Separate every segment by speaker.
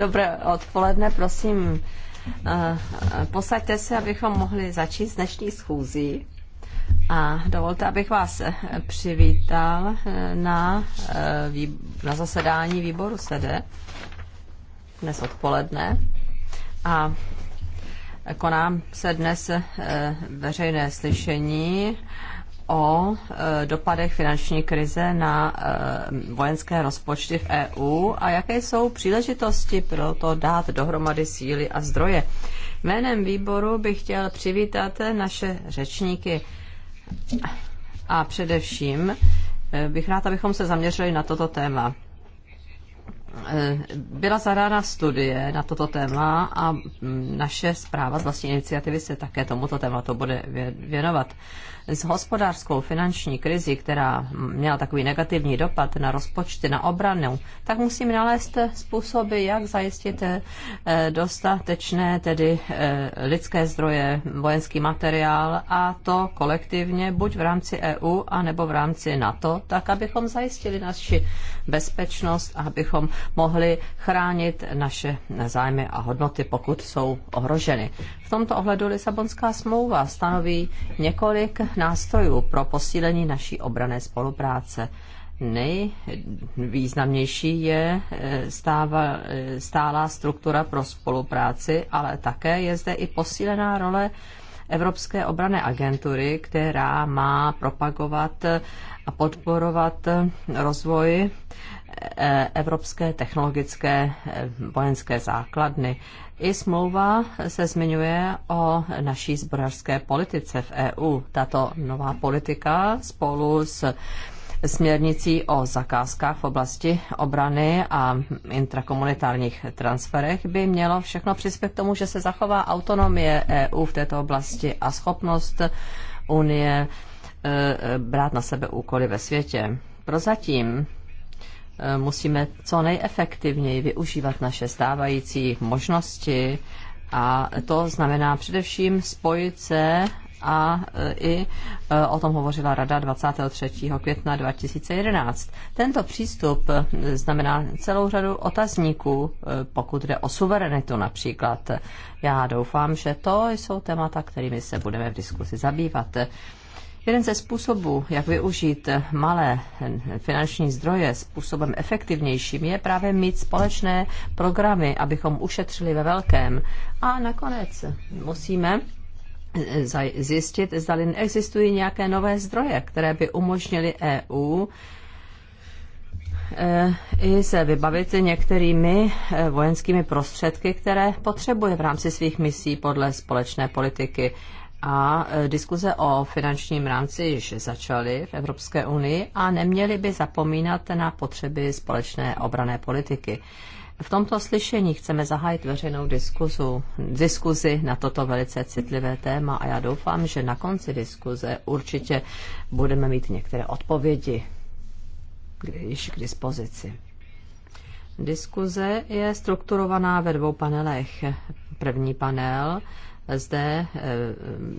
Speaker 1: Dobré odpoledne, prosím. Eh, posaďte se, abychom mohli začít dnešní schůzí. A dovolte, abych vás eh, přivítal eh, na, na zasedání výboru SEDE dnes odpoledne. A koná se dnes veřejné slyšení o e, dopadech finanční krize na e, vojenské rozpočty v EU a jaké jsou příležitosti pro to dát dohromady síly a zdroje. Jménem výboru bych chtěl přivítat naše řečníky a především e, bych rád, abychom se zaměřili na toto téma. Eh, byla zadána studie na toto téma a mm, naše zpráva z vlastní iniciativy se také tomuto tématu bude věnovat. S hospodářskou finanční krizi, která mm, měla takový negativní dopad na rozpočty, na obranu, tak musíme nalézt způsoby, jak zajistit eh, dostatečné tedy eh, lidské zdroje, vojenský materiál a to kolektivně buď v rámci EU, anebo v rámci NATO, tak abychom zajistili naši bezpečnost a abychom mohli chránit naše zájmy a hodnoty, pokud jsou ohroženy. V tomto ohledu Lisabonská smlouva stanoví několik nástrojů pro posílení naší obrané spolupráce. Nejvýznamnější je eh, stáva, eh, stálá struktura pro spolupráci, ale také je zde i posílená role Evropské obrané agentury, která má propagovat a podporovat eh, rozvoj E, evropské technologické e, vojenské základny. I smlouva se zmiňuje o naší zbrojařské politice v EU. Tato nová politika spolu s směrnicí o zakázkách v oblasti obrany a intrakomunitárních transferech by mělo všechno přispět k tomu, že se zachová autonomie EU v této oblasti a schopnost Unie e, brát na sebe úkoly ve světě. Prozatím Eh, musíme co nejefektivněji využívat naše stávající možnosti a to znamená především spojit se a eh, i eh, o tom hovořila Rada 23. května 2011. Tento přístup znamená celou řadu otazníků, pokud jde o suverenitu například. Já doufám, že to jsou témata, kterými se budeme v diskusi zabývat. Jeden ze způsobů, jak využít malé finanční zdroje způsobem efektivnějším, je právě mít společné programy, abychom ušetřili ve velkém. A nakonec musíme zjistit, zda existují nějaké nové zdroje, které by umožnily EU eh, i se vybavit některými eh, vojenskými prostředky, které potřebuje v rámci svých misí podle společné politiky a e, diskuze o finančním rámci již začaly v Evropské unii a neměli by zapomínat na potřeby společné obrané politiky. V tomto slyšení chceme zahájit veřejnou diskuzu, diskuzi na toto velice citlivé téma a já doufám, že na konci diskuze určitě budeme mít některé odpovědi když k dispozici. Diskuze je strukturovaná ve dvou panelech. První panel zde eh,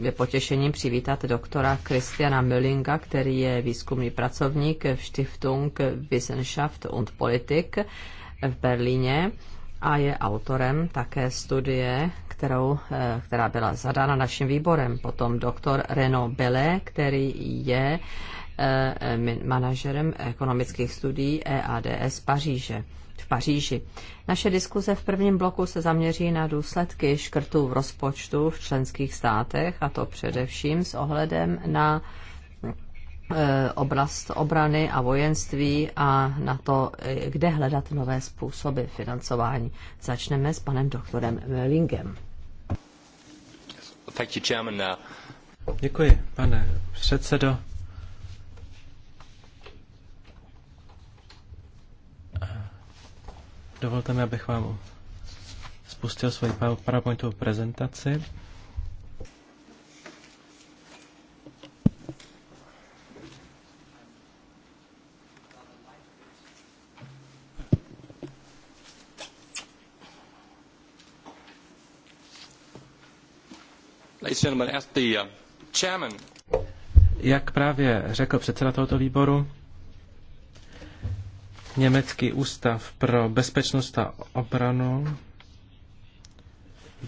Speaker 1: je potěšením přivítat doktora Christiana Müllinga, který je výzkumný pracovník v Stiftung Wissenschaft und Politik v Berlíně a je autorem také studie, kterou, eh, která byla zadána naším výborem. Potom doktor Reno Bele, který je eh, manažerem ekonomických studií EADS Paříže v Paříži. Naše diskuze v prvním bloku se zaměří na důsledky škrtů v rozpočtu v členských státech, a to především s ohledem na e, oblast obrany a vojenství a na to, e, kde hledat nové způsoby financování. Začneme s panem doktorem Mellingem.
Speaker 2: Děkuji, pane předsedo. Dovolte mi, abych vám spustil svoji PowerPointovou prezentaci. Uh, Jak právě řekl předseda tohoto výboru, Německý ústav pro bezpečnost a obranu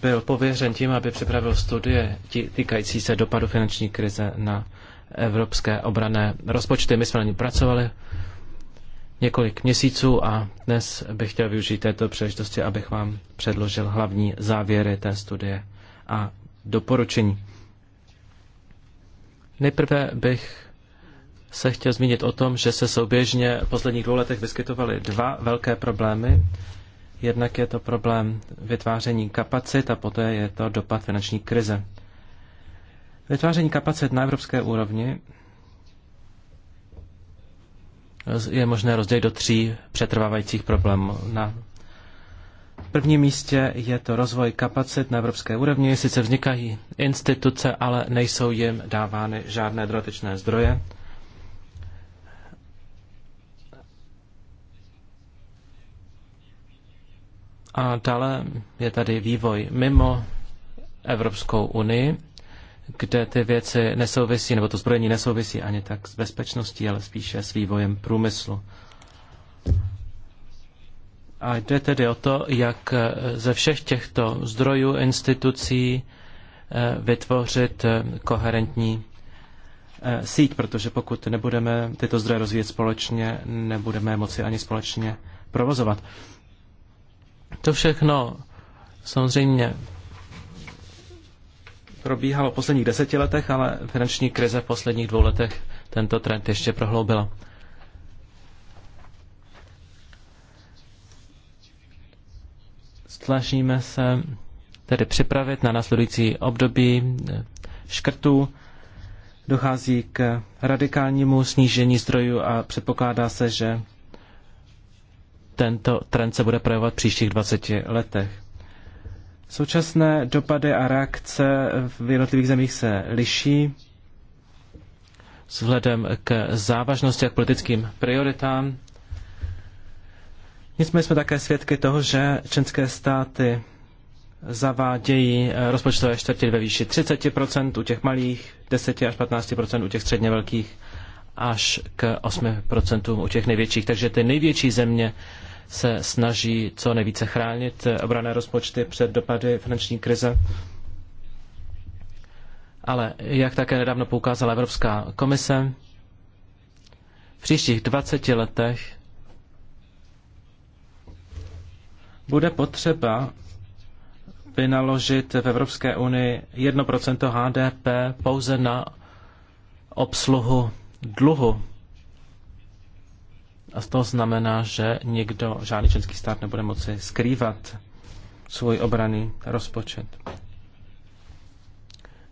Speaker 2: byl pověřen tím, aby připravil studie týkající se dopadu finanční krize na evropské obrané rozpočty. My jsme na ní pracovali několik měsíců a dnes bych chtěl využít této příležitosti, abych vám předložil hlavní závěry té studie a doporučení. Nejprve bych se chtěl zmínit o tom, že se souběžně v posledních dvou letech vyskytovaly dva velké problémy. Jednak je to problém vytváření kapacit a poté je to dopad finanční krize. Vytváření kapacit na evropské úrovni je možné rozdělit do tří přetrvávajících problémů. Na prvním místě je to rozvoj kapacit na evropské úrovni. Sice vznikají instituce, ale nejsou jim dávány žádné dodatečné zdroje. A dále je tady vývoj mimo Evropskou unii, kde ty věci nesouvisí, nebo to zbrojení nesouvisí ani tak s bezpečností, ale spíše s vývojem průmyslu. A jde tedy o to, jak ze všech těchto zdrojů institucí eh, vytvořit eh, koherentní eh, síť, protože pokud nebudeme tyto zdroje rozvíjet společně, nebudeme moci ani společně provozovat. To všechno samozřejmě probíhalo v posledních deseti letech, ale finanční krize v posledních dvou letech tento trend ještě prohloubila. Snažíme se tedy připravit na následující období škrtů. Dochází k radikálnímu snížení zdrojů a předpokládá se, že tento trend se bude projevovat v příštích 20 letech. Současné dopady a reakce v jednotlivých zemích se liší vzhledem k závažnosti a k politickým prioritám. Nicméně jsme také svědky toho, že členské státy zavádějí rozpočtové čtvrtě ve výši 30%, u těch malých 10 až 15%, u těch středně velkých až k 8% u těch největších. Takže ty největší země se snaží co nejvíce chránit obrané rozpočty před dopady finanční krize. Ale jak také nedávno poukázala Evropská komise, v příštích 20 letech bude potřeba vynaložit v Evropské unii 1% HDP pouze na obsluhu dluhu. A to znamená, že někdo, žádný členský stát nebude moci skrývat svůj obraný rozpočet.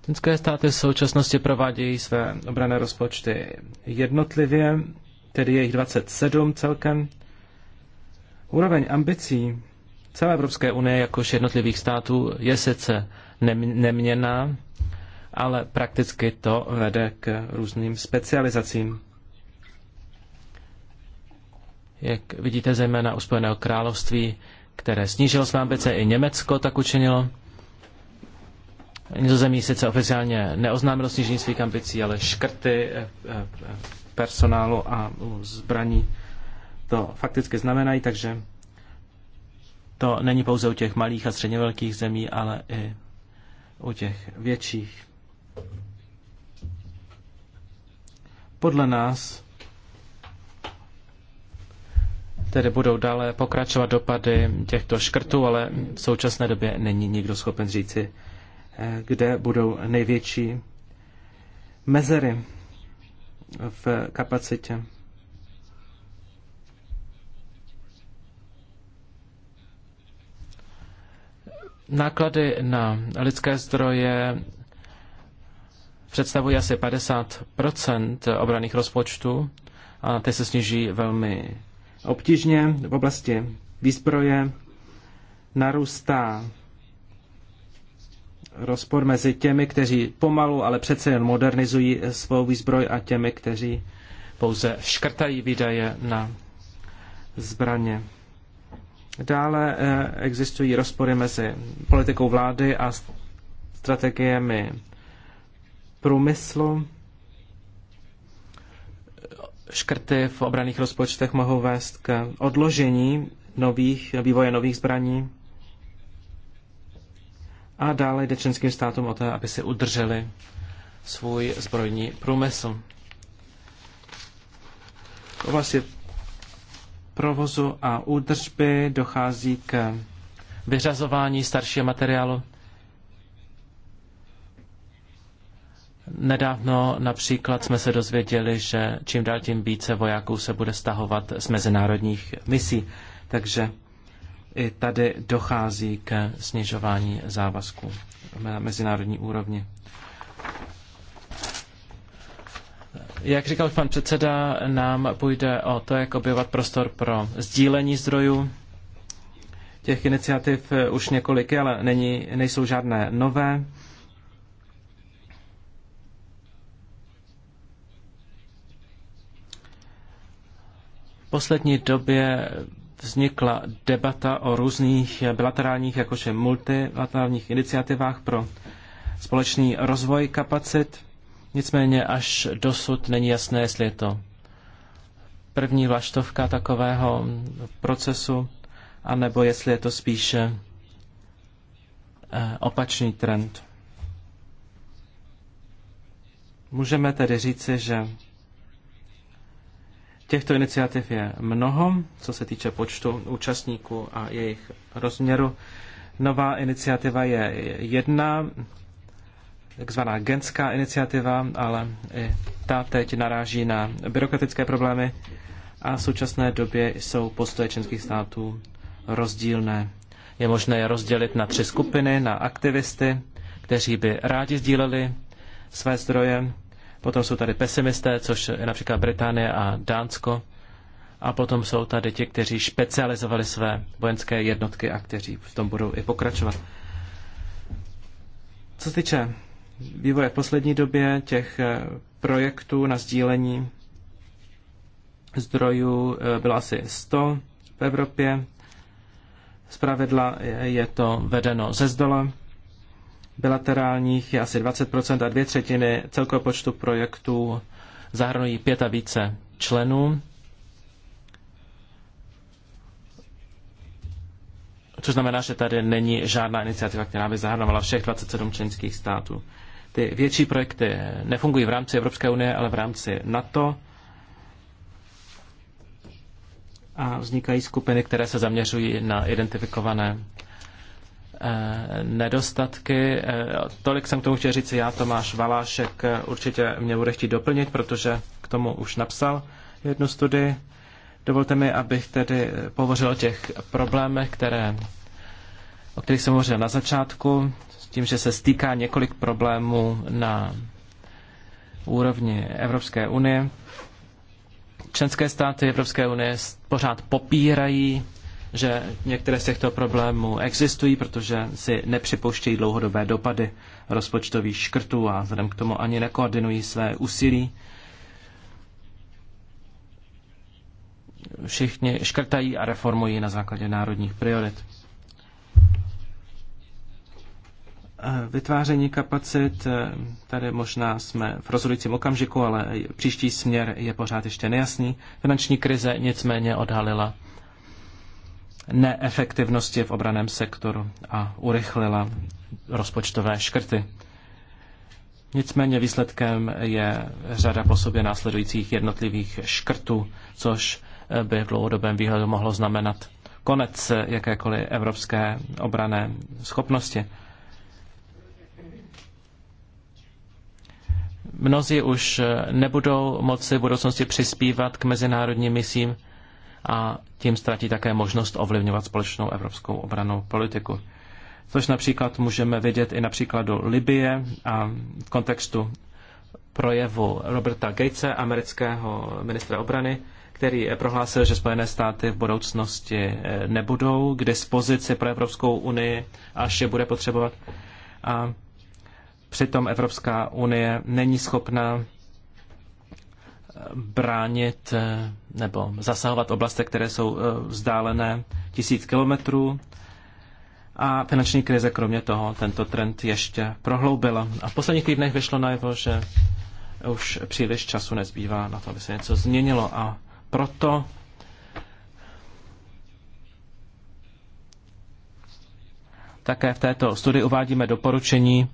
Speaker 2: Členské státy v současnosti provádějí své obrané rozpočty jednotlivě, tedy je jich 27 celkem. Úroveň ambicí celé Evropské unie, jakož jednotlivých států, je sice neměná, ale prakticky to vede k různým specializacím. Jak vidíte zejména u Spojeného království, které snížilo své ambice, i Německo tak učinilo. Nizozemí sice oficiálně neoznámilo snížení svých ambicí, ale škrty eh, eh, personálu a zbraní to fakticky znamenají, takže to není pouze u těch malých a středně velkých zemí, ale i u těch větších. Podle nás tedy budou dále pokračovat dopady těchto škrtů, ale v současné době není nikdo schopen říci, eh, kde budou největší mezery v kapacitě. Náklady na lidské zdroje představují asi 50 obraných rozpočtů a ty se sniží velmi obtížně v oblasti výzbroje. Narůstá rozpor mezi těmi, kteří pomalu, ale přece jen modernizují svou výzbroj a těmi, kteří pouze škrtají výdaje na zbraně. Dále eh, existují rozpory mezi politikou vlády a strategiemi průmyslu škrty v obraných rozpočtech mohou vést k odložení nových, vývoje nových zbraní a dále jde členským státům o to, aby si udrželi svůj zbrojní průmysl. V oblasti provozu a údržby dochází k vyřazování staršího materiálu Nedávno například jsme se dozvěděli, že čím dál tím více vojáků se bude stahovat z mezinárodních misí, takže i tady dochází ke snižování závazků na mezinárodní úrovni. Jak říkal pan předseda, nám půjde o to, jak objevat prostor pro sdílení zdrojů. Těch iniciativ už několik, ale není, nejsou žádné nové. poslední době vznikla debata o různých bilaterálních, jakože multilaterálních iniciativách pro společný rozvoj kapacit. Nicméně až dosud není jasné, jestli je to první vlaštovka takového procesu, anebo jestli je to spíše eh, opačný trend. Můžeme tedy říci, že Těchto iniciativ je mnoho, co se týče počtu účastníků a jejich rozměru. Nová iniciativa je jedna, takzvaná genská iniciativa, ale i ta teď naráží na byrokratické problémy a v současné době jsou postoje členských států rozdílné. Je možné je rozdělit na tři skupiny, na aktivisty, kteří by rádi sdíleli své zdroje Potom jsou tady pesimisté, což je například Británie a Dánsko. A potom jsou tady ti, kteří specializovali své vojenské jednotky a kteří v tom budou i pokračovat. Co se týče vývoje v poslední době, těch eh, projektů na sdílení zdrojů eh, bylo asi 100 v Evropě. Zpravidla je to vedeno ze zdola bilaterálních je asi 20% a dvě třetiny celkového počtu projektů zahrnují pět a více členů. Což znamená, že tady není žádná iniciativa, která by zahrnovala všech 27 členských států. Ty větší projekty nefungují v rámci Evropské unie, ale v rámci NATO a vznikají skupiny, které se zaměřují na identifikované Eh, nedostatky. Eh, tolik jsem k tomu chtěl říct já, Tomáš Valášek eh, určitě mě bude chtít doplnit, protože k tomu už napsal jednu studii. Dovolte mi, abych tedy pohovořil o těch problémech, které, o kterých jsem hovořil na začátku, s tím, že se stýká několik problémů na úrovni Evropské unie. Členské státy Evropské unie pořád popírají že některé z těchto problémů existují, protože si nepřipouštějí dlouhodobé dopady rozpočtových škrtů a vzhledem k tomu ani nekoordinují své úsilí. Všichni škrtají a reformují na základě národních priorit. Vytváření kapacit, tady možná jsme v rozhodujícím okamžiku, ale příští směr je pořád ještě nejasný. Finanční krize nicméně odhalila neefektivnosti v obraném sektoru a urychlila rozpočtové škrty. Nicméně výsledkem je řada po sobě následujících jednotlivých škrtů, což by v dlouhodobém výhledu mohlo znamenat konec jakékoliv evropské obrané schopnosti. Mnozí už nebudou moci v budoucnosti přispívat k mezinárodním misím, a tím ztratí také možnost ovlivňovat společnou evropskou obranou politiku. Což například můžeme vidět i na příkladu Libie a v kontextu projevu Roberta Gatese, amerického ministra obrany, který prohlásil, že Spojené státy v budoucnosti eh, nebudou k dispozici pro Evropskou unii, až je bude potřebovat. A přitom Evropská unie není schopna bránit eh, nebo zasahovat oblasti, které jsou eh, vzdálené tisíc kilometrů. A finanční krize kromě toho tento trend ještě prohloubila. A v posledních týdnech vyšlo najevo, že už příliš času nezbývá na to, aby se něco změnilo. A proto také v této studii uvádíme doporučení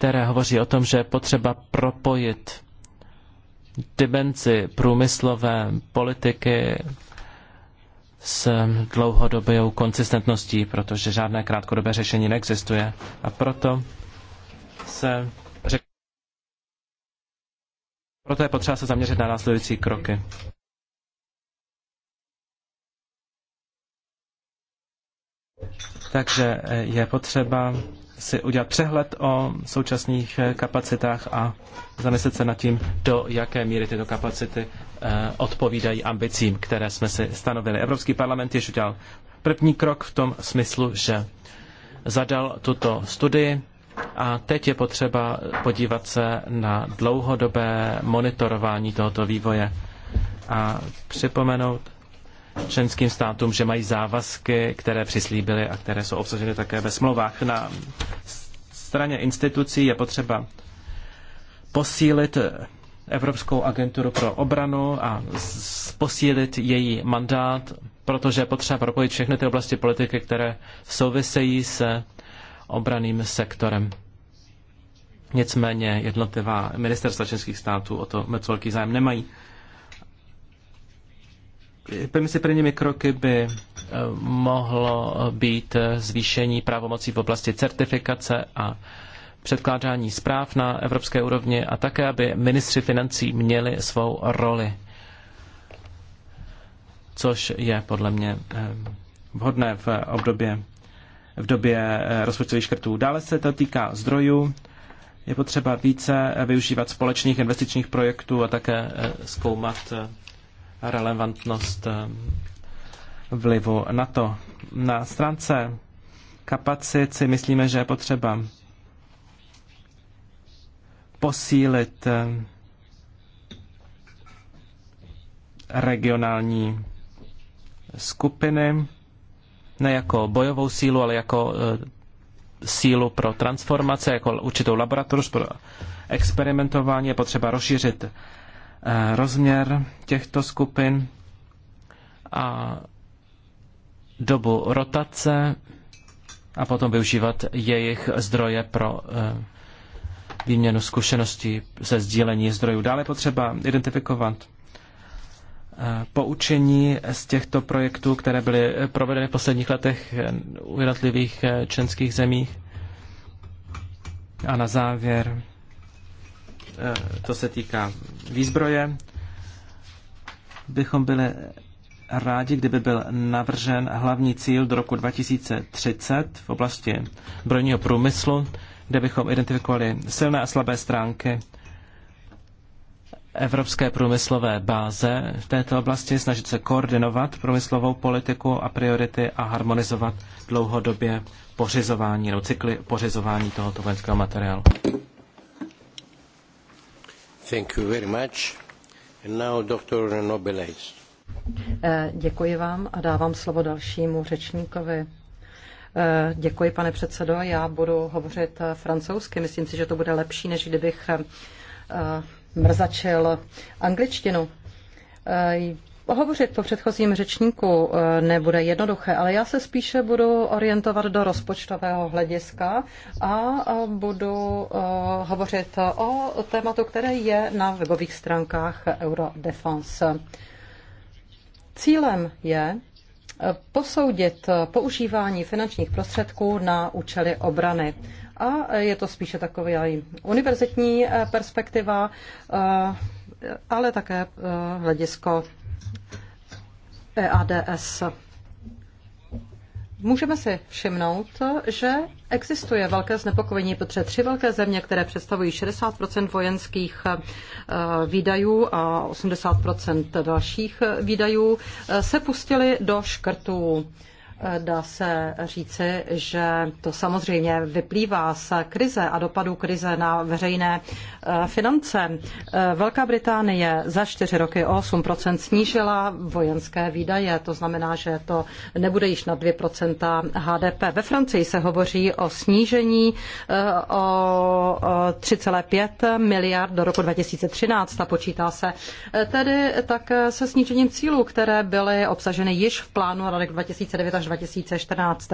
Speaker 2: které hovoří o tom, že je potřeba propojit dimenzi průmyslové politiky s dlouhodobou konsistentností, protože žádné krátkodobé řešení neexistuje. A proto se řek... proto je potřeba se zaměřit na následující kroky. Takže je potřeba si udělat přehled o současných eh, kapacitách a zamyslet se nad tím, do jaké míry tyto kapacity eh, odpovídají ambicím, které jsme si stanovili. Evropský parlament již udělal první krok v tom smyslu, že zadal tuto studii a teď je potřeba podívat se na dlouhodobé monitorování tohoto vývoje a připomenout členským státům, že mají závazky, které přislíbily a které jsou obsaženy také ve smlouvách. Na straně institucí je potřeba posílit Evropskou agenturu pro obranu a posílit její mandát, protože je potřeba propojit všechny ty oblasti politiky, které souvisejí se obraným sektorem. Nicméně jednotlivá ministerstva členských států o to moc velký zájem nemají mezi prvními kroky by eh, mohlo být eh, zvýšení pravomocí v oblasti certifikace a předkládání zpráv na evropské úrovni a také, aby ministři financí měli svou roli, což je podle mě eh, vhodné v obdobě v době rozpočtových škrtů. Dále se to týká zdrojů. Je potřeba více využívat společných investičních projektů a také zkoumat relevantnost eh, vlivu NATO. Na stránce kapacit si myslíme, že je potřeba posílit eh, regionální skupiny, ne jako bojovou sílu, ale jako eh, sílu pro transformace, jako určitou laboratoř pro experimentování. Je potřeba rozšířit Eh, rozměr těchto skupin a dobu rotace a potom využívat jejich zdroje pro eh, výměnu zkušeností se sdílení zdrojů. Dále potřeba identifikovat eh, poučení z těchto projektů, které byly provedeny v posledních letech u jednotlivých členských zemích. A na závěr Eh, to se týká výzbroje, bychom byli rádi, kdyby byl navržen hlavní cíl do roku 2030 v oblasti brojního průmyslu, kde bychom identifikovali silné a slabé stránky evropské průmyslové báze v této oblasti, snažit se koordinovat průmyslovou politiku a priority a harmonizovat dlouhodobě pořizování, no cykly pořizování tohoto vojenského materiálu.
Speaker 3: Eh, děkuji vám a dávám slovo dalšímu řečníkovi. Eh, děkuji, pane předsedo. Já budu hovořit eh, francouzsky. Myslím si, že to bude lepší, než kdybych mrzačil angličtinu. Hovořit po předchozím řečníku eh, nebude jednoduché, ale já se spíše budu orientovat do rozpočtového hlediska a eh, budu eh, hovořit o tématu, které je na webových stránkách Eurodefense. Cílem je posoudit používání finančních prostředků na účely obrany. A je to spíše taková univerzitní perspektiva, ale také hledisko EADS. Můžeme si všimnout, že existuje velké znepokojení, protože tři velké země, které představují 60 vojenských e, výdajů a 80 dalších e, výdajů, e, se pustily do škrtů. Dá se říci, že to samozřejmě vyplývá z krize a dopadu krize na veřejné eh, finance. Eh, Velká Británie za čtyři roky o 8% snížila vojenské výdaje, to znamená, že to nebude již na 2% HDP. Ve Francii se hovoří o snížení eh, o 3,5 miliard do roku 2013 a počítá se tedy také se snížením cílů, které byly obsaženy již v plánu na rok 2009 až 2014.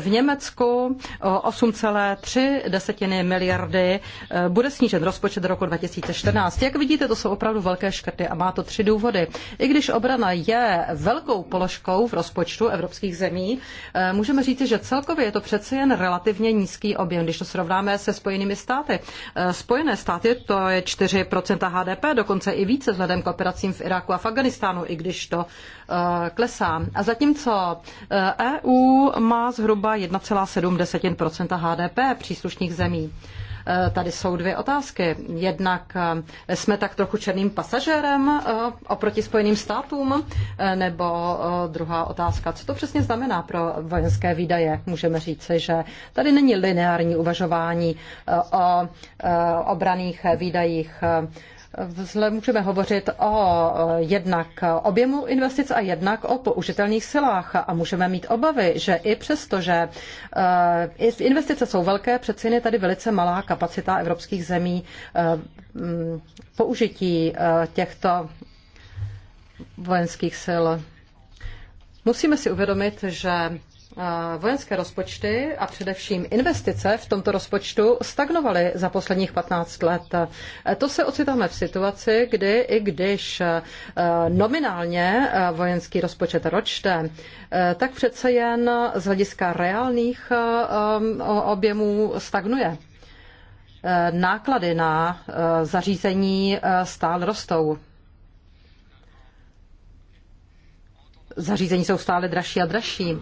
Speaker 3: V Německu o 8,3 miliardy eh, bude snížen rozpočet roku 2014. Jak vidíte, to jsou opravdu velké škrty a má to tři důvody. I když obrana je velkou položkou v rozpočtu evropských zemí, eh, můžeme říci, že celkově je to přece jen relativně nízký objem, když to srovnáme se Spojenými státy. Eh, Spojené státy to je 4 HDP, dokonce i více vzhledem k operacím v Iráku a v Afganistánu, i když to klesá. A zatímco EU má zhruba 1,7 HDP příslušných zemí. E, tady jsou dvě otázky. Jednak e, jsme tak trochu černým pasažérem e, oproti Spojeným státům, nebo druhá otázka, co to přesně znamená pro vojenské výdaje? Můžeme říci, že tady není lineární uvažování o obraných výdajích Vzhledem můžeme hovořit o jednak objemu investic a jednak o použitelných silách a můžeme mít obavy, že i přesto, že eh, investice jsou velké, přeci je tady velice malá kapacita evropských zemí eh, použití eh, těchto vojenských sil. Musíme si uvědomit, že Eh, vojenské rozpočty a především investice v tomto rozpočtu stagnovaly za posledních 15 let. Eh, to se ocitáme v situaci, kdy i když eh, nominálně vojenský rozpočet ročte, tak přece jen z hlediska reálných objemů stagnuje. Náklady na zařízení stále rostou. Zařízení jsou stále dražší a dražší.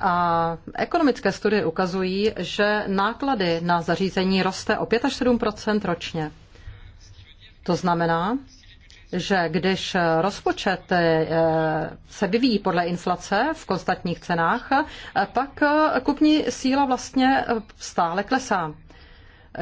Speaker 3: A ekonomické studie ukazují, že náklady na zařízení roste o 5 až 7 ročně. To znamená, že když rozpočet eh, se vyvíjí podle inflace v konstantních cenách, eh, pak eh, kupní síla vlastně stále klesá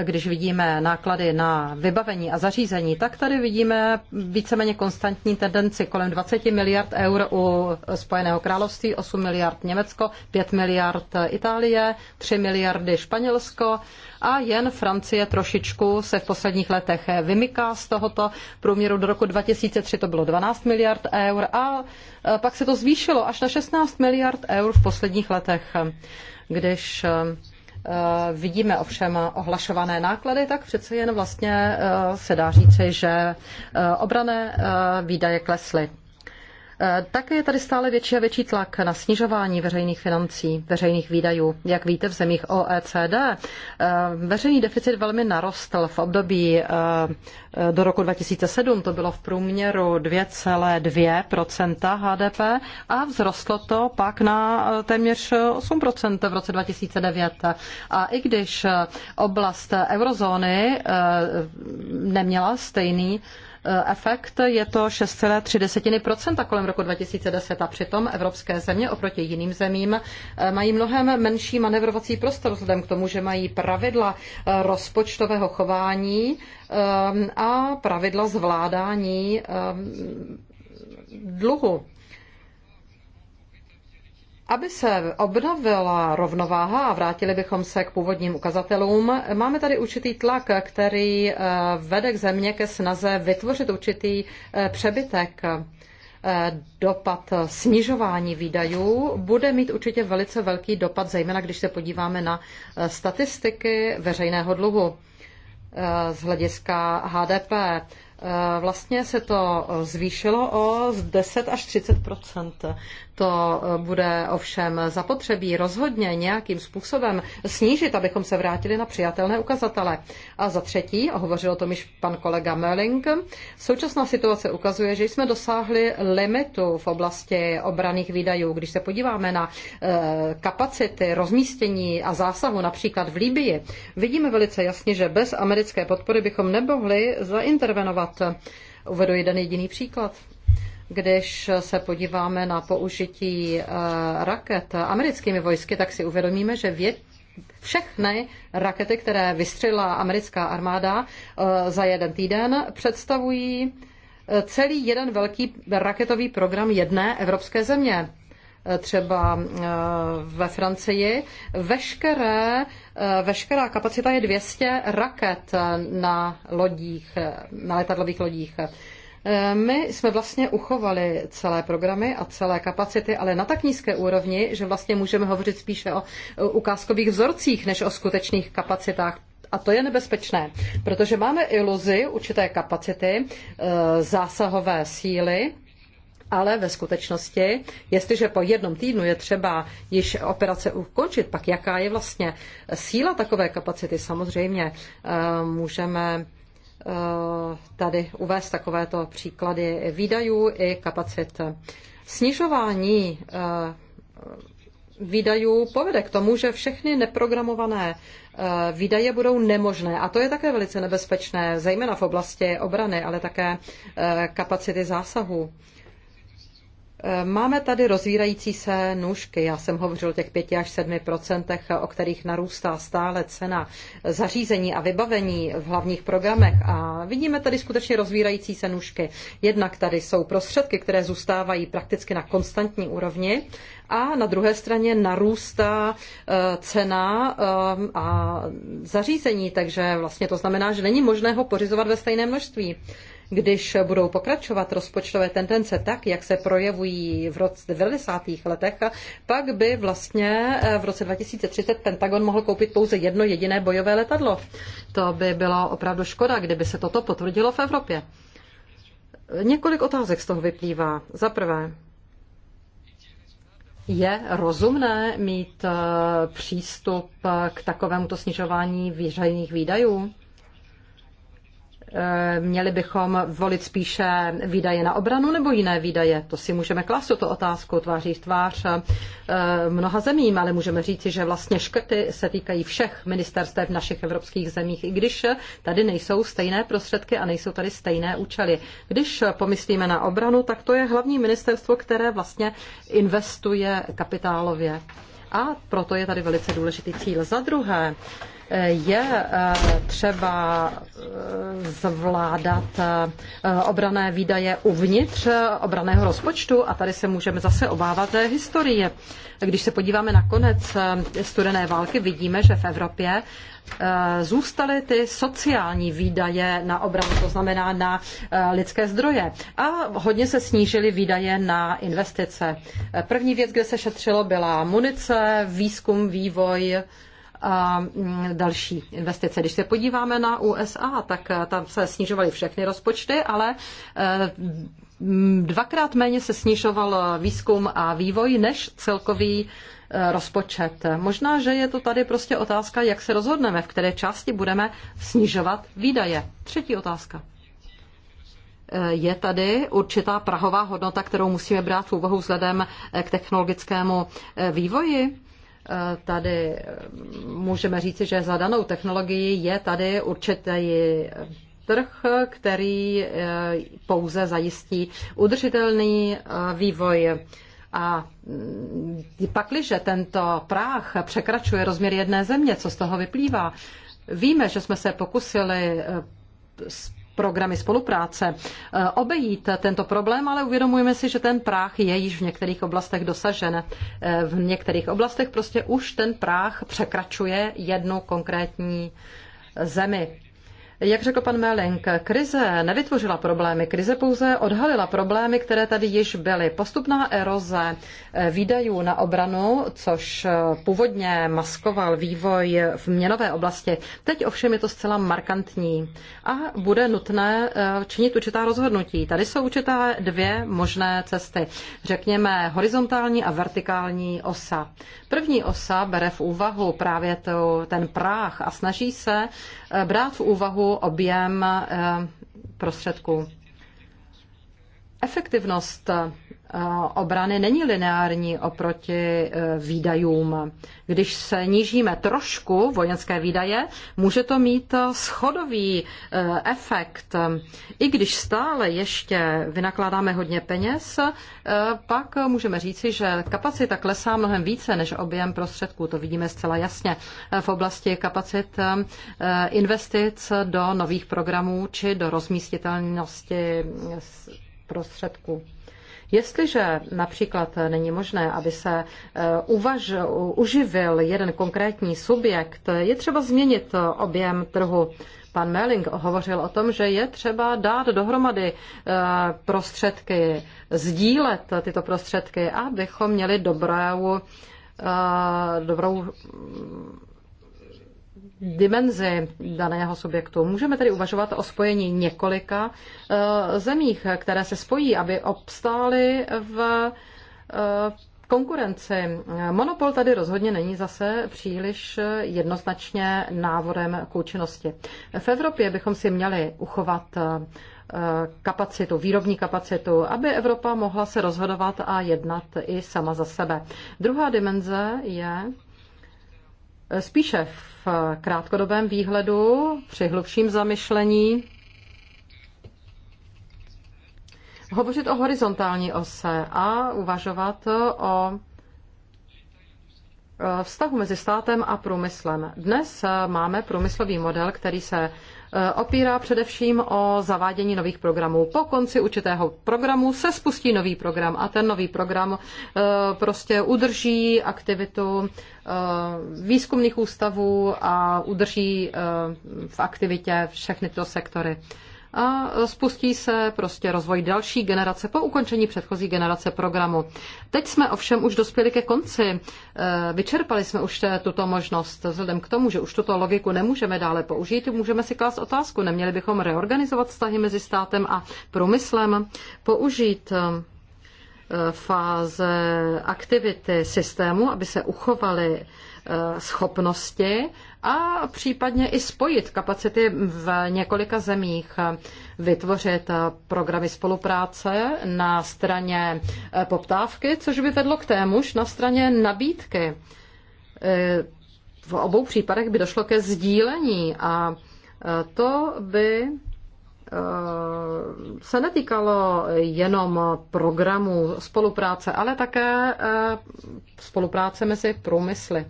Speaker 3: když vidíme náklady na vybavení a zařízení, tak tady vidíme víceméně konstantní tendenci kolem 20 miliard eur u Spojeného království, 8 miliard Německo, 5 miliard Itálie, 3 miliardy Španělsko a jen Francie trošičku se v posledních letech vymyká z tohoto průměru. Do roku 2003 to bylo 12 miliard eur a e, pak se to zvýšilo až na 16 miliard eur v posledních letech, když e, Eh, vidíme ovšem ohlašované náklady, tak přece jen vlastně eh, se dá říci, že eh, obrané výdaje klesly. Eh, také je tady stále větší a větší tlak na snižování veřejných financí, veřejných výdajů. Jak víte, v zemích OECD eh, veřejný deficit velmi narostl v období eh, do roku 2007. To bylo v průměru 2,2 HDP a vzrostlo to pak na téměř 8 v roce 2009. A i když oblast eurozóny neměla stejný Eh, efekt je to 6,3% kolem roku 2010 a přitom evropské země oproti jiným zemím eh, mají mnohem menší manevrovací prostor vzhledem k tomu, že mají pravidla eh, rozpočtového chování a pravidla zvládání dluhu. Aby se obnovila rovnováha a vrátili bychom se k původním ukazatelům, máme tady určitý tlak, který eh, vede k země ke snaze vytvořit určitý eh, přebytek. Eh, dopad snižování výdajů bude mít určitě velice velký dopad, zejména když se podíváme na statistiky veřejného dluhu z hlediska HDP. Vlastně se to zvýšilo o 10 až 30 to eh, bude ovšem zapotřebí rozhodně nějakým způsobem snížit, abychom se vrátili na přijatelné ukazatele. A za třetí, a hovořil o tom již pan kolega Merling, současná situace ukazuje, že jsme dosáhli limitu v oblasti obraných výdajů. Když se podíváme na eh, kapacity rozmístění a zásahu například v Líbii, vidíme velice jasně, že bez americké podpory bychom nemohli zaintervenovat. Uvedu jeden jediný příklad. Když se podíváme na použití eh, raket americkými vojsky, tak si uvědomíme, že vě- všechny rakety, které vystřelila americká armáda eh, za jeden týden, představují eh, celý jeden velký raketový program jedné evropské země třeba ve Francii. Veškeré, veškerá kapacita je 200 raket na lodích, na letadlových lodích. Eh, my jsme vlastně uchovali celé programy a celé kapacity, ale na tak nízké úrovni, že vlastně můžeme hovořit spíše o eh, ukázkových vzorcích než o skutečných kapacitách. A to je nebezpečné, protože máme iluzi určité kapacity, eh, zásahové síly, ale ve skutečnosti, jestliže po jednom týdnu je třeba již operace ukončit, pak jaká je vlastně síla takové kapacity? Samozřejmě můžeme Eh, tady uvést takovéto příklady výdajů i kapacit. Snižování eh, výdajů povede k tomu, že všechny neprogramované eh, výdaje budou nemožné. A to je také velice nebezpečné, zejména v oblasti obrany, ale také kapacity zásahu. Máme tady rozvírající se nůžky. Já jsem hovořil o těch 5 až 7 procentech, o kterých narůstá stále cena zařízení a vybavení v hlavních programech. A vidíme tady skutečně rozvírající se nůžky. Jednak tady jsou prostředky, které zůstávají prakticky na konstantní úrovni a na druhé straně narůstá eh, cena eh, a zařízení, takže vlastně to znamená, že není možné ho pořizovat ve stejné množství když budou pokračovat rozpočtové tendence tak, jak se projevují v roce 90. letech, pak by vlastně eh, v roce 2030 Pentagon mohl koupit pouze jedno jediné bojové letadlo. To by bylo opravdu škoda, kdyby se toto potvrdilo v Evropě. Několik otázek z toho vyplývá. Za prvé, je rozumné mít eh, přístup k takovémuto snižování výřejných výdajů? Eh, měli bychom volit spíše výdaje na obranu nebo jiné výdaje? To si můžeme klást tuto otázku tváří v tvář eh, mnoha zemím, ale můžeme říci, že vlastně škrty se týkají všech ministerstev v našich evropských zemích, i když tady nejsou stejné prostředky a nejsou tady stejné účely. Když pomyslíme na obranu, tak to je hlavní ministerstvo, které vlastně investuje kapitálově. A proto je tady velice důležitý cíl. Za druhé, je eh, třeba eh, zvládat eh, obrané výdaje uvnitř obraného rozpočtu a tady se můžeme zase obávat historie. Když se podíváme na konec studené války, vidíme, že v Evropě zůstaly ty sociální výdaje na obranu, to znamená na lidské zdroje. A hodně se snížily výdaje na investice. První věc, kde se šetřilo, byla munice, výzkum, vývoj, a mm, další investice. Když se podíváme na USA, tak eh, tam se snižovaly všechny rozpočty, ale eh, mm, dvakrát méně se snižoval výzkum a vývoj než celkový eh, rozpočet. Možná, že je to tady prostě otázka, jak se rozhodneme, v které části budeme snižovat výdaje. Třetí otázka. Je tady určitá prahová hodnota, kterou musíme brát v úvahu vzhledem k technologickému vývoji. Eh, tady eh, můžeme říci, že za danou technologií je tady určitý eh, trh, který pouze zajistí udržitelný vývoj. A mm, pakliže tento práh překračuje rozměr jedné země, co z toho vyplývá? Víme, že jsme se pokusili programy spolupráce eh, obejít tento problém, ale uvědomujeme si, že ten práh je již v některých oblastech dosažen. Eh, v některých oblastech prostě už ten práh překračuje jednu konkrétní zemi. Jak řekl pan Melink, krize nevytvořila problémy, krize pouze odhalila problémy, které tady již byly. Postupná eroze eh, výdajů na obranu, což eh, původně maskoval vývoj v měnové oblasti, teď ovšem je to zcela markantní a bude nutné eh, činit určitá rozhodnutí. Tady jsou určitá dvě možné cesty. Řekněme horizontální a vertikální osa. První osa bere v úvahu právě to, ten práh a snaží se brát v úvahu objem eh, prostředků. Efektivnost Eh, obrany není lineární oproti eh, výdajům. Když se nížíme trošku vojenské výdaje, může to mít eh, schodový efekt. I když stále ještě vynakládáme hodně peněz, pak můžeme říci, že kapacita klesá mnohem více než objem prostředků. To vidíme zcela jasně v oblasti kapacit investic do nových programů či do rozmístitelnosti prostředků. Jestliže například není možné, aby se e, uvaž, uživil jeden konkrétní subjekt, je třeba změnit objem trhu. Pan Melling hovořil o tom, že je třeba dát dohromady e, prostředky, sdílet tyto prostředky, abychom měli dobrou, e, dobrou dimenzi daného subjektu. Můžeme tedy uvažovat o spojení několika eh, zemích, které se spojí, aby obstály v eh, konkurenci. Monopol tady rozhodně není zase příliš eh, jednoznačně návodem k účinnosti. V Evropě bychom si měli uchovat kapacitu, výrobní kapacitu, aby Evropa mohla se rozhodovat a jednat i sama za sebe. Druhá dimenze je spíše v krátkodobém výhledu, při hlubším zamyšlení, hovořit o horizontální ose a uvažovat o vztahu mezi státem a průmyslem. Dnes máme průmyslový model, který se Eh, opírá především o zavádění nových programů. Po konci určitého programu se spustí nový program a ten nový program eh, prostě udrží aktivitu eh, výzkumných ústavů a udrží v aktivitě všechny tyto sektory a spustí se prostě rozvoj další generace po ukončení předchozí generace programu. Teď jsme ovšem už dospěli ke konci. E, vyčerpali jsme už tuto možnost. Vzhledem k tomu, že už tuto logiku nemůžeme dále použít, můžeme si klást otázku. Neměli bychom reorganizovat vztahy mezi státem a průmyslem, použít e, fáze aktivity systému, aby se uchovaly Eh, schopnosti a případně i spojit kapacity v několika zemích, vytvořit eh, programy spolupráce na straně eh, poptávky, což by vedlo k témuž na straně nabídky. V obou případech by došlo ke sdílení a to by se netýkalo jenom programu spolupráce, ale také spolupráce mezi průmysly.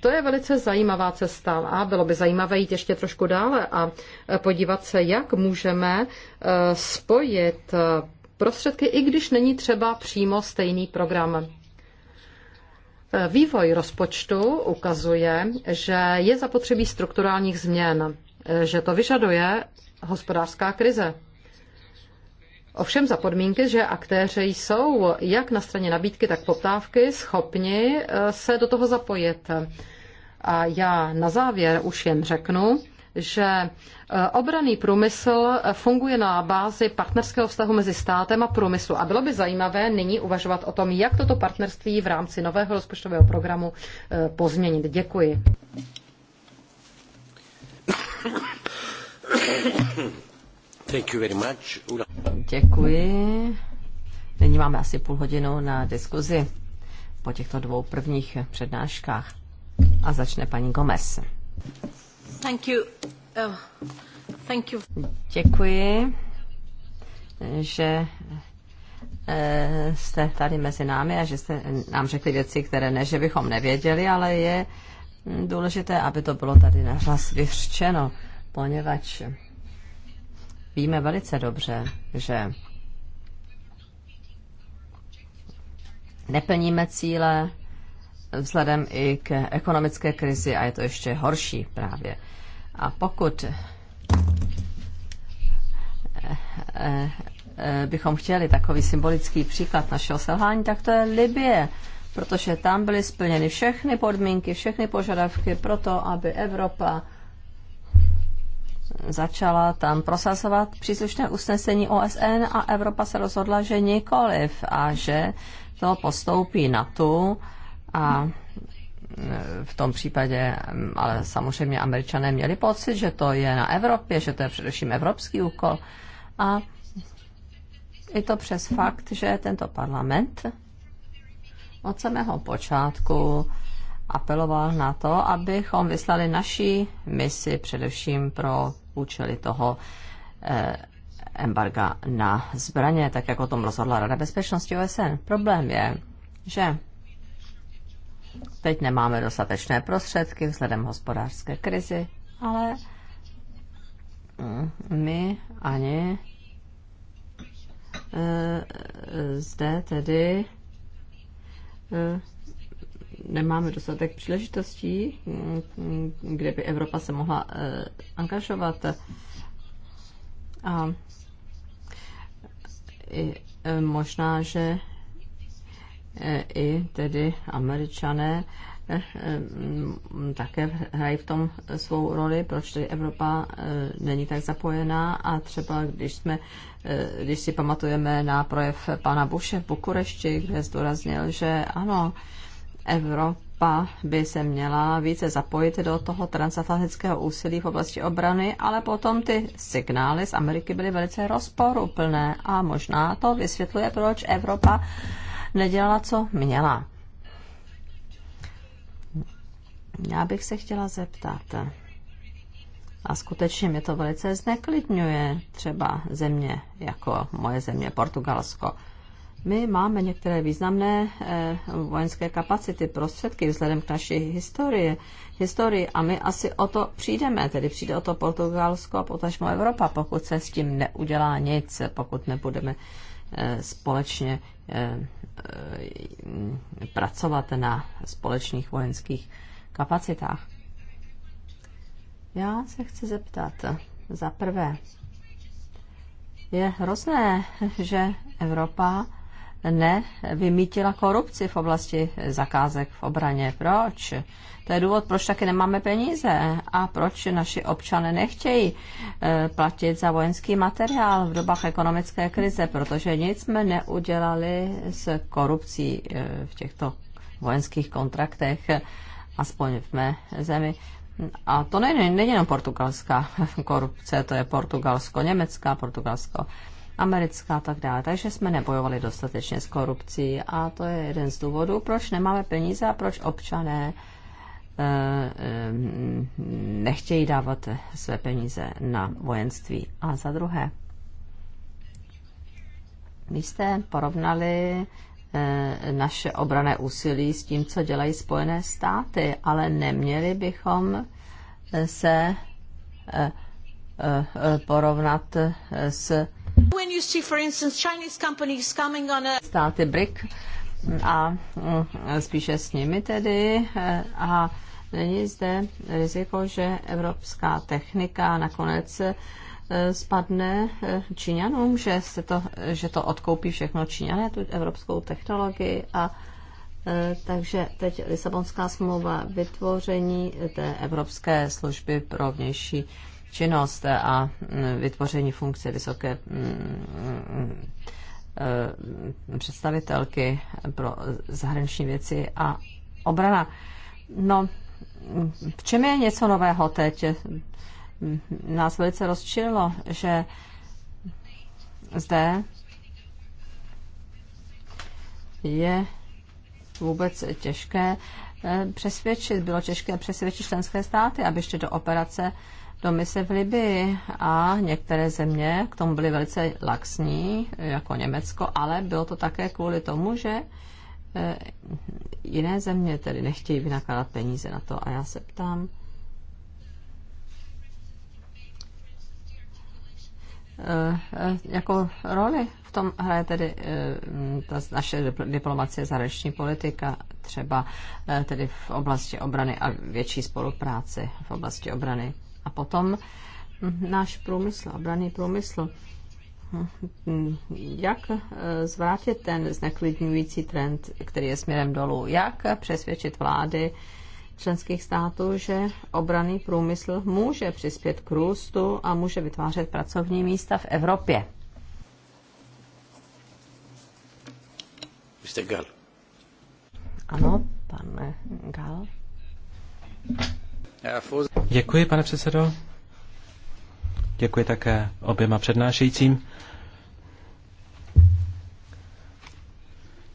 Speaker 3: To je velice zajímavá cesta a bylo by zajímavé jít ještě trošku dále a e, podívat se, jak můžeme e, spojit e, prostředky, i když není třeba přímo stejný program. Vývoj rozpočtu ukazuje, že je zapotřebí strukturálních změn, že to vyžaduje hospodářská krize. Ovšem za podmínky, že aktéři jsou jak na straně nabídky, tak poptávky schopni eh, se do toho zapojit. A já na závěr už jen řeknu, že eh, obraný průmysl eh, funguje na bázi partnerského vztahu mezi státem a průmyslu. A bylo by zajímavé nyní uvažovat o tom, jak toto partnerství v rámci nového rozpočtového programu pozměnit. Děkuji.
Speaker 2: Thank you very much.
Speaker 1: Děkuji. Nyní máme asi půl hodinu na diskuzi po těchto dvou prvních přednáškách. A začne paní Gomez. Thank you. Oh, thank you. Děkuji, že eh, jste tady mezi námi a že jste nám řekli věci, které ne, že bychom nevěděli, ale je hm, důležité, aby to bylo tady nahlas vyřčeno, poněvadž víme velice dobře, že neplníme cíle vzhledem i k ekonomické krizi a je to ještě horší právě. A pokud eh, eh, eh, bychom chtěli takový symbolický příklad našeho selhání, tak to je Libie, protože tam byly splněny všechny podmínky, všechny požadavky pro to, aby Evropa začala tam prosazovat příslušné usnesení OSN a Evropa se rozhodla, že nikoliv a že to postoupí tu a e, v tom případě, mm, ale samozřejmě američané měli pocit, že to je na Evropě, že to je především evropský úkol. A i to přes fakt, že tento parlament od samého počátku apeloval na to, abychom vyslali naší misi především pro účely toho eh, embarga na zbraně, tak jak o tom rozhodla Rada bezpečnosti OSN. Problém je, že teď nemáme dostatečné prostředky vzhledem hospodářské krizi, ale mm, my ani eh, zde tedy eh, nemáme dostatek příležitostí, kde by Evropa se mohla eh, angažovat. A i eh, možná, že eh, i tedy američané také hrají v tom svou roli, proč tedy Evropa není tak zapojená a třeba když jsme, když si pamatujeme na projev pana Buše v Bukurešti, kde zdůraznil, že ano, Evropa by se měla více zapojit do toho transatlantického úsilí v oblasti obrany, ale potom ty signály z Ameriky byly velice rozporuplné a možná to vysvětluje, proč Evropa nedělala, co měla. Já bych se chtěla zeptat. A skutečně mě to velice zneklidňuje třeba země jako moje země Portugalsko. My máme některé významné eh, vojenské kapacity, prostředky vzhledem k naší historii, historii a my asi o to přijdeme, tedy přijde o to Portugalsko a potažmo Evropa, pokud se s tím neudělá nic, pokud nebudeme eh, společně eh, pracovat na společných vojenských kapacitách. Já se chci zeptat za prvé. Je hrozné, že Evropa nevymítila korupci v oblasti zakázek v obraně. Proč? To je důvod, proč taky nemáme peníze a proč naši občané nechtějí eh, platit za vojenský materiál v dobách ekonomické krize, protože nic jsme neudělali s korupcí eh, v těchto vojenských kontraktech, aspoň v mé zemi. A to není, není jenom portugalská korupce, to je portugalsko-německá, portugalsko americká a tak dále. Takže jsme nebojovali dostatečně s korupcí a to je jeden z důvodů, proč nemáme peníze a proč občané eh, eh, nechtějí dávat své peníze na vojenství. A za druhé, my jste porovnali eh, naše obrané úsilí s tím, co dělají Spojené státy, ale neměli bychom se porovnat s Státy BRIC a mm, spíše s nimi tedy e, a není zde riziko, že evropská technika nakonec e, spadne e, Číňanům, že, se to, že to odkoupí všechno Číňané, tu evropskou technologii a takže teď Lisabonská smlouva vytvoření té Evropské služby pro vnější činnost a mm, vytvoření funkce vysoké mm, e, představitelky pro zahraniční věci a obrana. No, v čem je něco nového teď? Nás velice rozčililo, že zde je vůbec těžké e, přesvědčit, bylo těžké přesvědčit členské státy, aby šli do operace do mise v Libii a některé země k tomu byly velice laxní, jako Německo, ale bylo to také kvůli tomu, že e, jiné země tedy nechtějí vynakládat peníze na to. A já se ptám, e, e, jako roli v tom hraje tedy ta naše diplomacie, zahraniční politika, třeba tedy v oblasti obrany a větší spolupráce v oblasti obrany. A potom náš průmysl, obraný průmysl. Jak eh, zvrátit ten zneklidňující trend, který je směrem dolů? Jak přesvědčit vlády členských států, že obraný průmysl může přispět k růstu a může vytvářet pracovní místa v Evropě? Mr. Gal. Ano, pane Gal.
Speaker 2: Děkuji, pane předsedo. Děkuji také oběma přednášejícím.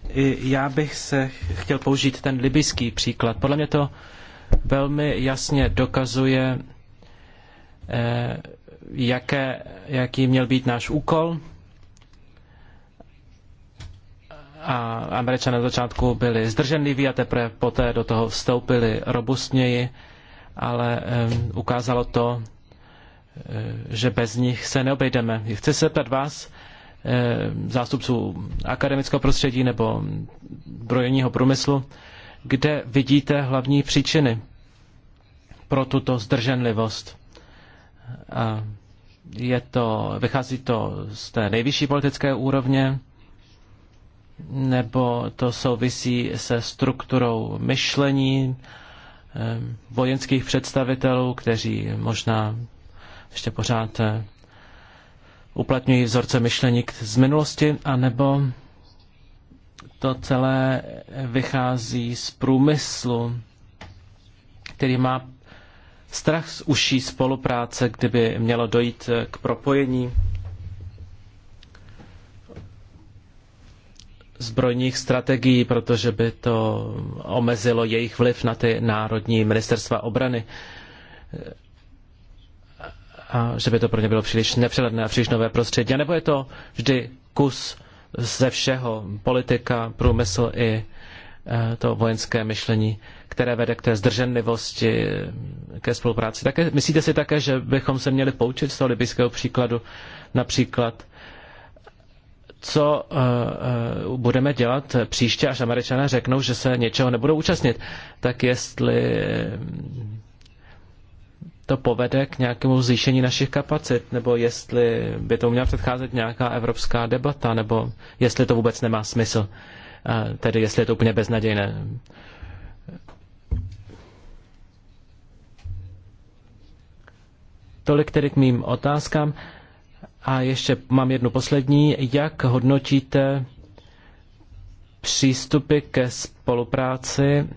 Speaker 2: I já bych se chtěl použít ten libyský příklad. Podle mě to velmi jasně dokazuje, eh, jaké, jaký měl být náš úkol. A Američané na začátku byli zdrženliví a teprve poté do toho vstoupili robustněji ale ukázalo to, eh, že bez nich se neobejdeme. Chci se zeptat vás, eh, zástupců akademického prostředí nebo brojního průmyslu, kde vidíte hlavní příčiny pro tuto zdrženlivost. Je to, vychází to z té nejvyšší politické úrovně, nebo to souvisí se strukturou myšlení, Eh, vojenských představitelů, kteří možná ještě pořád eh, uplatňují vzorce myšleník z minulosti, anebo to celé vychází z průmyslu, který má strach z užší spolupráce, kdyby mělo dojít eh, k propojení zbrojních strategií, protože by to omezilo jejich vliv na ty národní ministerstva obrany a že by to pro ně bylo příliš nepřehledné a příliš nové prostředí. A nebo je to vždy kus ze všeho, politika, průmysl i e, to vojenské myšlení, které vede k té zdrženlivosti, e, ke spolupráci. Také, myslíte si také, že bychom se měli poučit z toho libyského příkladu, například co uh, budeme dělat příště, až američané řeknou, že se něčeho nebudou účastnit. Tak jestli mm, to povede k nějakému zvýšení našich kapacit, nebo jestli by to měla předcházet nějaká evropská debata, nebo jestli to vůbec nemá smysl, uh, tedy jestli je to úplně beznadějné. Tolik tedy k mým otázkám. A ještě mám jednu poslední. Jak hodnotíte přístupy ke spolupráci,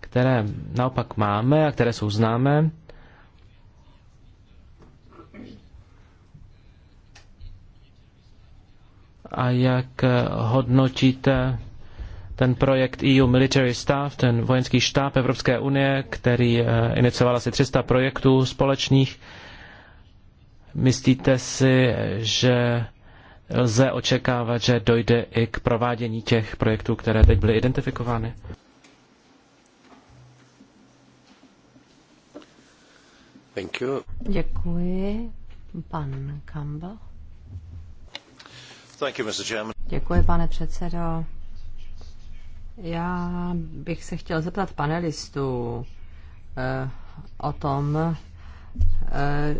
Speaker 2: které naopak máme a které jsou známé? A jak hodnotíte ten projekt EU Military Staff, ten vojenský štáb Evropské unie, který eh, inicioval asi 300 projektů společných? Myslíte si, že lze očekávat, že dojde i k provádění těch projektů, které teď byly identifikovány?
Speaker 3: Thank you.
Speaker 1: Děkuji. Pan Campbell.
Speaker 3: Thank you, Mr. Chairman. Děkuji,
Speaker 1: pane předsedo. Já bych se chtěl zeptat panelistů eh, o tom, Eh,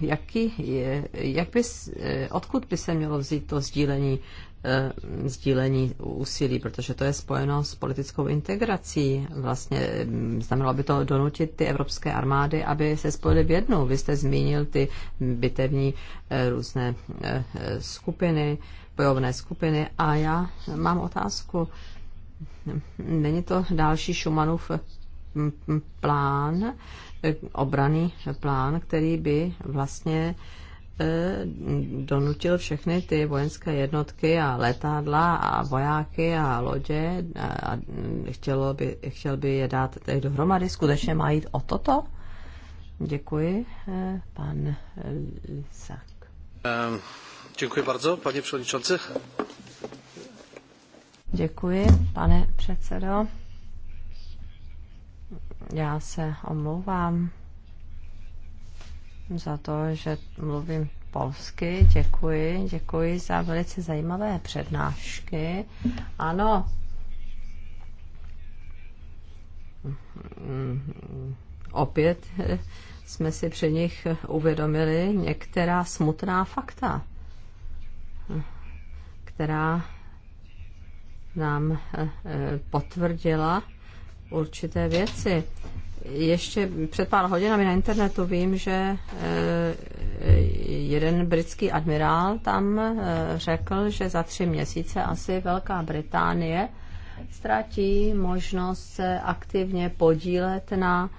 Speaker 1: jaký je, jak bys eh, odkud by se mělo vzít to sdílení, eh, sdílení úsilí, protože to je spojeno s politickou integrací. Vlastně mm, znamenalo by to donutit ty evropské armády, aby se spojily v jednu. Vy jste zmínil ty bitevní různé skupiny, bojovné skupiny a já mám otázku. Není to další Šumanův mm, mm, plán, obraný plán, který by vlastně e, donutil všechny ty vojenské jednotky a letadla a vojáky a lodě a chtělo by, chtěl by je dát tady dohromady. Skutečně má jít o toto? Děkuji, e, pan Sak.
Speaker 2: E, ehm, děkuji
Speaker 3: bardzo, paní předsedající.
Speaker 1: Děkuji, pane předsedo. Já se omlouvám za to, že mluvím polsky. Děkuji, děkuji za velice zajímavé přednášky. Ano. Opět jsme si při nich uvědomili některá smutná fakta, která nám potvrdila určité věci. Ještě před pár hodinami na internetu vím, že eh, jeden britský admirál tam eh, řekl, že za tři měsíce asi Velká Británie ztratí možnost se aktivně podílet na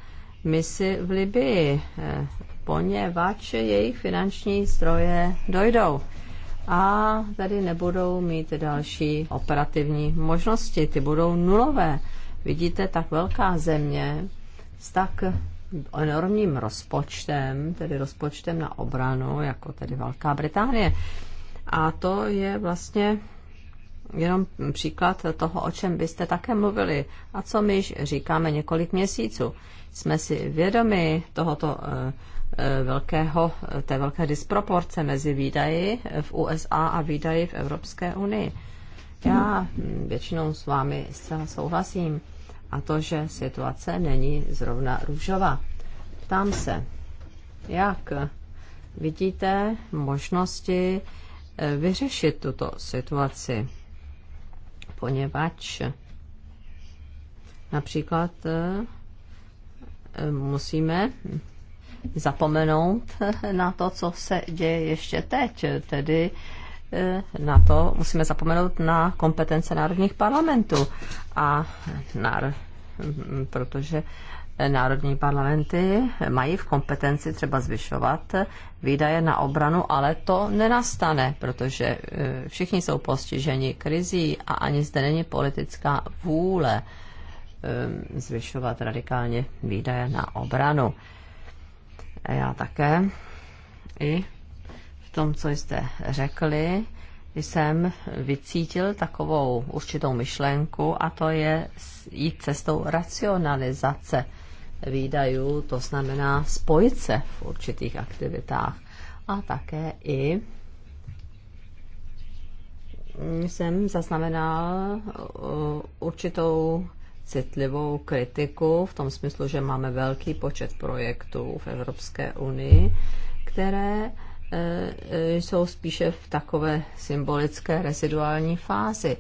Speaker 1: misi v Libii, eh, poněvadž jejich finanční zdroje dojdou a tady nebudou mít další operativní možnosti, ty budou nulové vidíte, tak velká země s tak enormním rozpočtem, tedy rozpočtem na obranu, jako tedy Velká Británie. A to je vlastně jenom příklad toho, o čem byste také mluvili a co my říkáme několik měsíců. Jsme si vědomi tohoto eh, eh, velkého, té velké disproporce mezi výdaji v USA a výdaji v Evropské unii. Já mm, většinou s vámi zcela souhlasím a to, že situace není zrovna růžová. Ptám se, jak vidíte možnosti eh, vyřešit tuto situaci, poněvadž například eh, musíme zapomenout na to, co se děje ještě teď, tedy E, na to musíme zapomenout na kompetence národních parlamentů. A náro... protože národní parlamenty mají v kompetenci třeba zvyšovat výdaje na obranu, ale to nenastane, protože e, všichni jsou postiženi krizí a ani zde není politická vůle e, zvyšovat radikálně výdaje na obranu. Já také i tom, co jste řekli, jsem vycítil takovou určitou myšlenku a to je jít cestou racionalizace výdajů, to znamená spojit se v určitých aktivitách a také i jsem zaznamenal eh, určitou citlivou kritiku v tom smyslu, že máme velký počet projektů v Evropské unii, které jsou spíše v takové symbolické reziduální fázi.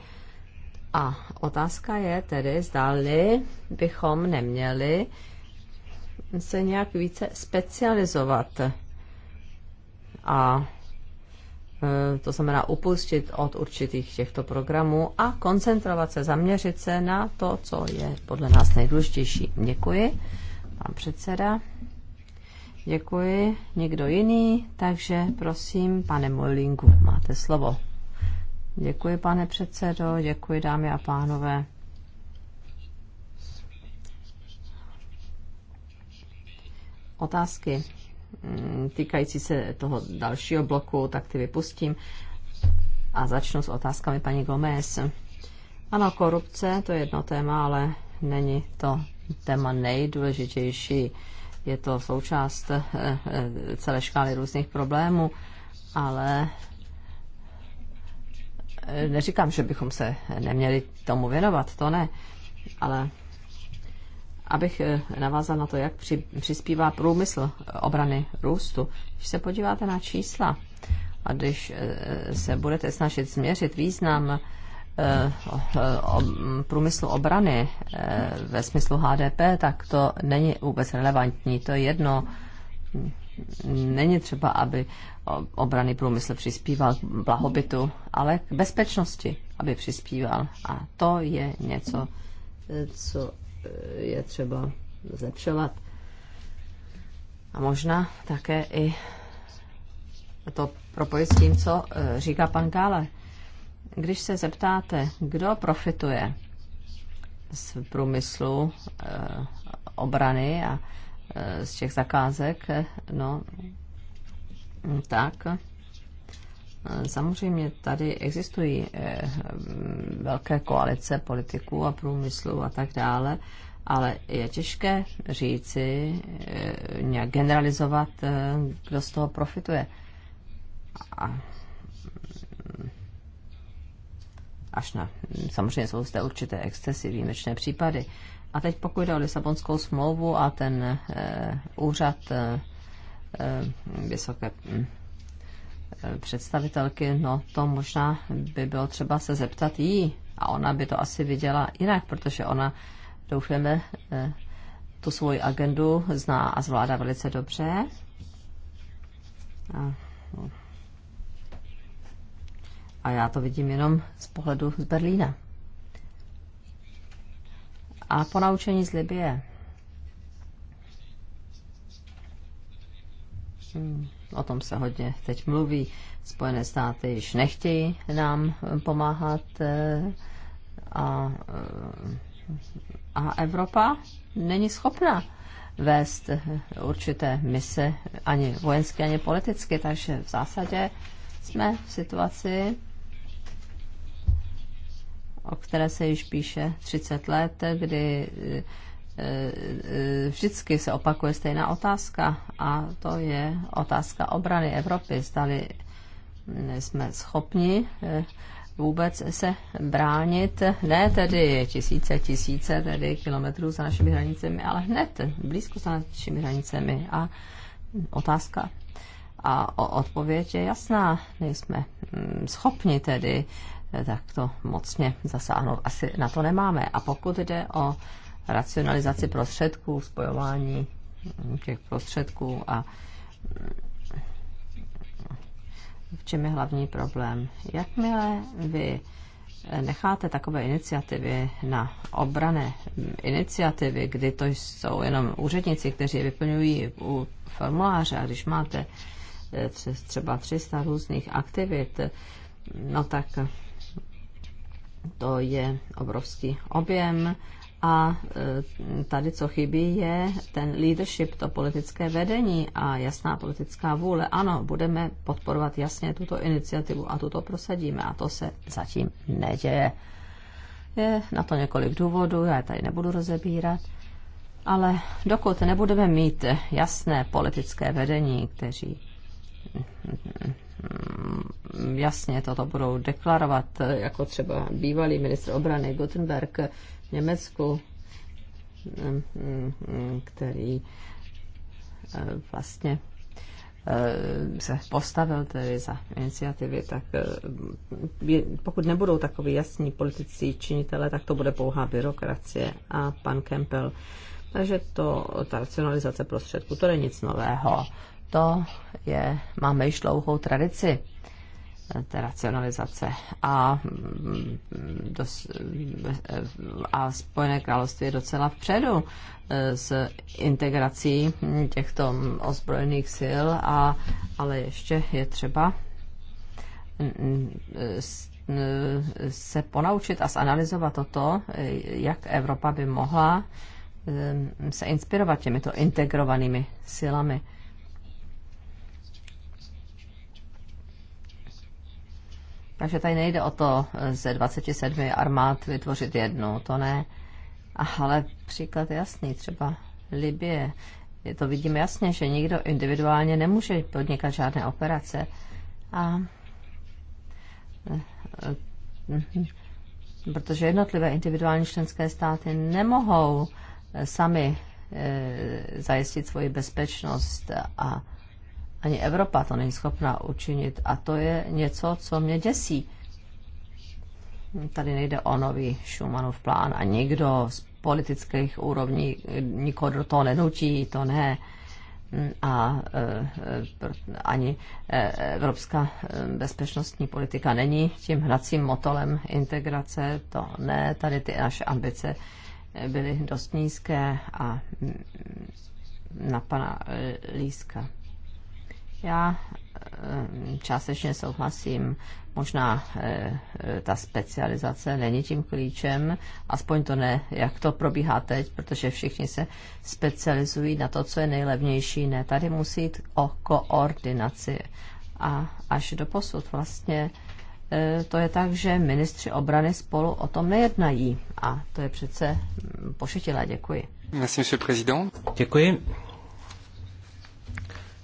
Speaker 1: A otázka je tedy, zdali bychom neměli se nějak více specializovat a e, to znamená upustit od určitých těchto programů a koncentrovat se, zaměřit se na to, co je podle nás nejdůležitější. Děkuji, pan předseda. Děkuji. Někdo jiný? Takže prosím, pane Mojlingu máte slovo. Děkuji, pane předsedo, děkuji, dámy a pánové. Otázky mm, týkající se toho dalšího bloku, tak ty vypustím a začnu s otázkami paní Gomez. Ano, korupce, to je jedno téma, ale není to téma nejdůležitější je to součást eh, eh, celé škály různých problémů, ale eh, neříkám, že bychom se neměli tomu věnovat, to ne, ale abych navázal na to, jak při, přispívá průmysl obrany růstu. Když se podíváte na čísla a když se budete snažit změřit význam Eh, průmyslu obrany eh, ve smyslu HDP, tak to není vůbec relevantní. To je jedno. Není třeba, aby obrany průmysl přispíval k blahobytu, ale k bezpečnosti, aby přispíval. A to je něco, co eh, je třeba zlepšovat. A možná také i to propojit s tím, co říká pan Gále když se zeptáte, kdo profituje z průmyslu e, obrany a e, z těch zakázek, eh, no, tak samozřejmě tady existují e, velké koalice politiků a průmyslu a tak dále, ale je těžké říci, nějak generalizovat, kdo z toho profituje. A až na, samozřejmě jsou zde určité excesy, výjimečné případy. A teď pokud jde o Lisabonskou smlouvu a ten eh, úřad eh, eh vysoké hm, eh, představitelky, no to možná by bylo třeba se zeptat jí. A ona by to asi viděla jinak, protože ona, doufujeme, eh, tu svoji agendu zná a zvládá velice dobře. A, no a já to vidím jenom z pohledu z Berlína. A po naučení z Libie. Hmm, o tom se hodně teď mluví. Spojené státy již nechtějí nám pomáhat eh, a, eh, a Evropa není schopna vést eh, určité mise, ani vojensky, ani politicky, takže v zásadě jsme v situaci, o které se již píše 30 let, kdy eh, eh, vždycky se opakuje stejná otázka a to je otázka obrany Evropy. Zdali jsme schopni eh, vůbec se bránit, ne tedy tisíce, tisíce tedy kilometrů za našimi hranicemi, ale hned blízko za našimi hranicemi. A otázka a odpověď je jasná. Nejsme hm, schopni tedy tak to mocně zasáhnout asi na to nemáme. A pokud jde o racionalizaci prostředků, spojování těch prostředků a v čem je hlavní problém? Jakmile vy necháte takové iniciativy na obrané iniciativy, kdy to jsou jenom úředníci, kteří vyplňují u formuláře a když máte eh, třeba 300 různých aktivit, no tak to je obrovský objem a e, tady, co chybí, je ten leadership, to politické vedení a jasná politická vůle. Ano, budeme podporovat jasně tuto iniciativu a tuto prosadíme a to se zatím neděje. Je na to několik důvodů, já je tady nebudu rozebírat, ale dokud nebudeme mít jasné politické vedení, kteří Mm, jasně toto budou deklarovat, eh, jako třeba bývalý ministr obrany Gutenberg v Německu, mm, mm, který eh, vlastně eh, se postavil tedy za iniciativy, tak pokud nebudou takový jasní politici činitele, tak to bude pouhá byrokracie a pan Kempel. Takže to, ta racionalizace prostředků, to není nic nového to je, máme již dlouhou tradici té racionalizace. A, mm, dos, a Spojené království je docela vpředu eh, s integrací těchto ozbrojených sil, a, ale ještě je třeba mm, mm, se ponaučit a zanalizovat toto, eh, jak Evropa by mohla eh, se inspirovat těmito integrovanými silami. Takže tady nejde o to eh, ze 27 armád vytvořit jednu, to ne. Ale příklad jasný, třeba Libie. Je to vidím jasně, že nikdo individuálně nemůže podnikat žádné operace. A eh, protože jednotlivé individuální členské státy nemohou eh, sami zajistit svoji bezpečnost a ani Evropa to není schopná učinit. A to je něco, co mě děsí. Tady nejde o nový Schumannův plán a nikdo z politických úrovní nikoho do toho nenutí, to ne a e, e, ani e, evropská bezpečnostní politika není tím hnacím motolem integrace, to ne, tady ty naše ambice byly dost nízké a na pana Líska já eh, částečně souhlasím, možná eh, ta specializace není tím klíčem, aspoň to ne, jak to probíhá teď, protože všichni se specializují na to, co je nejlevnější. Ne, tady musí jít o koordinaci. A až do posud vlastně eh, to je tak, že ministři obrany spolu o tom nejednají. A to je přece
Speaker 2: pošetilé. Děkuji. Merci, Děkuji.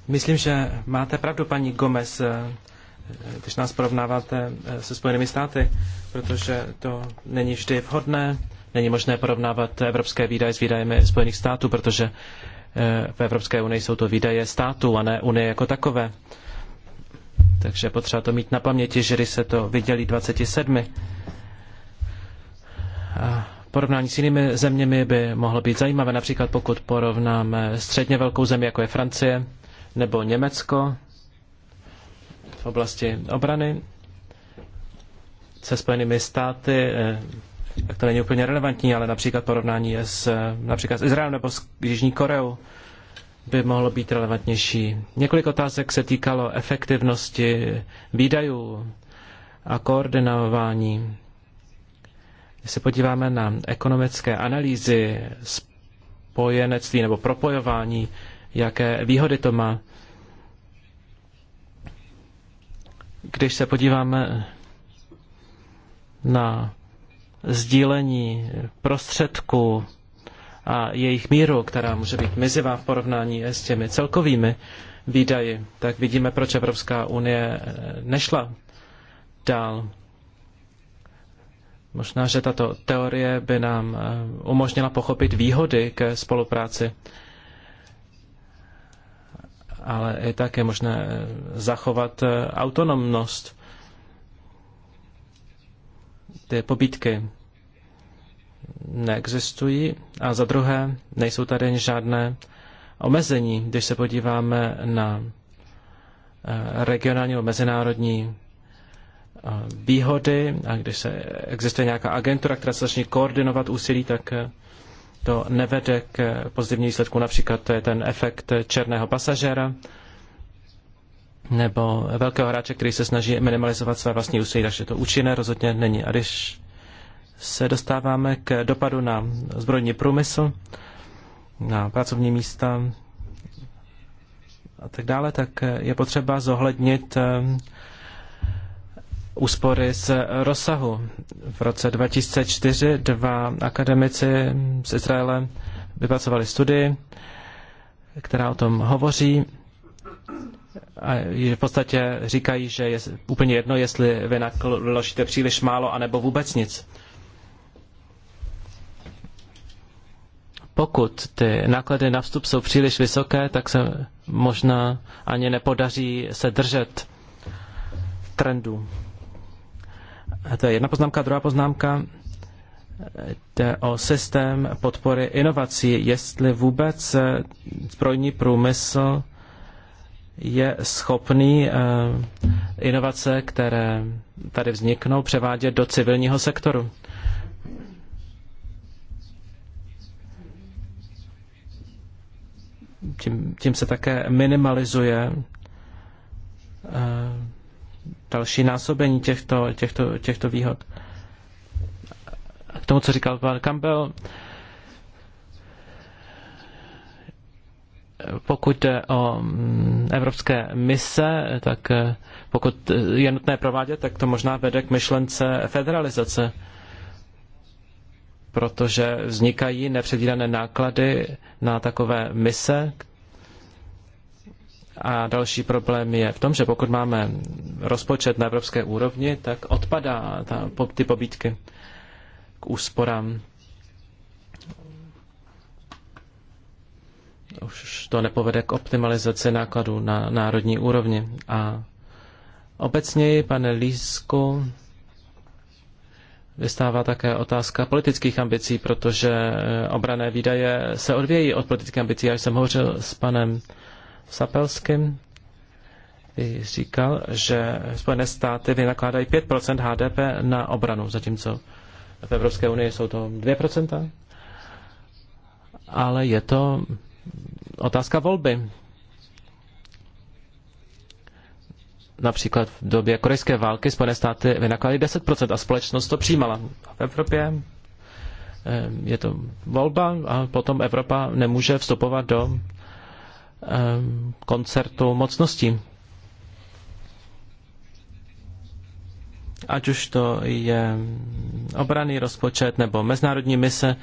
Speaker 2: Myslím, že máte pravdu, paní Gomez, eh, když nás porovnáváte eh, se Spojenými státy, protože to není vždy vhodné. Není možné porovnávat evropské výdaje s výdajemi Spojených států, protože eh, v Evropské unii jsou to výdaje států a ne unie jako takové. Takže potřeba to mít na paměti, že když se to vydělí 27. A porovnání s jinými zeměmi by mohlo být zajímavé, například pokud porovnáme středně velkou zemi, jako je Francie, nebo Německo v oblasti obrany se Spojenými státy, tak eh, to není úplně relevantní, ale například porovnání s, eh, například s Izraelem nebo s Jižní Koreou by mohlo být relevantnější. Několik otázek se týkalo efektivnosti výdajů a koordinování. Když se podíváme na ekonomické analýzy spojenectví nebo propojování jaké výhody to má. Když se podíváme na sdílení prostředků a jejich míru, která může být mizivá v porovnání s těmi celkovými výdaji, tak vidíme, proč Evropská unie nešla dál. Možná, že tato teorie by nám eh, umožnila pochopit výhody ke spolupráci ale je také možné eh, zachovat eh, autonomnost ty pobídky neexistují a za druhé nejsou tady žádné omezení. Když se podíváme na eh, regionální nebo mezinárodní výhody a když se existuje nějaká agentura, která se začne koordinovat úsilí, tak to nevede k pozitivním výsledku. Například to je ten efekt černého pasažéra nebo velkého hráče, který se snaží minimalizovat své vlastní úsilí, takže to účinné rozhodně není. A když se dostáváme k dopadu na zbrojní průmysl, na pracovní místa a tak dále, tak je potřeba zohlednit eh, úspory z rozsahu. V roce 2004 dva akademici z Izraele vypracovali studii, která o tom hovoří. A v podstatě říkají, že je úplně jedno, jestli naložíte příliš málo, anebo vůbec nic. Pokud ty náklady na vstup jsou příliš vysoké, tak se možná ani nepodaří se držet trendu. To je jedna poznámka. Druhá poznámka jde o systém podpory inovací. Jestli vůbec eh, zbrojní průmysl je schopný eh, inovace, které tady vzniknou, převádět do civilního sektoru. Tím, tím se také minimalizuje eh, další násobení těchto, těchto, těchto výhod. A k tomu, co říkal pan Campbell, pokud jde o mm, evropské mise, tak eh, pokud je nutné provádět, tak to možná vede k myšlence federalizace, protože vznikají nepředvídané náklady na takové mise, a další problém je v tom, že pokud máme rozpočet na evropské úrovni, tak odpadá ta, ty pobídky k úsporám. Už to nepovede k optimalizaci nákladů na národní úrovni. A obecně, pane Lísku, vystává také otázka politických ambicí, protože eh, obrané výdaje se odvějí od politických ambicí. Já jsem hovořil s panem Sapelským říkal, že Spojené státy vynakládají 5 HDP na obranu, zatímco v Evropské unii jsou to 2 ale je to otázka volby. Například v době korejské války Spojené státy vynakládají 10% a společnost to přijímala. V Evropě eh, je to volba a potom Evropa nemůže vstupovat do Eh, koncertu mocností. Ať už to je obraný rozpočet nebo mezinárodní mise,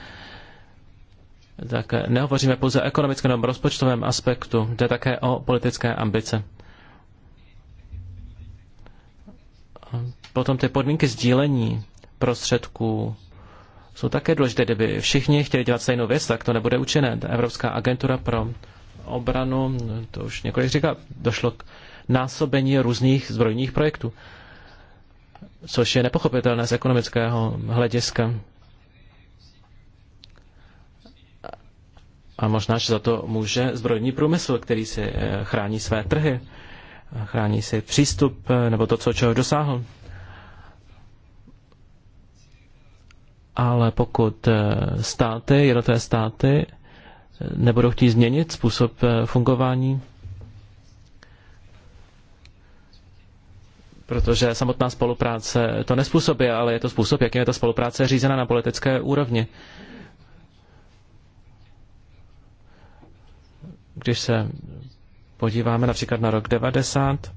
Speaker 2: tak nehovoříme pouze o ekonomickém nebo rozpočtovém aspektu, jde také o politické ambice. Potom ty podmínky sdílení prostředků jsou také důležité. Kdyby všichni chtěli dělat stejnou věc, tak to nebude účinné. Evropská agentura pro obranu, to už několik říká, došlo k násobení různých zbrojních projektů, což je nepochopitelné z ekonomického hlediska. A možná, že za to může zbrojní průmysl, který si eh, chrání své trhy, chrání si přístup eh, nebo to, co čeho dosáhl. Ale pokud eh, státy, jednotlivé státy, nebudou chtít změnit způsob eh, fungování? Protože samotná spolupráce to nespůsobí, ale je to způsob, jakým je ta spolupráce řízena na politické úrovni. Když se podíváme například na rok 90,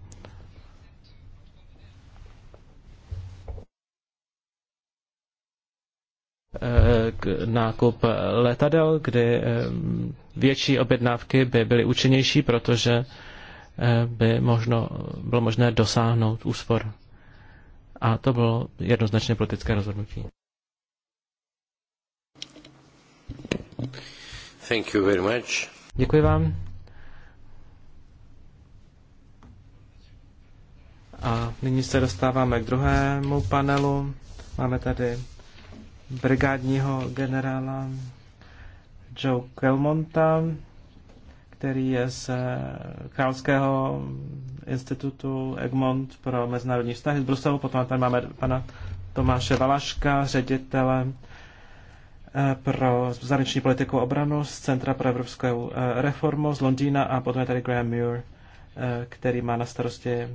Speaker 2: nákup letadel, kdy eh, větší objednávky by byly účinnější, protože eh, by možno, bylo možné dosáhnout úspor. A to bylo jednoznačně politické rozhodnutí.
Speaker 1: Thank you very much.
Speaker 2: Děkuji vám. A nyní se dostáváme k druhému panelu. Máme tady brigádního generála Joe Kelmonta, který je z eh, Královského institutu Egmont pro mezinárodní vztahy z Bruselu. Potom tady máme pana Tomáše Valaška, ředitele eh, pro zahraniční politiku obranu z Centra pro evropskou eh, reformu z Londýna a potom je tady Graham Muir, který má na starosti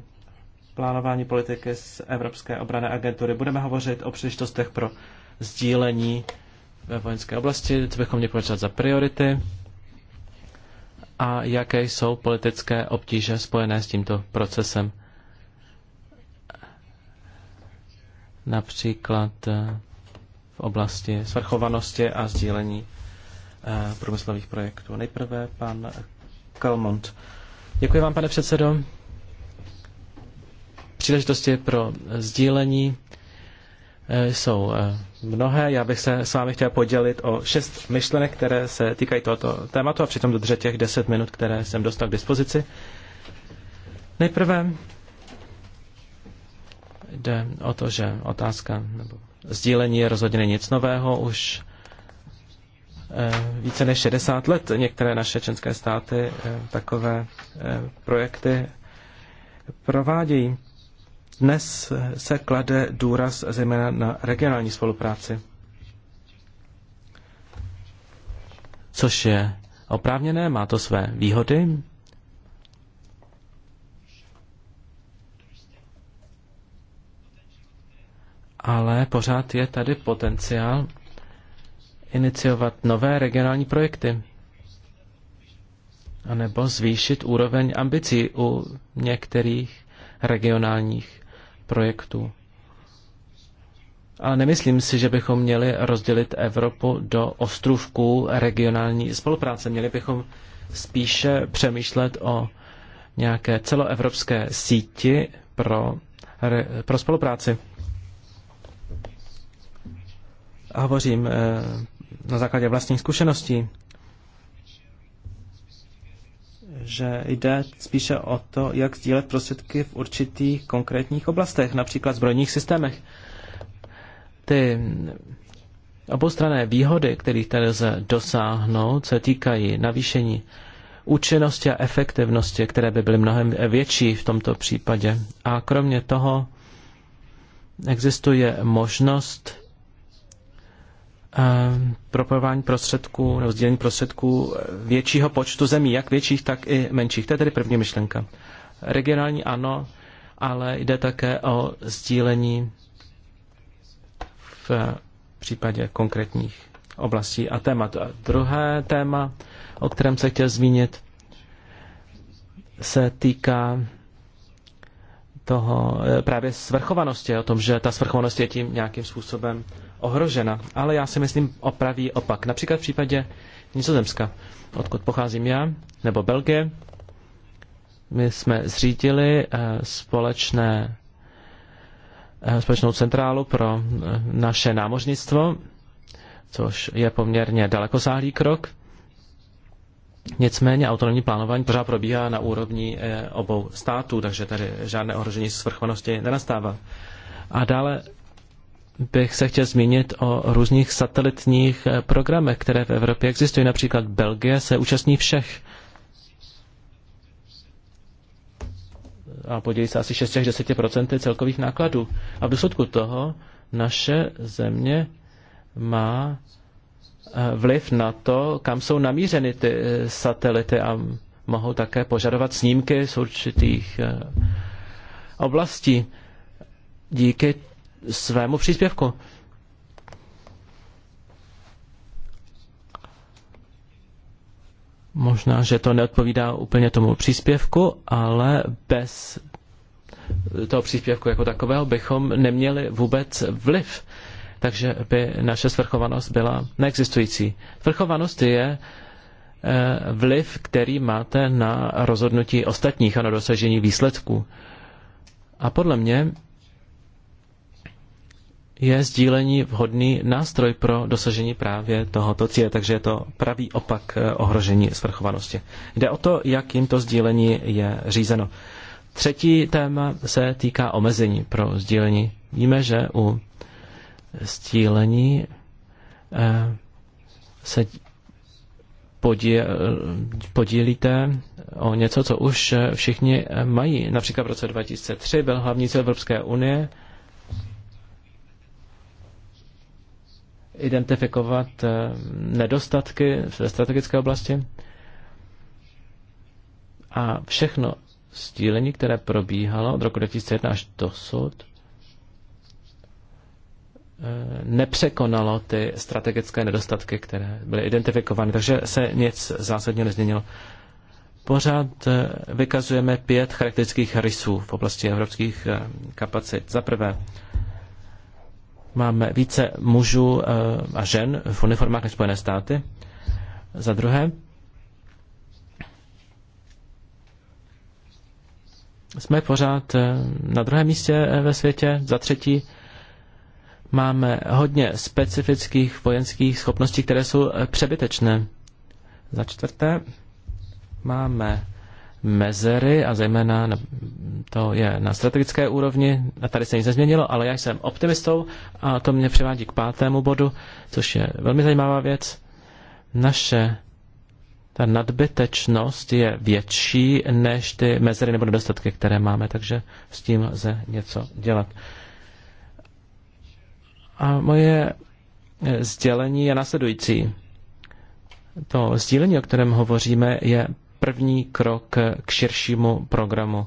Speaker 2: plánování politiky z Evropské obrané agentury. Budeme hovořit o příležitostech pro sdílení ve vojenské oblasti, co bychom měli považovat za priority a jaké jsou politické obtíže spojené s tímto procesem. Například eh, v oblasti svrchovanosti a sdílení eh, průmyslových projektů. Nejprve pan Kalmont. Děkuji vám, pane předsedo. Příležitosti pro sdílení Eh, jsou eh, mnohé. Já bych se s vámi chtěl podělit o šest myšlenek, které se týkají tohoto tématu a přitom dodržet těch deset minut, které jsem dostal k dispozici. Nejprve jde o to, že otázka nebo sdílení rozhodně nic nového. Už eh, více než 60 let některé naše české státy takové projekty provádějí. Dnes se klade důraz zejména na regionální spolupráci, což je oprávněné, má to své výhody. Ale pořád je tady potenciál iniciovat nové regionální projekty anebo zvýšit úroveň ambicí u některých regionálních projektů. Ale nemyslím si, že bychom měli rozdělit Evropu do ostrůvků regionální spolupráce. Měli bychom spíše přemýšlet o nějaké celoevropské síti pro, pro spolupráci. hovořím eh, na základě vlastních zkušeností že jde spíše o to, jak sdílet prostředky v určitých konkrétních oblastech, například zbrojních systémech. Ty oboustrané výhody, kterých tady lze dosáhnout, se týkají navýšení účinnosti a efektivnosti, které by byly mnohem větší v tomto případě. A kromě toho existuje možnost Eh, propojování prostředků nebo sdílení prostředků většího počtu zemí, jak větších, tak i menších. To je tedy první myšlenka. Regionální ano, ale jde také o sdílení v případě konkrétních oblastí a témat. A druhé téma, o kterém se chtěl zmínit, se týká toho eh, právě svrchovanosti, o tom, že ta svrchovanost je tím nějakým způsobem ohrožena, ale já si myslím o pravý opak. Například v případě Nizozemska, odkud pocházím já, nebo Belgie, my jsme zřídili eh, společné, eh, společnou centrálu pro eh, naše námořnictvo, což je poměrně dalekosáhlý krok. Nicméně autonomní plánování pořád probíhá na úrovni obou států, takže tady žádné ohrožení svrchovanosti nenastává. A dále bych se chtěl zmínit o různých satelitních eh, programech, které v Evropě existují. Například Belgie se účastní všech. A podělí se asi 6 až 10 celkových nákladů. A v důsledku toho naše země má eh, vliv na to, kam jsou namířeny ty eh, satelity a mohou také požadovat snímky z určitých oblastí. Díky svému příspěvku. Možná, že to neodpovídá úplně tomu příspěvku, ale bez toho příspěvku jako takového bychom neměli vůbec vliv. Takže by naše svrchovanost byla neexistující. Svrchovanost je eh, vliv, který máte na rozhodnutí ostatních a na dosažení výsledků. A podle mě je sdílení vhodný nástroj pro dosažení právě tohoto cíle, takže je to pravý opak eh, ohrožení svrchovanosti. Jde o to, jak jim to sdílení je řízeno. Třetí téma se týká omezení pro sdílení. Víme, že u sdílení eh, se eh, podílíte o něco, co už všichni mají. Například v roce 2003 byl hlavní cíl Evropské unie identifikovat eh, nedostatky ve strategické oblasti a všechno stílení, které probíhalo od roku 2001 až dosud, eh, nepřekonalo ty strategické nedostatky, které byly identifikovány. Takže se nic zásadně nezměnilo. Pořád eh, vykazujeme pět charakteristických rysů v oblasti evropských kapacit. Za prvé, Máme více mužů eh, a žen v uniformách než Spojené státy. Za druhé, jsme pořád eh, na druhém místě eh, ve světě. Za třetí, máme hodně specifických vojenských schopností, které jsou přebytečné. Za čtvrté, máme mezery a zejména na, to je na strategické úrovni, a tady se nic nezměnilo, ale já jsem optimistou a to mě přivádí k pátému bodu, což je velmi zajímavá věc. Naše ta nadbytečnost je větší než ty mezery nebo nedostatky, které máme, takže s tím lze něco dělat. A moje eh, sdělení je následující. To sdílení, o kterém hovoříme, je první krok k širšímu programu,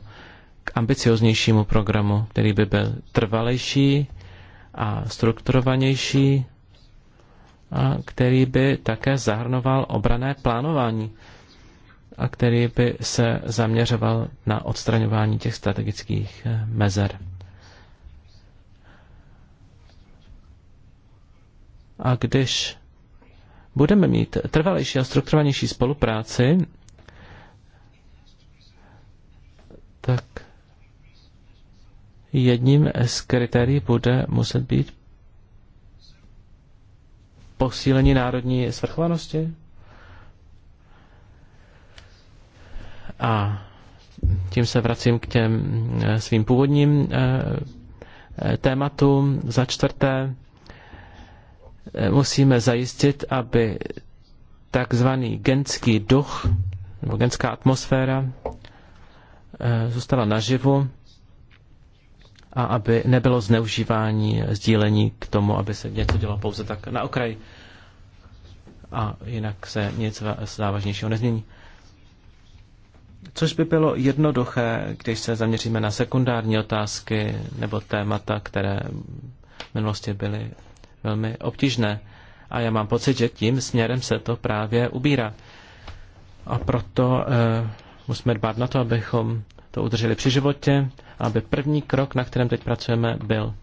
Speaker 2: k ambicioznějšímu programu, který by byl trvalejší a strukturovanější a který by také zahrnoval obrané plánování a který by se zaměřoval na odstraňování těch strategických eh, mezer. A když budeme mít trvalejší a strukturovanější spolupráci tak jedním z kritérií bude muset být posílení národní svrchovanosti. A tím se vracím k těm eh, svým původním eh, tématům. Za čtvrté, eh, musíme zajistit, aby takzvaný genský duch nebo genská atmosféra Eh, zůstala naživu a aby nebylo zneužívání sdílení k tomu, aby se něco dělo pouze tak na okraji a jinak se nic závažnějšího nezmění. Což by bylo jednoduché, když se zaměříme na sekundární otázky nebo témata, které v minulosti byly velmi obtížné. A já mám pocit, že tím směrem se to právě ubírá. A proto eh, musíme dbát na to, abychom to udrželi při životě, aby první krok, na kterém teď pracujeme, byl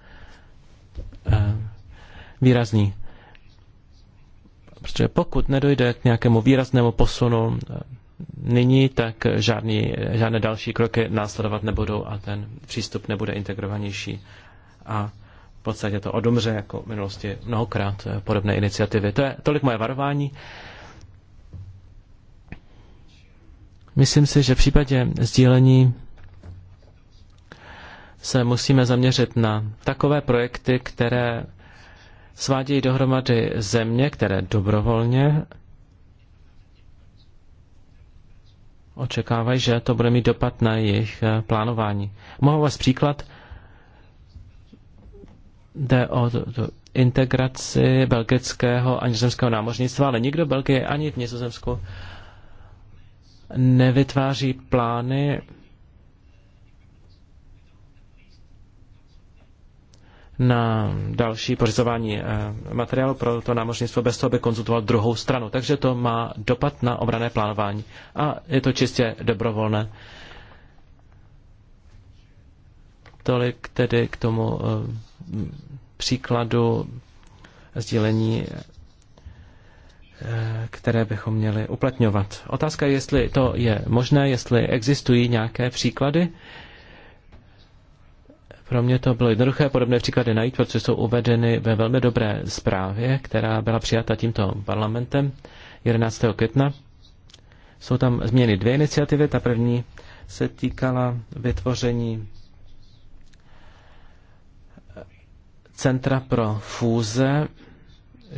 Speaker 2: eh, výrazný. Protože pokud nedojde k nějakému výraznému posunu eh, nyní, tak žádný, žádné další kroky následovat nebudou a ten přístup nebude integrovanější. A v podstatě to odumře jako v minulosti mnohokrát eh, podobné iniciativy. To je tolik moje varování. Myslím si, že v případě sdílení se musíme zaměřit na takové projekty, které svádějí dohromady země, které dobrovolně očekávají, že to bude mít dopad na jejich eh, plánování. Mohu vás příklad. Jde o integraci belgického a nizozemského námořnictva, ale nikdo Belgie Belgii ani v Nizozemsku nevytváří plány na další pořizování eh, materiálu pro to námořnictvo bez toho, aby konzultoval druhou stranu. Takže to má dopad na obrané plánování a je to čistě dobrovolné. Tolik tedy k tomu eh, příkladu sdílení Eh, které bychom měli uplatňovat. Otázka je, jestli to je možné, jestli existují nějaké příklady. Pro mě to bylo jednoduché podobné příklady najít, protože jsou uvedeny ve velmi dobré zprávě, která byla přijata tímto parlamentem 11. května. Jsou tam změny dvě iniciativy. Ta první se týkala vytvoření Centra pro fúze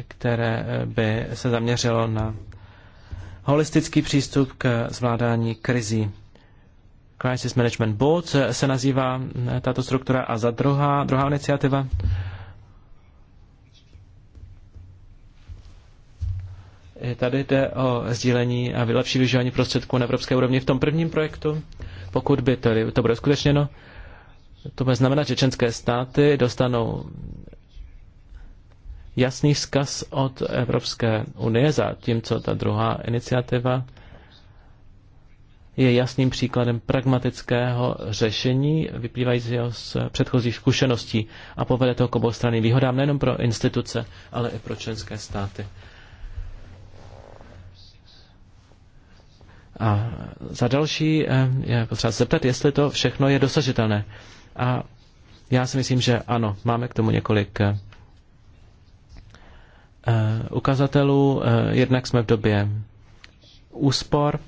Speaker 2: které eh, by se zaměřilo na holistický přístup k zvládání krizí. Crisis Management Board se nazývá eh, tato struktura a za druhá, druhá iniciativa Tady jde o sdílení a vylepší využívání prostředků na evropské úrovni v tom prvním projektu. Pokud by to, to bude skutečněno, to bude znamenat, že členské státy dostanou jasný vzkaz od Evropské unie, zatímco ta druhá iniciativa je jasným příkladem pragmatického řešení vyplývajícího z předchozích zkušeností a povede to k oboustranným výhodám nejenom pro instituce, ale i pro členské státy. A za další eh, je potřeba zeptat, jestli to všechno je dosažitelné. A já si myslím, že ano, máme k tomu několik eh, Eh, ukazatelů. Eh, jednak jsme v době úspor.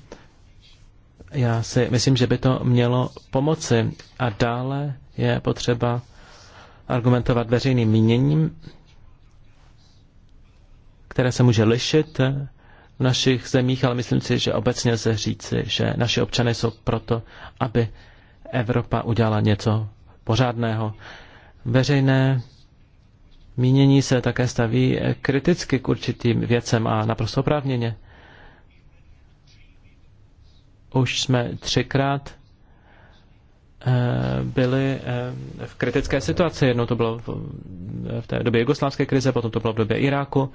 Speaker 2: Já si myslím, že by to mělo pomoci. A dále je potřeba argumentovat veřejným míněním, které se může lišit eh, v našich zemích, ale myslím si, že obecně se říci, že naši občané jsou proto, aby Evropa udělala něco pořádného. Veřejné mínění se také staví kriticky k určitým věcem a naprosto oprávněně. Už jsme třikrát eh, byli eh, v kritické situaci. Jednou to bylo v té době jugoslávské krize, potom to bylo v době Iráku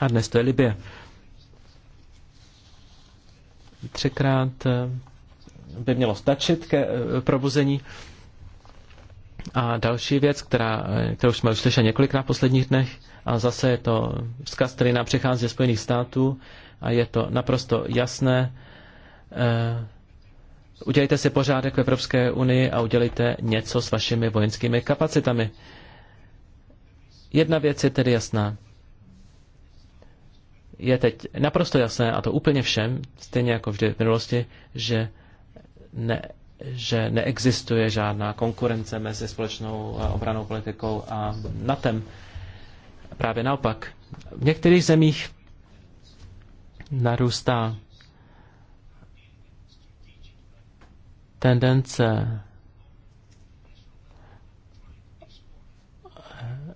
Speaker 2: a dnes to je Libie. Třikrát eh, by mělo stačit ke probuzení a další věc, která, kterou jsme už slyšeli několikrát v posledních dnech, a zase je to vzkaz, který nám přichází ze Spojených států a je to naprosto jasné. Eh, udělejte si pořádek v Evropské unii a udělejte něco s vašimi vojenskými kapacitami. Jedna věc je tedy jasná. Je teď naprosto jasné, a to úplně všem, stejně jako vždy v minulosti, že ne, že neexistuje žádná konkurence mezi společnou eh, obranou politikou a NATO. Právě naopak. V některých zemích narůstá tendence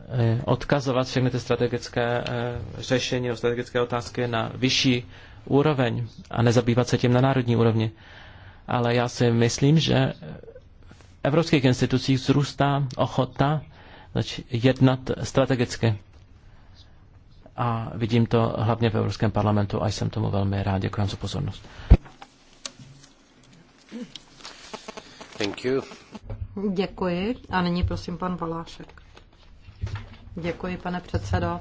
Speaker 2: eh, odkazovat všechny ty strategické eh, řešení nebo strategické otázky na vyšší úroveň a nezabývat se tím na národní úrovni ale já si myslím, že v evropských institucích zrůstá ochota jednat strategicky. A vidím to hlavně v Evropském parlamentu a jsem tomu velmi rád. Děkuji vám za pozornost. Thank you.
Speaker 3: Děkuji. A nyní prosím pan Valášek. Děkuji, pane předsedo.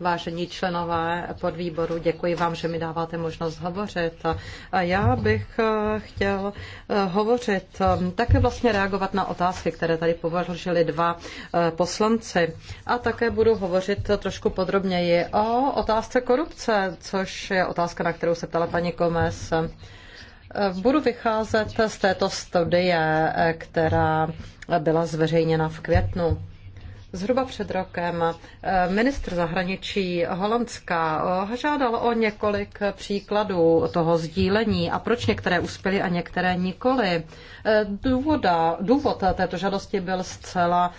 Speaker 3: Vážení členové podvýboru, děkuji vám, že mi dáváte možnost hovořit. A já bych eh, chtěl eh, hovořit, eh, také vlastně reagovat na otázky, které tady považili dva poslanci. A také budu hovořit trošku podrobněji o otázce korupce, což je otázka, na kterou se ptala paní Komes. Budu vycházet z této studie, která byla zveřejněna v květnu. Zhruba před rokem eh, ministr zahraničí Holandska eh, žádal o několik příkladů toho sdílení a proč některé uspěly a některé nikoli. Eh, důvoda, důvod této žádosti byl zcela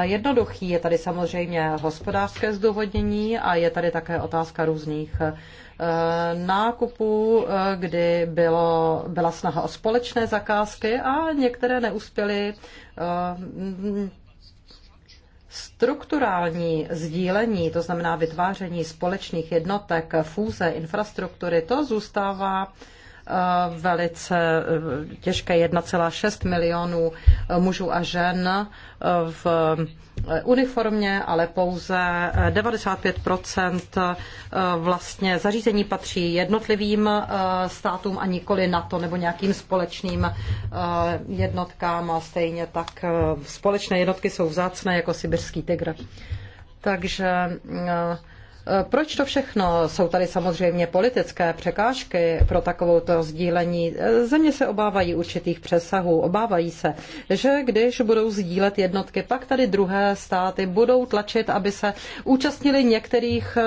Speaker 3: jednoduchý. Je tady samozřejmě hospodářské zdůvodnění a je tady také otázka různých nákupů, kdy bylo, byla snaha o společné zakázky a některé neuspěly Strukturální sdílení, to znamená vytváření společných jednotek, fúze, infrastruktury, to zůstává Eh, velice eh, těžké 1,6 milionů mužů a žen eh, v uniformě, ale pouze 95 vlastně zařízení patří jednotlivým státům a nikoli NATO nebo nějakým společným jednotkám a stejně tak společné jednotky jsou vzácné jako sibirský tygr. Takže proč to všechno? Jsou tady samozřejmě politické překážky pro takovouto sdílení. Země se obávají určitých přesahů, obávají se, že když budou sdílet jednotky, pak tady druhé státy budou tlačit, aby se účastnili některých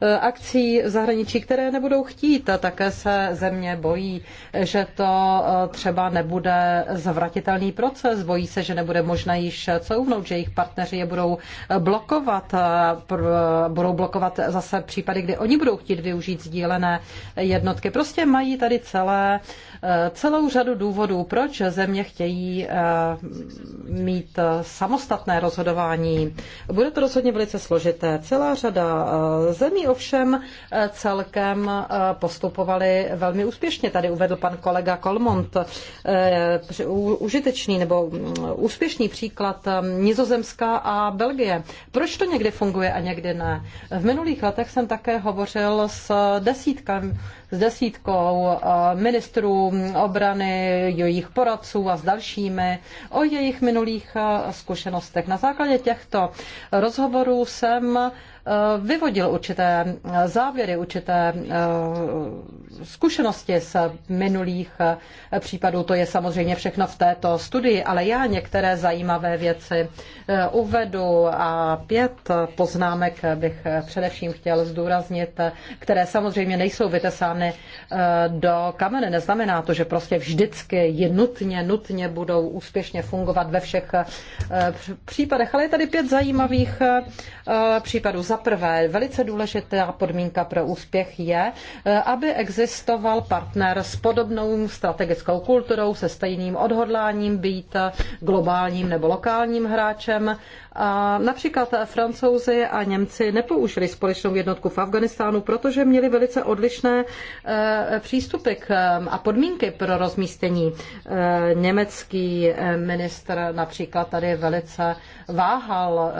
Speaker 3: eh, akcí v zahraničí, které nebudou chtít. A také se země bojí, že to eh, třeba nebude zvratitelný proces, bojí se, že nebude možné již couvnout, že jejich partneři je budou blokovat, eh, budou blokovat zase případy, kdy oni budou chtít využít sdílené jednotky. Prostě mají tady celé celou řadu důvodů, proč země chtějí eh, mít eh, samostatné rozhodování. Bude to rozhodně velice složité. Celá řada eh, zemí ovšem celkem postupovaly velmi úspěšně. Tady uvedl pan kolega Kolmont užitečný nebo mm, úspěšný příklad Nizozemská a Belgie. Proč to někdy funguje a někdy ne? V minulých letech jsem také hovořil s desítkami s desítkou eh, ministrů obrany, jejich poradců a s dalšími o jejich minulých eh, zkušenostech. Na základě těchto rozhovorů jsem Eh, vyvodil určité eh, závěry, určité eh, zkušenosti z minulých případů. To je samozřejmě všechno v této studii, ale já některé zajímavé věci uvedu a pět poznámek bych především chtěl zdůraznit, které samozřejmě nejsou vytesány do kamene. Neznamená to, že prostě vždycky je nutně, nutně budou úspěšně fungovat ve všech případech, ale je tady pět zajímavých případů za prvé, velice důležitá podmínka pro úspěch je, eh, aby existoval partner s podobnou strategickou kulturou, se stejným odhodláním být globálním nebo lokálním hráčem. A například francouzi a Němci nepoužili společnou jednotku v Afganistánu, protože měli velice odlišné eh, přístupy eh, a podmínky pro rozmístění. Německý ministr například tady velice váhal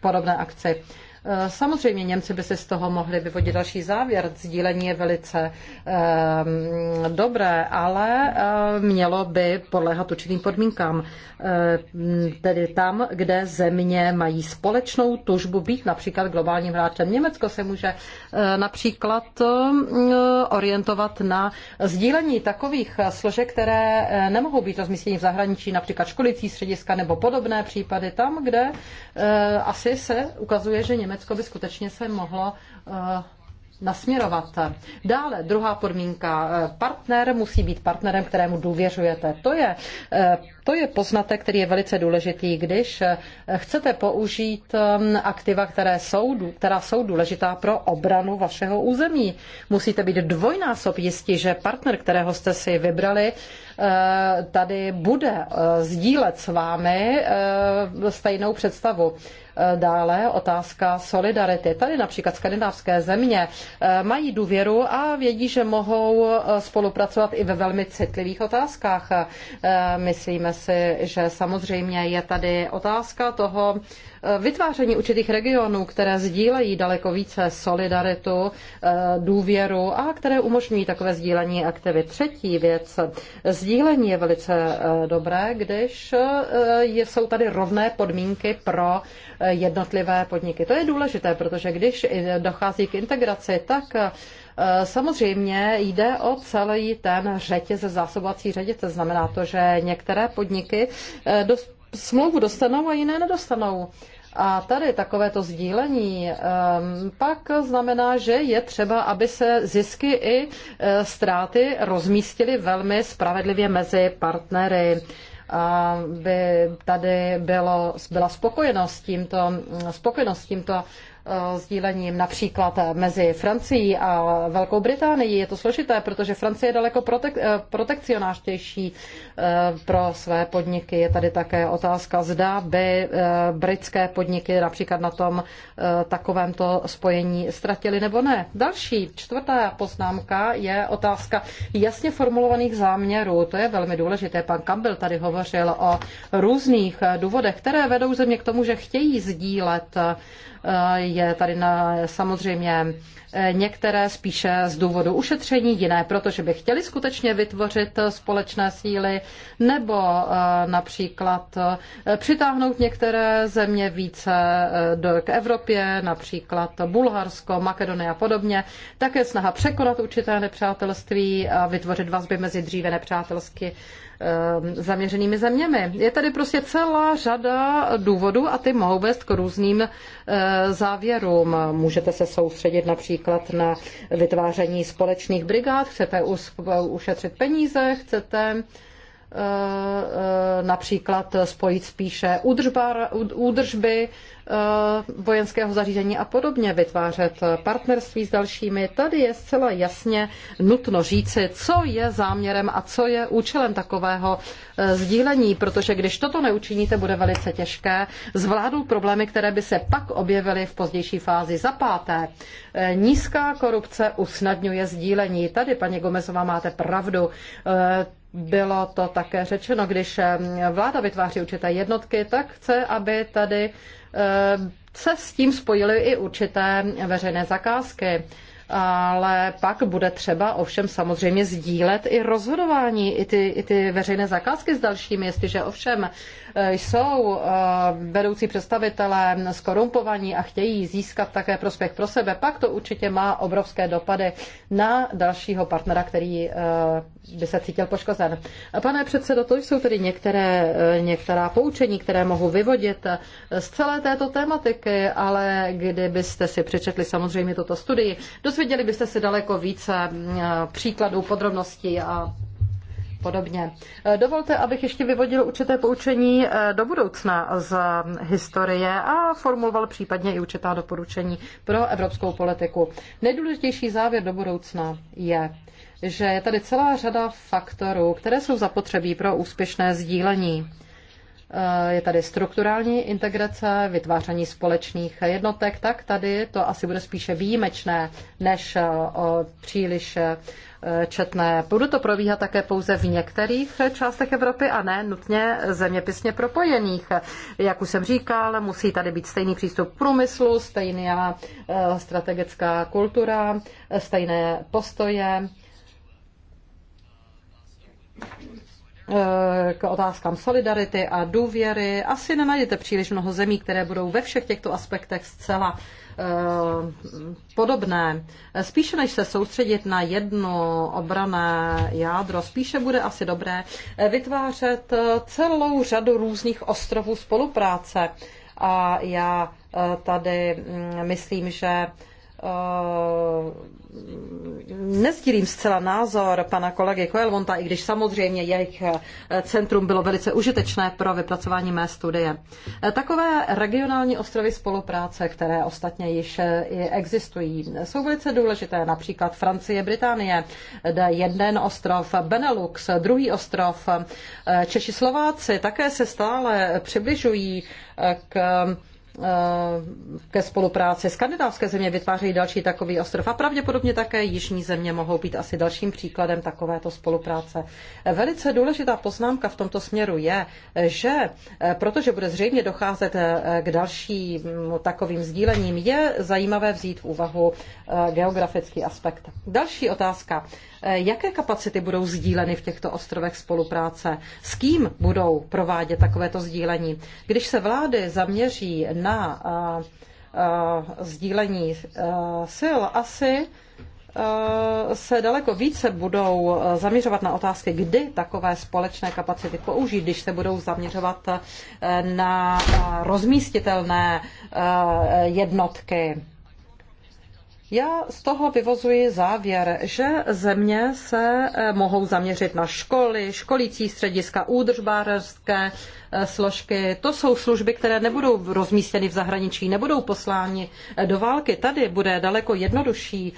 Speaker 3: podobné akci. Eh, samozřejmě Němci by si z toho mohli vyvodit další závěr. Sdílení je velice ehm, dobré, ale eh, mělo by podléhat určitým podmínkám. Eh, tedy tam, kde země mají společnou tužbu být například globálním hráčem. Německo se může například orientovat na sdílení takových složek, které nemohou být rozmístěny v zahraničí, například školicí střediska nebo podobné případy tam, kde asi se ukazuje, že Němci Německo by skutečně se mohlo eh, nasměrovat. Dále druhá podmínka. Eh, partner musí být partnerem, kterému důvěřujete. To je, eh, to je poznatek, který je velice důležitý, když chcete použít aktiva, které jsou, která jsou důležitá pro obranu vašeho území. Musíte být dvojnásob jistí, že partner, kterého jste si vybrali, Eh, tady bude eh, sdílet s vámi eh, stejnou představu. Dále otázka solidarity. Tady například skandinávské země mají důvěru a vědí, že mohou spolupracovat i ve velmi citlivých otázkách. Myslíme si, že samozřejmě je tady otázka toho, Eh, vytváření určitých regionů, které sdílejí daleko více solidaritu, eh, důvěru a které umožňují takové sdílení aktivit. Třetí věc, sdílení je velice eh, dobré, když jsou tady rovné podmínky pro jednotlivé podniky. To je důležité, protože když dochází k integraci, tak Samozřejmě jde o celý ten řetěz, zásobovací řetěz. Znamená to, že některé podniky dost smlouvu dostanou a jiné nedostanou. A tady takovéto sdílení ehm, pak znamená, že je třeba, aby se zisky i eh, ztráty rozmístily velmi spravedlivě mezi partnery aby tady bylo, byla spokojenost s tímto, spokojenost s tímto Eh, sdílením například mezi Francií a Velkou Británií. Je to složité, protože Francie je daleko protek- eh, protekcionářtější eh, pro své podniky. Je tady také otázka, zda by britské podniky například na tom takovémto spojení ztratili nebo ne. Další, čtvrtá poznámka je otázka jasně formulovaných záměrů. To je velmi důležité. Pan Campbell tady hovořil o různých důvodech, které vedou země k tomu, že chtějí sdílet je tady na, samozřejmě eh, některé spíše z důvodu ušetření, jiné protože by chtěli skutečně vytvořit eh, společné síly, nebo eh, například přitáhnout některé země více do, k Evropě, například Bulharsko, Makedonie a podobně. Také snaha překonat určité nepřátelství a vytvořit vazby mezi dříve nepřátelsky Ehm, zaměřenými zeměmi. Je tady prostě celá řada důvodů a ty mohou vést k různým eh, závěrům. Můžete se soustředit například na vytváření společných brigád, chcete ušetřit peníze, chcete Eh, například spojit spíše udržba, údržby eh, vojenského zařízení a podobně, vytvářet partnerství s dalšími. Tady je zcela jasně nutno říci, co je záměrem a co je účelem takového eh, sdílení, protože když toto neučiníte, bude velice těžké zvládnout problémy, které by se pak objevily v pozdější fázi. Za páté, nízká korupce usnadňuje sdílení. Tady, paní Gomezová, máte pravdu. Bylo to také řečeno, když vláda vytváří určité jednotky, tak chce, aby tady se s tím spojily i určité veřejné zakázky. Ale pak bude třeba ovšem samozřejmě sdílet i rozhodování, i ty, i ty veřejné zakázky s dalšími, jestliže ovšem Eh, jsou eh, vedoucí představitelé skorumpovaní a chtějí získat také prospěch pro sebe, pak to určitě má obrovské dopady na dalšího partnera, který eh, by se cítil poškozen. Pane předsedo, to jsou tedy některé, některá poučení, které mohu vyvodit z celé této tématiky, ale kdybyste si přečetli samozřejmě tuto studii, dozvěděli byste si daleko více příkladů, podrobností a podobně. Eh, dovolte, abych ještě vyvodil určité poučení eh, do budoucna z historie a formuloval případně i určitá doporučení pro evropskou politiku. Nejdůležitější závěr do budoucna je, že je tady celá řada faktorů, které jsou zapotřebí pro úspěšné sdílení Eh, je tady strukturální integrace, vytváření společných jednotek, tak tady to asi bude spíše výjimečné než eh, příliš eh, četné. Budu to probíhat také pouze v některých částech Evropy a ne nutně zeměpisně propojených. Jak už jsem říkal, musí tady být stejný přístup k průmyslu, stejná strategická kultura, stejné postoje. Eh, k otázkám solidarity a důvěry. Asi nenajdete příliš mnoho zemí, které budou ve všech těchto aspektech zcela eh, podobné. Spíše než se soustředit na jedno obrané jádro, spíše bude asi dobré eh, vytvářet celou řadu různých ostrovů spolupráce. A já tady mm, myslím, že nezdílím zcela názor pana kolegy Koelmonta, i když samozřejmě jejich eh, centrum bylo velice užitečné pro vypracování mé studie. Eh, takové regionální ostrovy spolupráce, které ostatně již eh, existují, jsou velice důležité. Například Francie, Británie, jeden ostrov, Benelux, druhý ostrov. Češi, Slováci také se stále přibližují k Eh, ke spolupráci. Skandinávské země vytvářejí další takový ostrov a pravděpodobně také jižní země mohou být asi dalším příkladem takovéto spolupráce. Velice důležitá poznámka v tomto směru je, že eh, protože bude zřejmě docházet eh, k dalším takovým sdílením, je zajímavé vzít v úvahu geografický aspekt. Další otázka. Jaké kapacity budou sdíleny v těchto ostrovech spolupráce? S kým budou provádět takovéto sdílení? Když se vlády zaměří na na eh, eh, sdílení eh, sil asi se daleko více budou zaměřovat na otázky, kdy takové společné kapacity použít, když se budou zaměřovat na rozmístitelné jednotky já z toho vyvozuji závěr, že země se eh, mohou zaměřit na školy, školící střediska, údržbářské eh, složky. To jsou služby, které nebudou rozmístěny v zahraničí, nebudou poslány eh, do války. Tady bude daleko jednodušší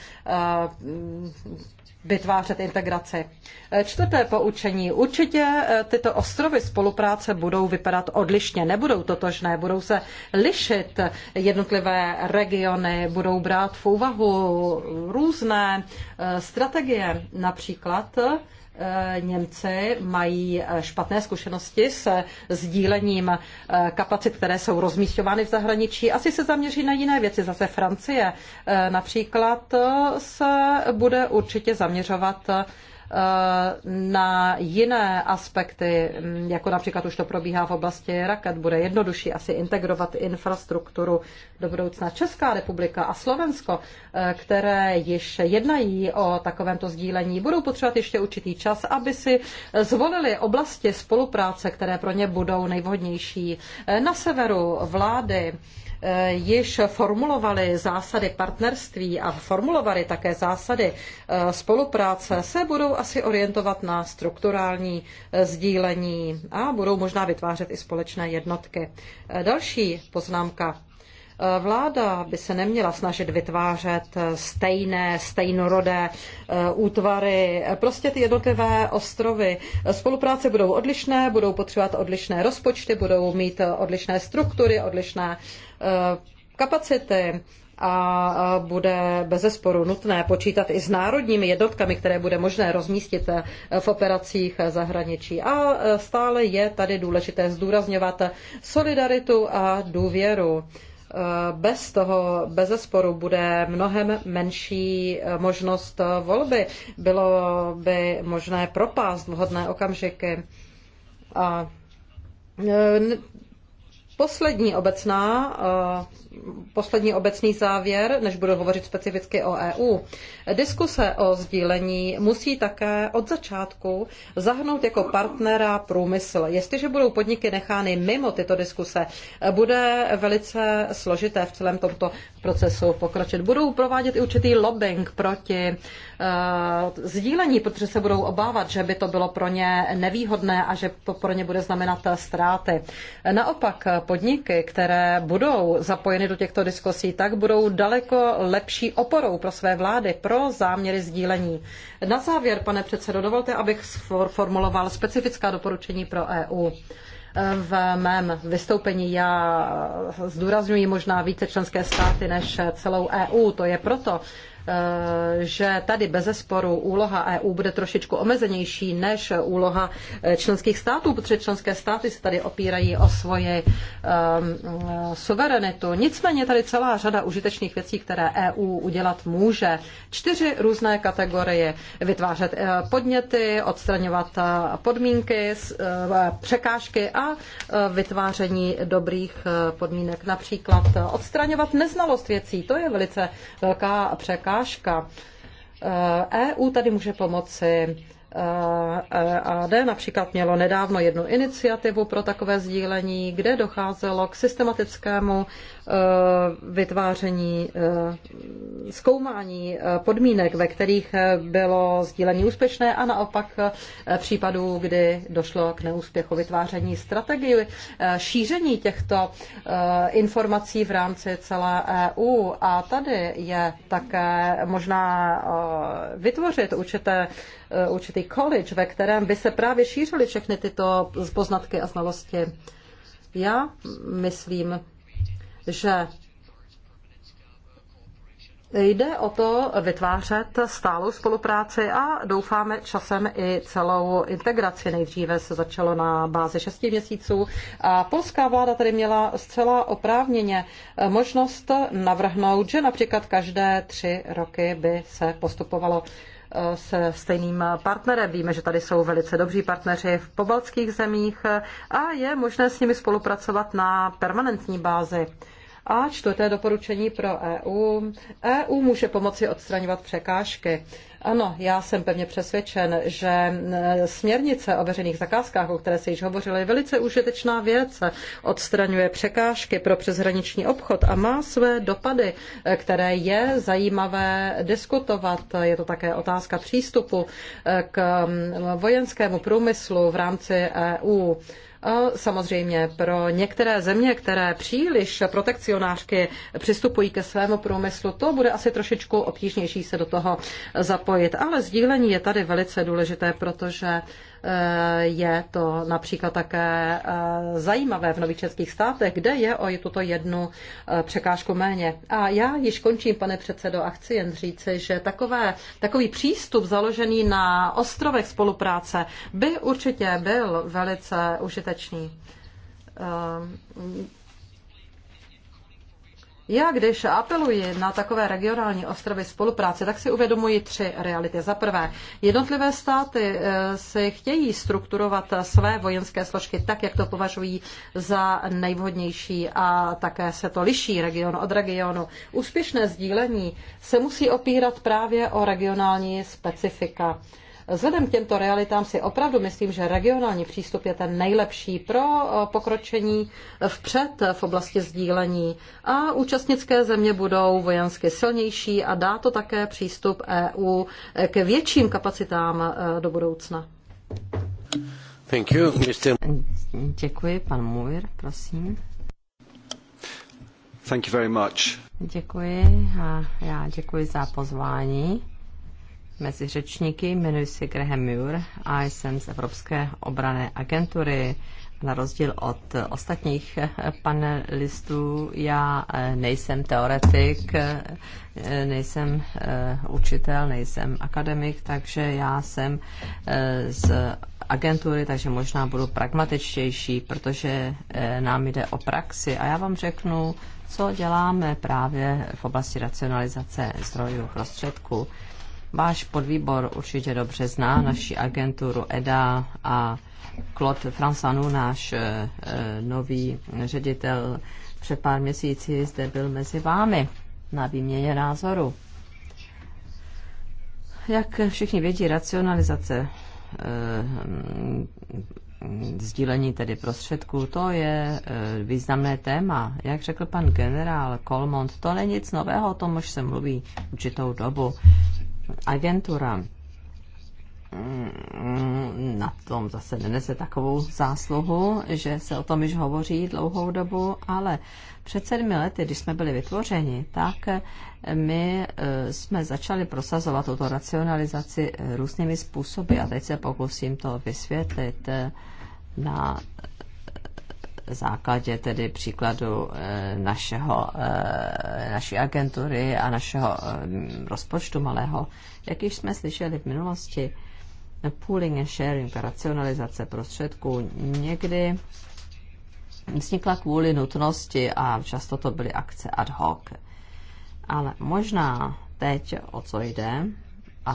Speaker 3: vytvářet integraci. E, čtvrté poučení. Určitě e, tyto ostrovy spolupráce budou vypadat odlišně, nebudou totožné, budou se lišit jednotlivé regiony, budou brát v úvahu různé e, strategie, například Eh, Němci mají eh, špatné zkušenosti se sdílením eh, kapacit, které jsou rozmístěvány v zahraničí. Asi se zaměří na jiné věci. Zase Francie například se bude určitě zaměřovat na jiné aspekty, jako například už to probíhá v oblasti raket, bude jednodušší asi integrovat infrastrukturu do budoucna. Česká republika a Slovensko, eh, které již jednají o takovémto sdílení, budou potřebovat ještě určitý čas, aby si zvolili oblasti spolupráce, které pro ně budou nejvhodnější. Eh, na severu vlády Eh, již formulovali zásady partnerství a formulovali také zásady eh, spolupráce, se budou asi orientovat na strukturální eh, sdílení a budou možná vytvářet i společné jednotky. Další poznámka. Eh, vláda by se neměla snažit vytvářet eh, stejné, stejnorodé eh, útvary. Prostě ty jednotlivé ostrovy spolupráce budou odlišné, budou potřebovat odlišné rozpočty, budou mít odlišné struktury, odlišné kapacity a bude bezesporu nutné počítat i s národními jednotkami, které bude možné rozmístit v operacích zahraničí. A stále je tady důležité zdůrazňovat solidaritu a důvěru. Eh, bez toho, bez zesporu, bude mnohem menší eh, možnost volby. Bylo by možné propást vhodné okamžiky. A eh, poslední obecná poslední obecný závěr, než budu hovořit specificky o EU. Diskuse o sdílení musí také od začátku zahnout jako partnera průmysl. Jestliže budou podniky nechány mimo tyto diskuse, bude velice složité v celém tomto procesu pokročit. Budou provádět i určitý lobbying proti uh, sdílení, protože se budou obávat, že by to bylo pro ně nevýhodné a že to pro ně bude znamenat ztráty. Naopak podniky, které budou zapojeny zapojeny do těchto diskusí, tak budou daleko lepší oporou pro své vlády, pro záměry sdílení. Na závěr, pane předsedo, dovolte, abych formuloval specifická doporučení pro EU v mém vystoupení. Já zdůrazňuji možná více členské státy než celou EU. To je proto, Eh, že tady bez zesporu úloha EU bude trošičku omezenější než úloha eh, členských států, protože členské státy se tady opírají o svoji um, eh, suverenitu. Nicméně tady celá řada užitečných věcí, které EU udělat může. Čtyři různé kategorie. Vytvářet podněty, odstraňovat podmínky, překážky a vytváření dobrých podmínek. Například odstraňovat neznalost věcí. To je velice velká překážka překážka. EU eh, e tady může pomoci. Eh, e AD například mělo nedávno jednu iniciativu pro takové sdílení, kde docházelo k systematickému Eh, vytváření, eh, zkoumání eh, podmínek, ve kterých bylo sdílení úspěšné a naopak případů, kdy došlo k neúspěchu vytváření strategii, šíření těchto informací v rámci celé EU. A tady je také možná vytvořit určité, určitý college, ve kterém by se právě šířily všechny tyto poznatky a znalosti. Já myslím, že Jde o to vytvářet stálou spolupráci a doufáme časem i celou integraci. Nejdříve se začalo na bázi 6 měsíců a polská vláda tady měla zcela oprávněně možnost navrhnout, že například každé tři roky by se postupovalo se stejným partnerem. Víme, že tady jsou velice dobří partneři v pobaltských zemích a je možné s nimi spolupracovat na permanentní bázi. A čtvrté doporučení pro EU. EU může pomoci odstraňovat překážky. Ano, já jsem pevně přesvědčen, že směrnice o veřejných zakázkách, o které se již hovořilo, je velice užitečná věc. Odstraňuje překážky pro přeshraniční obchod a má své dopady, které je zajímavé diskutovat. Je to také otázka přístupu eh, k vojenskému průmyslu v rámci EU samozřejmě pro některé země, které příliš protekcionářky přistupují ke svému průmyslu, to bude asi trošičku obtížnější se do toho zapojit. Ale sdílení je tady velice důležité, protože Eh, je to například také eh, zajímavé v nových českých státech, kde je o tuto jednu eh, překážku méně. A já již končím, pane předsedo, a chci jen říci, že takové, takový přístup založený na ostrovech spolupráce by určitě byl velice užitečný já, když apeluji na takové regionální ostrovy spolupráce, tak si uvědomuji tři reality. Za prvé, jednotlivé státy eh, si chtějí strukturovat své vojenské složky tak, jak to považují za nejvhodnější a také se to liší region od regionu. Úspěšné sdílení se musí opírat právě o regionální specifika. Vzhledem k těmto realitám si opravdu myslím, že regionální přístup je ten nejlepší pro eh, pokročení vpřed v oblasti sdílení a účastnické země budou vojensky silnější a dá to také přístup EU eh, k větším kapacitám eh, do budoucna.
Speaker 2: Thank you, Mr.
Speaker 1: Děkuji, pan Muir, prosím.
Speaker 2: Thank you very much.
Speaker 1: Děkuji a já děkuji za pozvání mezi řečníky. Jmenuji se Graham Muir a jsem z Evropské obrané agentury. Na rozdíl od ostatních panelistů, já eh, nejsem teoretik, eh, nejsem eh, učitel, nejsem akademik, takže já jsem z agentury, takže možná budu pragmatičtější, protože nám jde o praxi. A já vám řeknu, co děláme právě v oblasti racionalizace zdrojů prostředků. Váš podvýbor určitě dobře zná naši agenturu EDA a Claude Fransanu, náš eh, eh, nový ředitel, před pár měsíci zde byl mezi vámi na výměně názoru. Jak všichni vědí, racionalizace eh, sdílení tedy prostředků, to je významné téma. Jak řekl pan generál Kolmont, to není nic nového, o tom už se mluví určitou dobu agentura mm, na tom zase nenese takovou zásluhu, že se o tom již hovoří dlouhou dobu, ale před sedmi lety, když jsme byli vytvořeni, tak my eh, jsme začali prosazovat tuto racionalizaci různými způsoby a teď se pokusím to vysvětlit eh, na základě tedy příkladu eh, našeho, eh, naší agentury a našeho eh, rozpočtu malého, jak již jsme slyšeli v minulosti, pooling and sharing, racionalizace prostředků, někdy vznikla kvůli nutnosti a často to byly akce ad hoc. Ale možná teď, o co jde,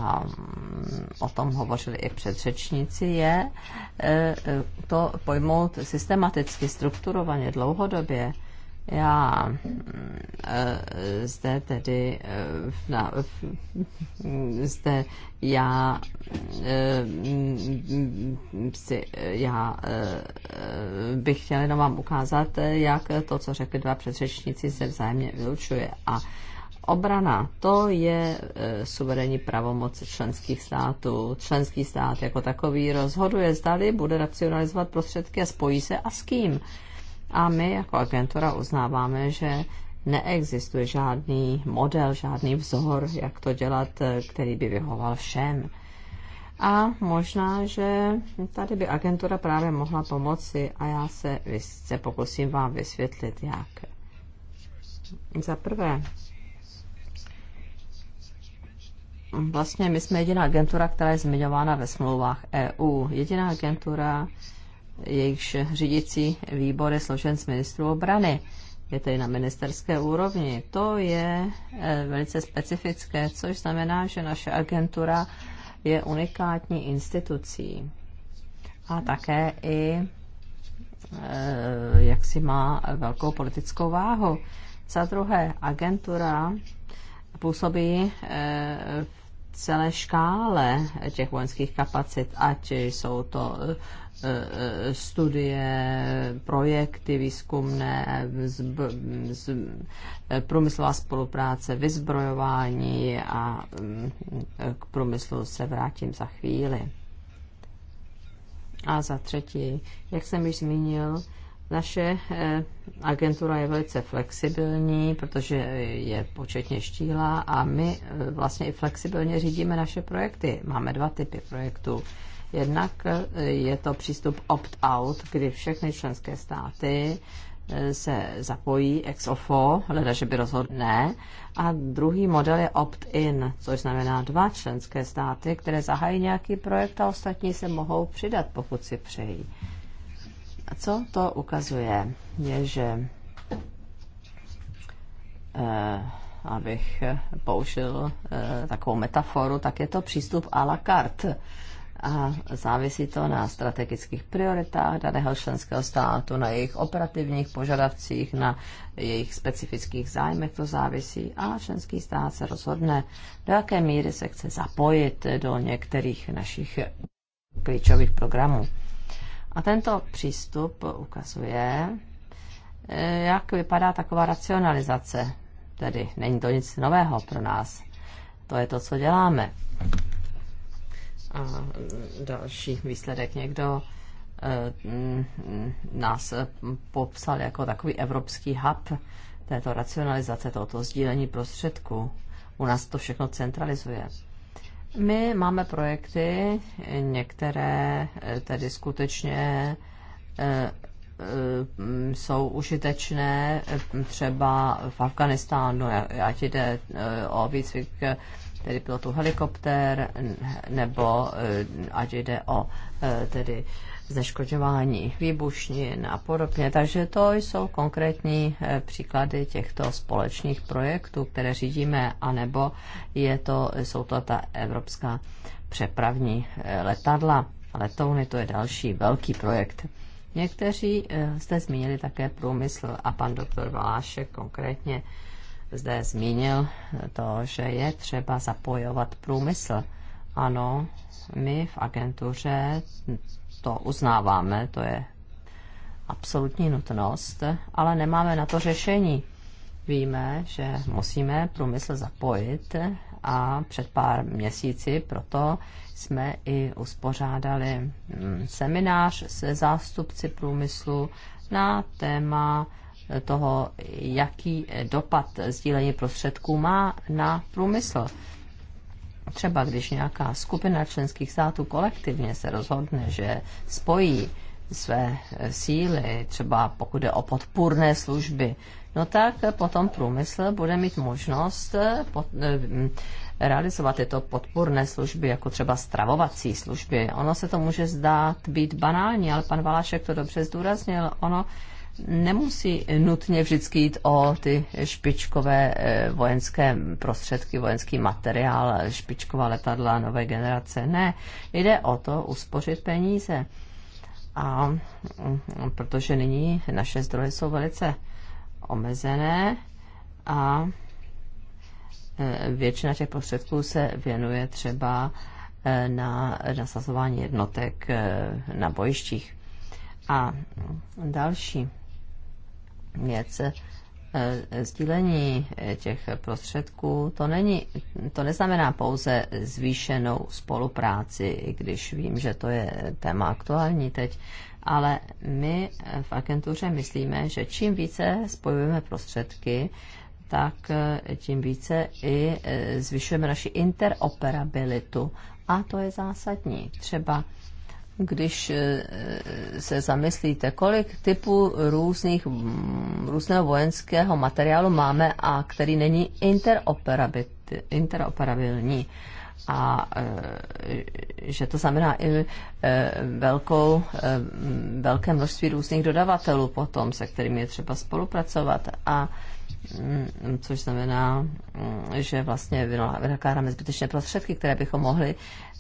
Speaker 1: a mm, o tom hovořili i předřečníci, je e, e, to pojmout systematicky, strukturovaně, dlouhodobě. Já mm, e, zde tedy na, zde já mm, si, já bych chtěla jenom vám ukázat, jak to, co řekli dva předřečníci, se vzájemně vylučuje. A Obrana to je e, suverénní pravomoc členských států. Členský stát jako takový rozhoduje, zdali bude racionalizovat prostředky a spojí se a s kým. A my jako agentura uznáváme, že neexistuje žádný model, žádný vzor, jak to dělat, e, který by vyhoval všem. A možná, že tady by agentura právě mohla pomoci a já se, se pokusím vám vysvětlit, jak. Za prvé, vlastně my jsme jediná agentura, která je zmiňována ve smlouvách EU. Jediná agentura, jejichž řídící výbor je složen z ministru obrany. Je tedy na ministerské úrovni. To je eh, velice specifické, což znamená, že naše agentura je unikátní institucí. A také i eh, jak si má velkou politickou váhu. Za druhé, agentura působí eh, celé škále těch vojenských kapacit, ať jsou to e, e, studie, projekty výzkumné, zb, z, e, průmyslová spolupráce, vyzbrojování a mm, k průmyslu se vrátím za chvíli. A za třetí, jak jsem již zmínil, naše eh, agentura je velice flexibilní, protože je početně štíhlá a my eh, vlastně i flexibilně řídíme naše projekty. Máme dva typy projektů. Jednak eh, je to přístup opt-out, kdy všechny členské státy se zapojí ex ofo, hleda, že by rozhodl ne. A druhý model je opt-in, což znamená dva členské státy, které zahají nějaký projekt a ostatní se mohou přidat, pokud si přejí. Co to ukazuje, je, že eh, abych použil eh, takovou metaforu, tak je to přístup à la carte. A závisí to na strategických prioritách daného členského státu, na jejich operativních požadavcích, na jejich specifických zájmech to závisí a členský stát se rozhodne, do jaké míry se chce zapojit do některých našich klíčových programů. A tento přístup ukazuje, eh, jak vypadá taková racionalizace. Tedy není to nic nového pro nás. To je to, co děláme. A další výsledek někdo eh, nás popsal jako takový evropský hub této racionalizace, tohoto sdílení prostředků. U nás to všechno centralizuje. My máme projekty, některé eh, tedy skutečně eh, eh, jsou užitečné, třeba v Afganistánu, ať jde o výcvik tedy pilotů helikoptér, nebo ať jde o tedy zneškodňování výbušnin a podobně. Takže to jsou konkrétní eh, příklady těchto společných projektů, které řídíme, anebo je to, jsou to ta evropská přepravní eh, letadla. Letouny to je další velký projekt. Někteří eh, jste zmínili také průmysl a pan doktor Valášek konkrétně zde zmínil to, že je třeba zapojovat průmysl. Ano, my v agentuře to uznáváme, to je absolutní nutnost, ale nemáme na to řešení. Víme, že musíme průmysl zapojit a před pár měsíci proto jsme i uspořádali mm, seminář se zástupci průmyslu na téma toho, jaký dopad sdílení prostředků má na průmysl třeba když nějaká skupina členských států kolektivně se rozhodne, že spojí své eh, síly, třeba pokud je o podpůrné služby, no tak eh, potom průmysl bude mít možnost eh, pod, realizovat tyto podpůrné služby, jako třeba stravovací služby. Ono se to může zdát být banální, ale pan Valašek to dobře zdůraznil. Ono nemusí nutně vždycky jít o ty špičkové eh, vojenské prostředky, vojenský materiál, špičková letadla nové generace. Ne, jde o to uspořit peníze. A mm, protože nyní naše zdroje jsou velice omezené a eh, většina těch prostředků se věnuje třeba eh, na nasazování jednotek na bojištích. A mm, další věc eh, sdílení eh, těch prostředků, to, není, to neznamená pouze zvýšenou spolupráci, i když vím, že to je téma aktuální teď, ale my v agentuře myslíme, že čím více spojujeme prostředky, tak eh, tím více i zvyšujeme naši interoperabilitu. A to je zásadní. Třeba když eh, se zamyslíte, kolik typů různých, různého vojenského materiálu máme a který není interoperabilní. A eh, že to znamená i eh, velkou, velké množství různých dodavatelů potom, se kterými je třeba spolupracovat. A mm, což znamená, mm, že vlastně vynakládáme zbytečné prostředky, které bychom mohli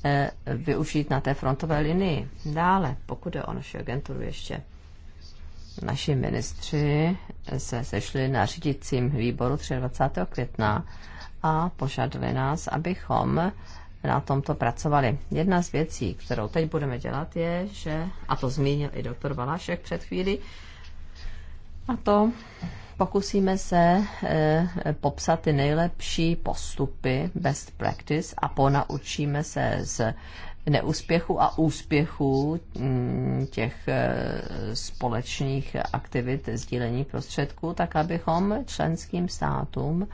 Speaker 1: E, využít na té frontové linii. Dále, pokud je o naši agenturu ještě, naši ministři se sešli na řídícím výboru 23. května a požadovali nás, abychom na tomto pracovali. Jedna z věcí, kterou teď budeme dělat, je, že, a to zmínil i doktor Valašek před chvíli, a to, Pokusíme se eh, popsat ty nejlepší postupy, best practice a ponaučíme se z neúspěchu a úspěchu mm, těch eh, společných aktivit sdílení prostředků, tak abychom členským státům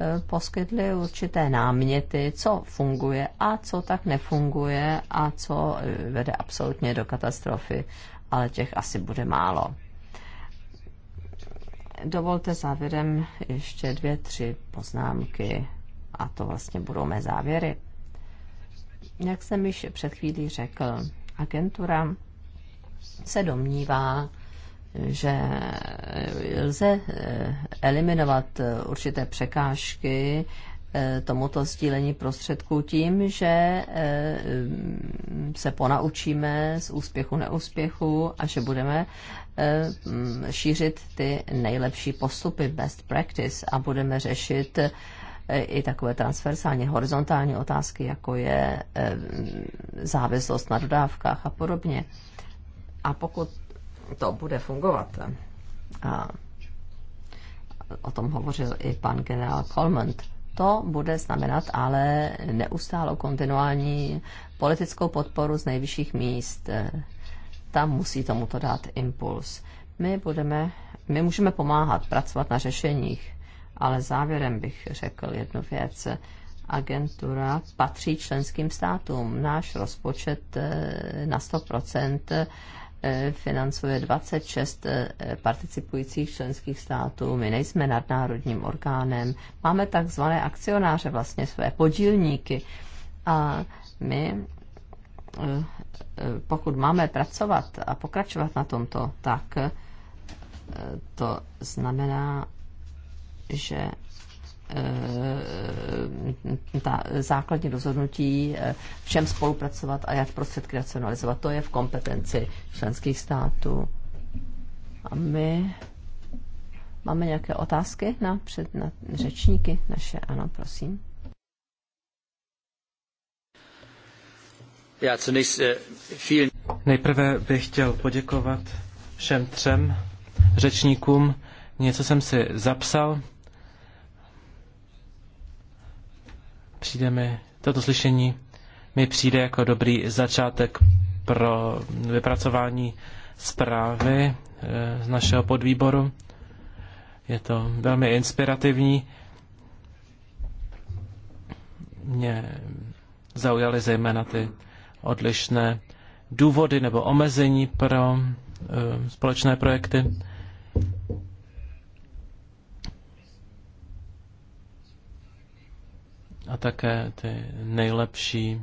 Speaker 1: eh, poskytli určité náměty, co funguje a co tak nefunguje a co vede absolutně do katastrofy, ale těch asi bude málo dovolte závěrem ještě dvě, tři poznámky a to vlastně budou mé závěry. Jak jsem již před chvílí řekl, agentura se domnívá, že lze eh, eliminovat eh, určité překážky eh, tomuto sdílení prostředků tím, že se ponaučíme z úspěchu neúspěchu a že budeme Eh, šířit ty nejlepší postupy, best practice a budeme řešit eh, i takové transversálně horizontální otázky, jako je eh, závislost na dodávkách a podobně. A pokud to bude fungovat, a o tom hovořil i pan generál Coleman, to bude znamenat ale neustálou kontinuální politickou podporu z nejvyšších míst, tam musí tomuto dát impuls. My, budeme, my můžeme pomáhat pracovat na řešeních, ale závěrem bych řekl jednu věc. Agentura patří členským státům. Náš rozpočet eh, na 100% eh, financuje 26 eh, participujících členských států. My nejsme nadnárodním orgánem. Máme takzvané akcionáře, vlastně své podílníky. A my Eh, pokud máme pracovat a pokračovat na tomto, tak eh, to znamená, že eh, ta základní rozhodnutí, v čem spolupracovat a jak prostředky racionalizovat, to je v kompetenci členských států. A my máme nějaké otázky na, před, na řečníky naše? Ano, prosím.
Speaker 3: Eh,
Speaker 2: Nejprve bych chtěl poděkovat všem třem řečníkům. Něco jsem si zapsal. Přijde mi toto slyšení mi přijde jako dobrý začátek pro vypracování zprávy eh, z našeho podvýboru. Je to velmi inspirativní. Mě zaujaly zejména ty odlišné důvody nebo omezení pro eh, společné projekty. A také ty nejlepší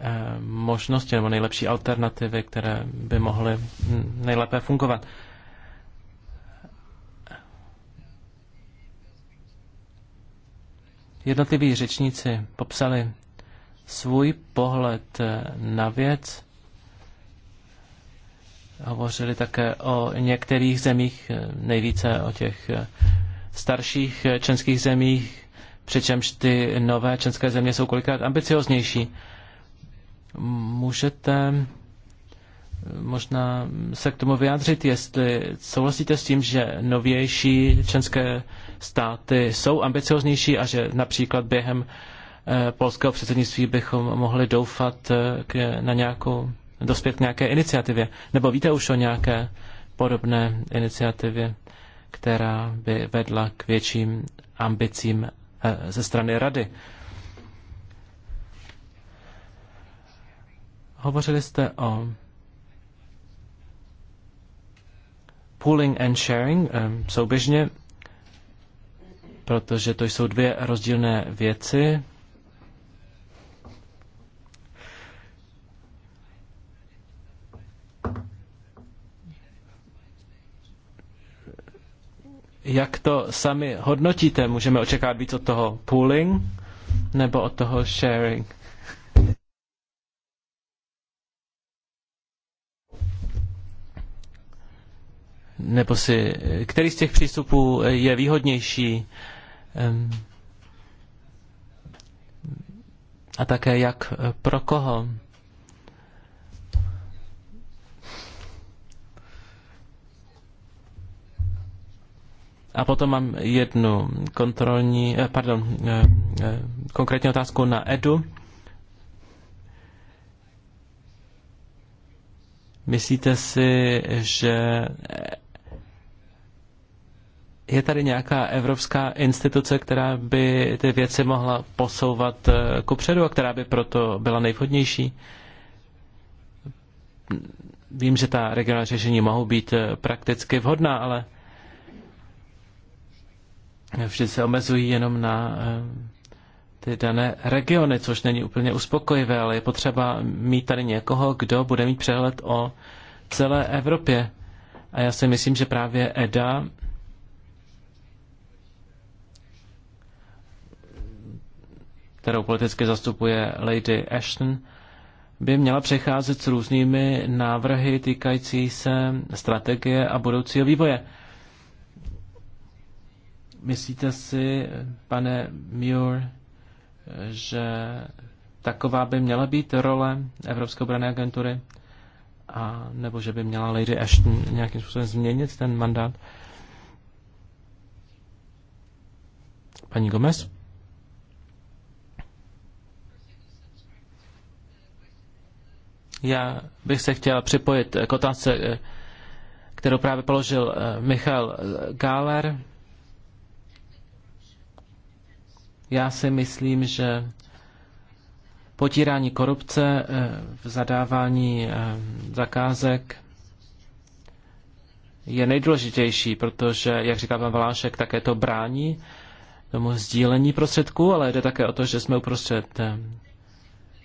Speaker 2: eh, možnosti nebo nejlepší alternativy, které by mohly hm, nejlépe fungovat. Jednotliví řečníci popsali svůj pohled eh, na věc. Hovořili také o některých zemích, eh, nejvíce o těch eh, starších členských zemích, přičemž ty nové členské země jsou kolikrát ambicioznější. Můžete možná se k tomu vyjádřit, jestli souhlasíte s tím, že novější členské státy jsou ambicioznější a že například během Eh, polského předsednictví bychom mohli doufat eh, k, na nějakou, dospět k nějaké iniciativě. Nebo víte už o nějaké podobné iniciativě, která by vedla k větším ambicím eh, ze strany rady. Hovořili jste o pooling and sharing souběžně, protože to jsou dvě rozdílné věci. Jak to sami hodnotíte? Můžeme očekávat víc od toho pooling nebo od toho sharing? Nebo si, který z těch přístupů je výhodnější? A také jak pro koho? A potom mám jednu kontrolní, eh, pardon, eh, eh, konkrétní otázku na Edu. Myslíte si, že je tady nějaká evropská instituce, která by ty věci mohla posouvat kupředu a která by proto byla nejvhodnější? Vím, že ta regionální řešení mohou být prakticky vhodná, ale vždy se omezují jenom na eh, ty dané regiony, což není úplně uspokojivé, ale je potřeba mít tady někoho, kdo bude mít přehled o celé Evropě. A já si myslím, že právě EDA kterou politicky zastupuje Lady Ashton, by měla přecházet s různými návrhy týkající se strategie a budoucího vývoje. Myslíte si, pane Muir, že taková by měla být role Evropské obrané agentury? A nebo že by měla Lady Ashton nějakým způsobem změnit ten mandát? Paní Gomez? Já bych se chtěl připojit k otázce, kterou právě položil eh, Michal Gáler Já si myslím, že potírání korupce eh, v zadávání eh, zakázek je nejdůležitější, protože, jak říká pan Valášek, také to brání tomu sdílení prostředků, ale jde také o to, že jsme uprostřed eh,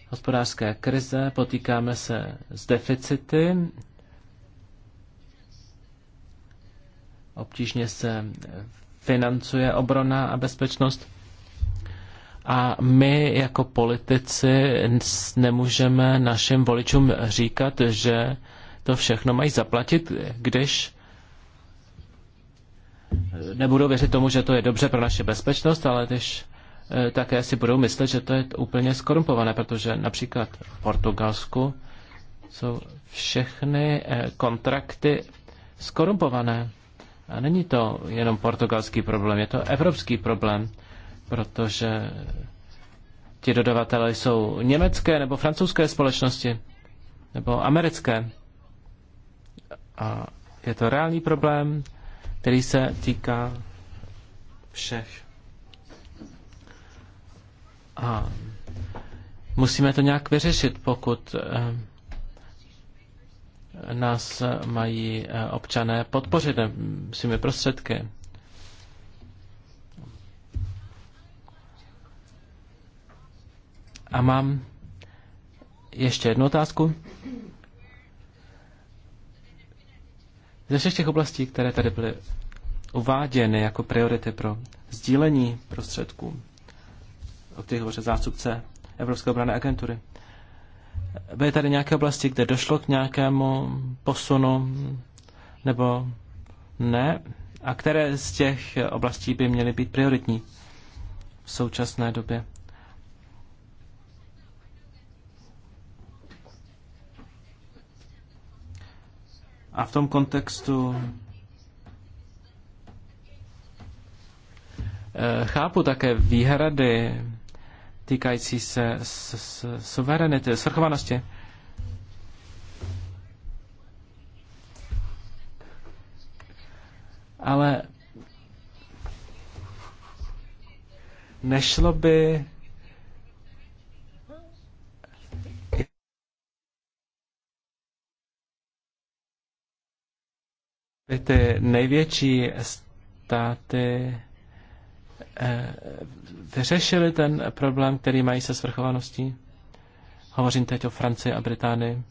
Speaker 2: hospodářské krize, potýkáme se s deficity, obtížně se financuje obrana a bezpečnost. A my jako politici nemůžeme našim voličům říkat, že to všechno mají zaplatit, když nebudou věřit tomu, že to je dobře pro naše bezpečnost, ale když eh, také si budou myslet, že to je úplně skorumpované, protože například v Portugalsku jsou všechny eh, kontrakty skorumpované. A není to jenom portugalský problém, je to evropský problém protože ti dodavatelé jsou německé nebo francouzské společnosti nebo americké. A je to reálný problém, který se týká všech. A musíme to nějak vyřešit, pokud eh, nás mají eh, občané podpořit eh, svými prostředky. A mám ještě jednu otázku. Ze všech těch oblastí, které tady byly uváděny jako priority pro sdílení prostředků, o kterých hovoří zástupce Evropské obrané agentury, byly tady nějaké oblasti, kde došlo k nějakému posunu nebo ne? A které z těch oblastí by měly být prioritní v současné době? A v tom kontextu eh, chápu také výhrady týkající se suverenity, svrchovanosti. Ale nešlo by Ty největší státy eh, vyřešily ten problém, který mají se svrchovaností? Hovořím teď o Francii a Británii.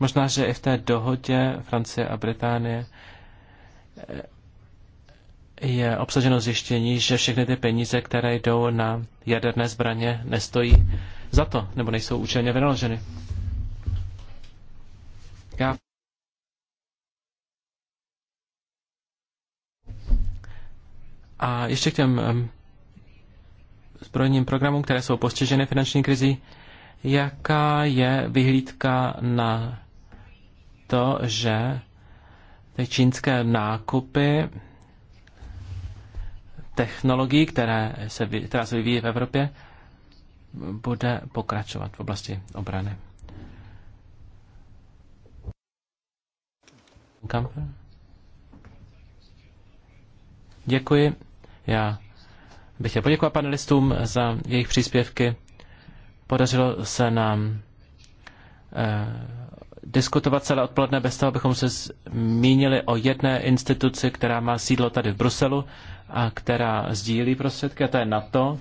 Speaker 2: Možná, že i v té dohodě Francie a Británie eh, je obsaženo zjištění, že všechny ty peníze, které jdou na jaderné zbraně, nestojí za to, nebo nejsou účelně vynaloženy. A ještě k těm zbrojním programům, které jsou postiženy finanční krizí, jaká je vyhlídka na to, že ty čínské nákupy technologií, které se, která se vyvíjí v Evropě, bude pokračovat v oblasti obrany. Kamper? Děkuji. Já bych chtěl poděkovat panelistům za jejich příspěvky. Podařilo se nám eh, diskutovat celé odpoledne bez toho, abychom se zmínili o jedné instituci, která má sídlo tady v Bruselu a která sdílí prostředky, a to je NATO.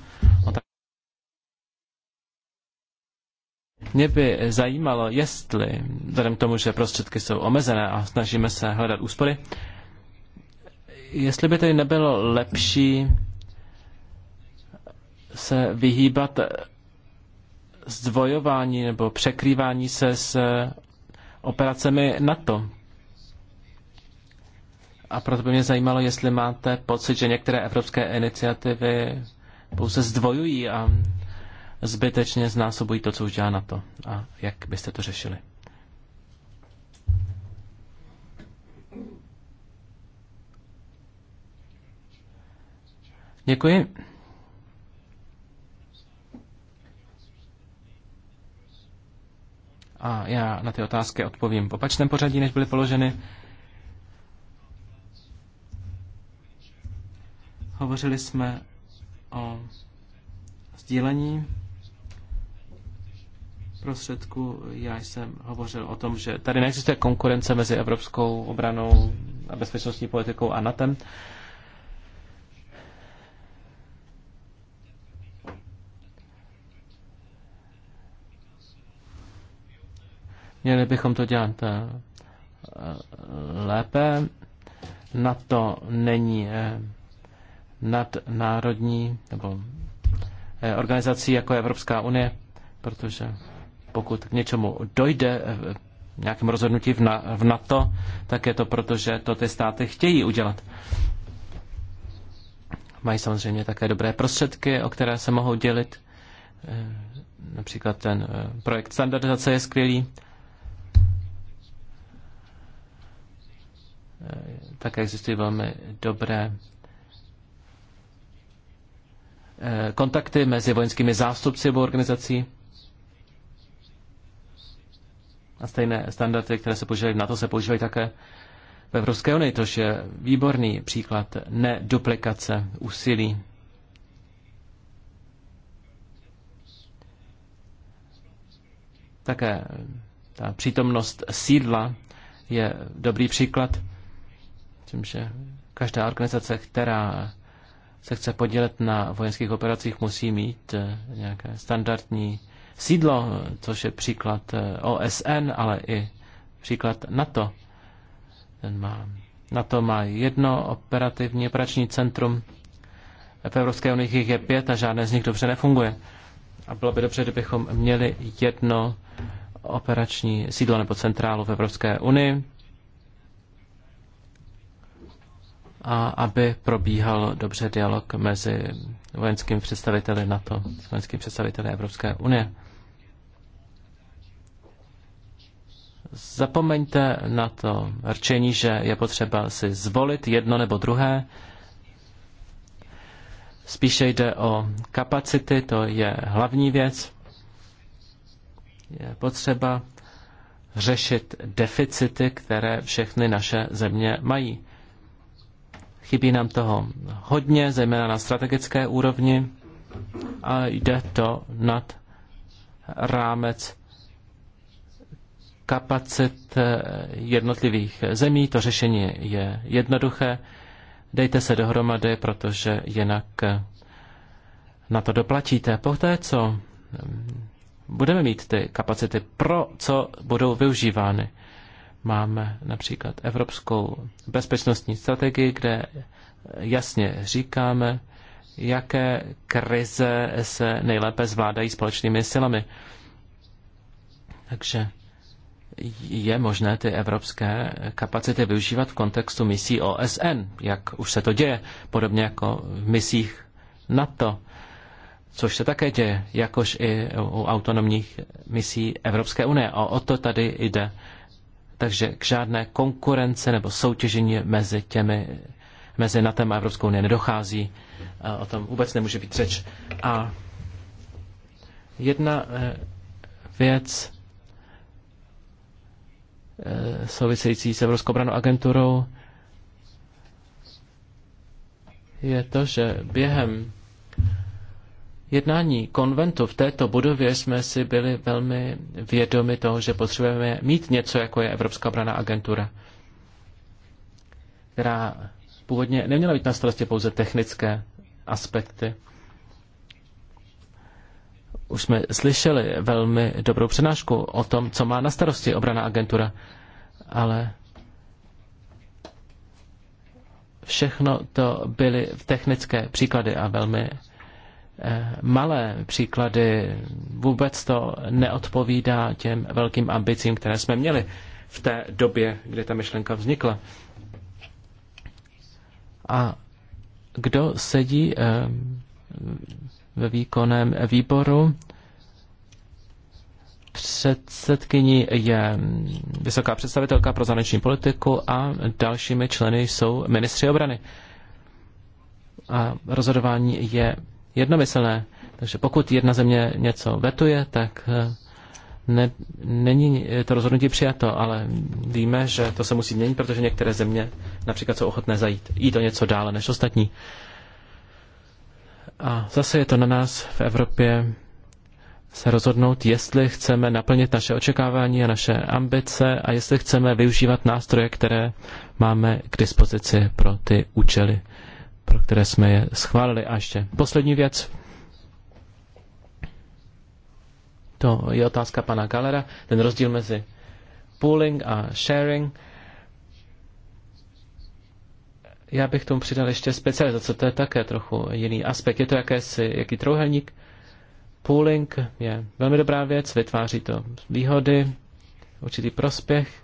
Speaker 2: Mě by zajímalo, jestli, vzhledem k tomu, že prostředky jsou omezené a snažíme se hledat úspory, eh, jestli by tedy nebylo lepší se vyhýbat zdvojování nebo překrývání se s operacemi NATO. A proto by mě zajímalo, jestli máte pocit, že některé evropské iniciativy pouze zdvojují a zbytečně znásobují to, co už dělá NATO. A jak byste to řešili? Děkuji. A já na ty otázky odpovím v opačném pořadí, než byly položeny. Hovořili jsme o sdílení prostředku. Já jsem hovořil o tom, že tady neexistuje konkurence mezi evropskou obranou a bezpečnostní politikou a NATO. Měli bychom to dělat eh, eh, lépe. Na to není eh, nadnárodní nebo organizací jako Evropská unie, protože pokud k něčemu dojde nějakým rozhodnutí v, v NATO, tak je to proto, že to ty státy chtějí udělat. Mají samozřejmě také dobré prostředky, o které se mohou dělit. Například ten projekt standardizace je skvělý. Eh, také existují velmi dobré eh, kontakty mezi vojenskými zástupci obou organizací a stejné standardy, které se používají na to se používají také ve Evropské unii, což je výborný příklad neduplikace úsilí. Také ta přítomnost sídla je dobrý příklad tím, že každá organizace, která se chce podílet na vojenských operacích, musí mít eh, nějaké standardní sídlo, což je příklad eh, OSN, ale i příklad NATO. Ten má, NATO má jedno operativní operační centrum. V Evropské unii jich je pět a žádné z nich dobře nefunguje. A bylo by dobře, kdybychom měli jedno operační sídlo nebo centrálu v Evropské unii. a aby probíhal dobře dialog mezi vojenským představiteli NATO s vojenským představiteli Evropské unie. Zapomeňte na to rčení, že je potřeba si zvolit jedno nebo druhé. Spíše jde o kapacity, to je hlavní věc. Je potřeba řešit deficity, které všechny naše země mají. Chybí nám toho hodně, zejména na strategické úrovni, a jde to nad rámec kapacit eh, jednotlivých zemí. To řešení je jednoduché. Dejte se dohromady, protože jinak eh, na to doplatíte. Poté, co mm, budeme mít ty kapacity, pro co budou využívány, Máme například Evropskou bezpečnostní strategii, kde jasně říkáme, jaké krize se nejlépe zvládají společnými silami. Takže je možné ty evropské kapacity využívat v kontextu misí OSN, jak už se to děje, podobně jako v misích NATO, což se také děje, jakož i u autonomních misí Evropské unie. A o to tady jde takže k žádné konkurence nebo soutěžení mezi těmi mezi NATO a Evropskou unii nedochází. O tom vůbec nemůže být řeč. A jedna eh, věc eh, související s Evropskou obranou agenturou je to, že během jednání konventu v této budově jsme si byli velmi vědomi toho, že potřebujeme mít něco, jako je Evropská obraná agentura, která původně neměla být na starosti pouze technické aspekty. Už jsme slyšeli velmi dobrou přenášku o tom, co má na starosti obraná agentura, ale všechno to byly technické příklady a velmi malé příklady. Vůbec to neodpovídá těm velkým ambicím, které jsme měli v té době, kdy ta myšlenka vznikla. A kdo sedí eh, ve výkonném výboru? Předsedkyní je vysoká představitelka pro zahraniční politiku a dalšími členy jsou ministři obrany. A rozhodování je jednomyslné. Takže pokud jedna země něco vetuje, tak eh, ne, není to rozhodnutí přijato, ale víme, že to se musí měnit, protože některé země například jsou ochotné zajít, i do něco dále než ostatní. A zase je to na nás v Evropě se rozhodnout, jestli chceme naplnit naše očekávání a naše ambice a jestli chceme využívat nástroje, které máme k dispozici pro ty účely, pro které jsme je schválili. A ještě poslední věc. To je otázka pana Galera, ten rozdíl mezi pooling a sharing. Já bych tomu přidal ještě specializace, to je také trochu jiný aspekt. Je to jakési, jaký trouhelník. Pooling je velmi dobrá věc, vytváří to výhody, určitý prospěch,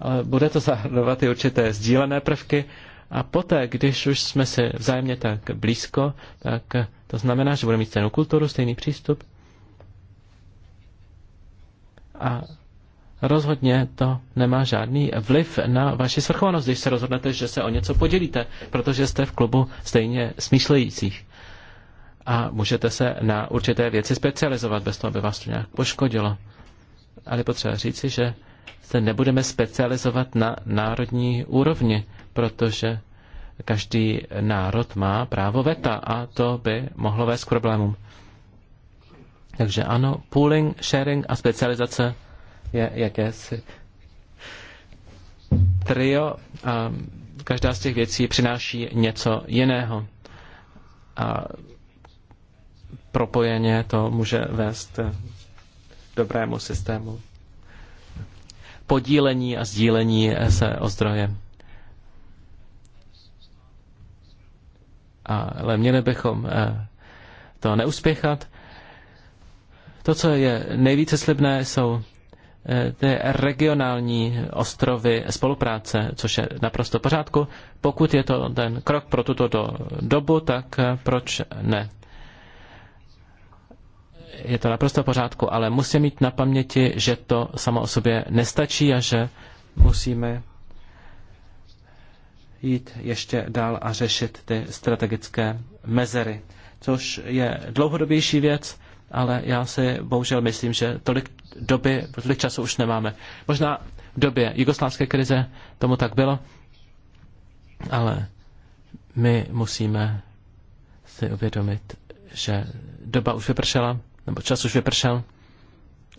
Speaker 2: ale bude to zahrnovat i určité sdílené prvky a poté, když už jsme se vzájemně tak blízko, tak to znamená, že budeme mít stejnou kulturu, stejný přístup. A rozhodně to nemá žádný vliv na vaši svrchovanost, když se rozhodnete, že se o něco podělíte, protože jste v klubu stejně smýšlejících. A můžete se na určité věci specializovat, bez toho, aby vás to nějak poškodilo. Ale potřeba říci, že se nebudeme specializovat na národní úrovni protože každý národ má právo veta a to by mohlo vést k problémům. Takže ano, pooling, sharing a specializace je jakési trio a každá z těch věcí přináší něco jiného. A propojeně to může vést k dobrému systému. Podílení a sdílení se o zdroje. ale měli bychom eh, to neuspěchat. To, co je nejvíce slibné, jsou eh, ty regionální ostrovy spolupráce, což je naprosto v pořádku. Pokud je to ten krok pro tuto do, dobu, tak eh, proč ne? Je to naprosto v pořádku, ale musíme mít na paměti, že to samo o sobě nestačí a že musíme jít ještě dál a řešit ty strategické mezery, což je dlouhodobější věc, ale já si bohužel myslím, že tolik doby, tolik času už nemáme. Možná v době jugoslávské krize tomu tak bylo, ale my musíme si uvědomit, že doba už vypršela, nebo čas už vypršel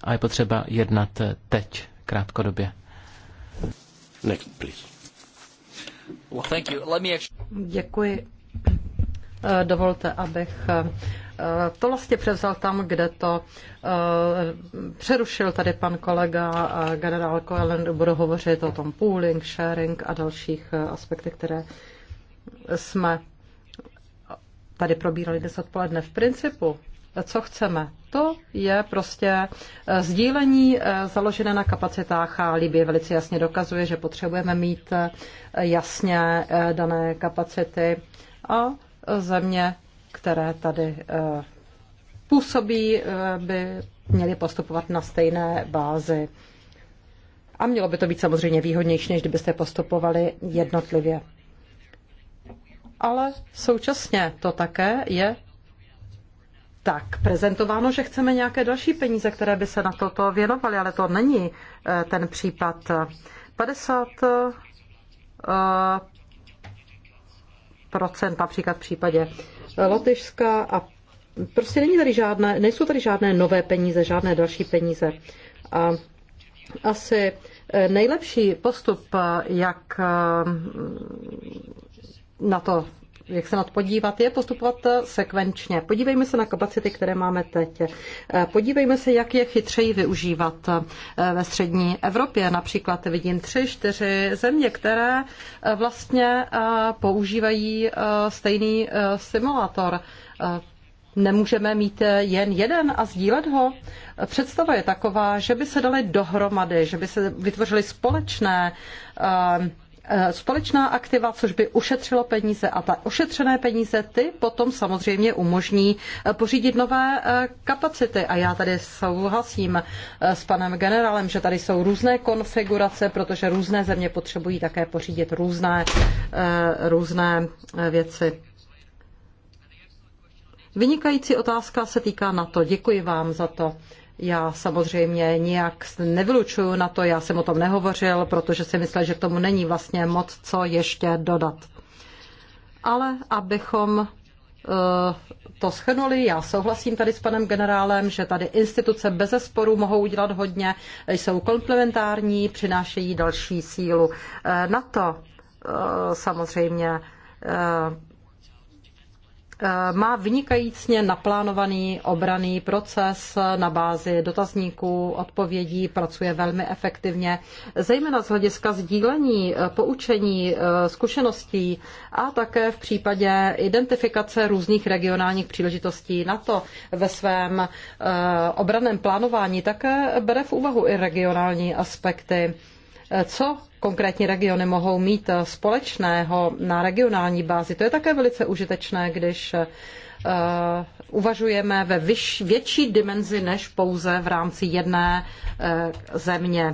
Speaker 2: a je potřeba jednat teď, krátkodobě. Next, please.
Speaker 3: Děkuji. Eh, dovolte, abych eh, to vlastně převzal tam, kde to eh, přerušil tady pan kolega generál Coelen. Budu hovořit o tom pooling, sharing a dalších aspektech, které jsme tady probírali dnes odpoledne. V principu co chceme. To je prostě eh, sdílení eh, založené na kapacitách a Libie velice jasně dokazuje, že potřebujeme mít eh, jasně dané kapacity a země, které tady působí, by měly postupovat na stejné bázi. A mělo by to být samozřejmě výhodnější, než kdybyste postupovali jednotlivě ale současně to také je tak prezentováno, že chceme nějaké další peníze, které by se na toto věnovaly, ale to není eh, ten případ. 50 eh, procent například v případě Lotyšska a prostě není tady žádné, nejsou tady žádné nové peníze, žádné další peníze. A asi eh, nejlepší postup, jak na to jak se na to podívat, je postupovat eh, sekvenčně. Podívejme se na kapacity, které máme teď. Eh, podívejme se, jak je chytřeji využívat eh, ve střední Evropě. Například vidím tři, čtyři země, které vlastně používají stejný simulátor nemůžeme mít jen jeden a sdílet ho. Představa je taková, že by se dali dohromady, že by se vytvořily společné Eh, společná aktiva, což by ušetřilo peníze a ta ušetřené peníze ty potom samozřejmě umožní eh, pořídit nové eh, kapacity. A já tady souhlasím s panem generálem, že tady jsou různé konfigurace, protože různé země potřebují také pořídit různé, různé věci. Vynikající otázka se týká NATO. Děkuji vám za to. Já samozřejmě nijak nevylučuju na to, já jsem o tom nehovořil, protože si myslel, že k tomu není vlastně moc co ještě dodat. Ale abychom eh, to schrnuli. Já souhlasím tady s panem generálem, že tady instituce bez sporu mohou udělat hodně, eh, jsou komplementární, přinášejí další sílu. Eh, na to samozřejmě Eh, má vynikajícně naplánovaný obraný proces na bázi dotazníků, odpovědí, pracuje velmi efektivně, zejména z hlediska sdílení, eh, poučení, eh, zkušeností a také v případě identifikace různých regionálních příležitostí NATO ve svém obraném plánování také bere v úvahu i regionální aspekty co konkrétní regiony mohou mít společného na regionální bázi. To je také velice užitečné, když eh, uvažujeme ve větší dimenzi než pouze v rámci jedné eh, země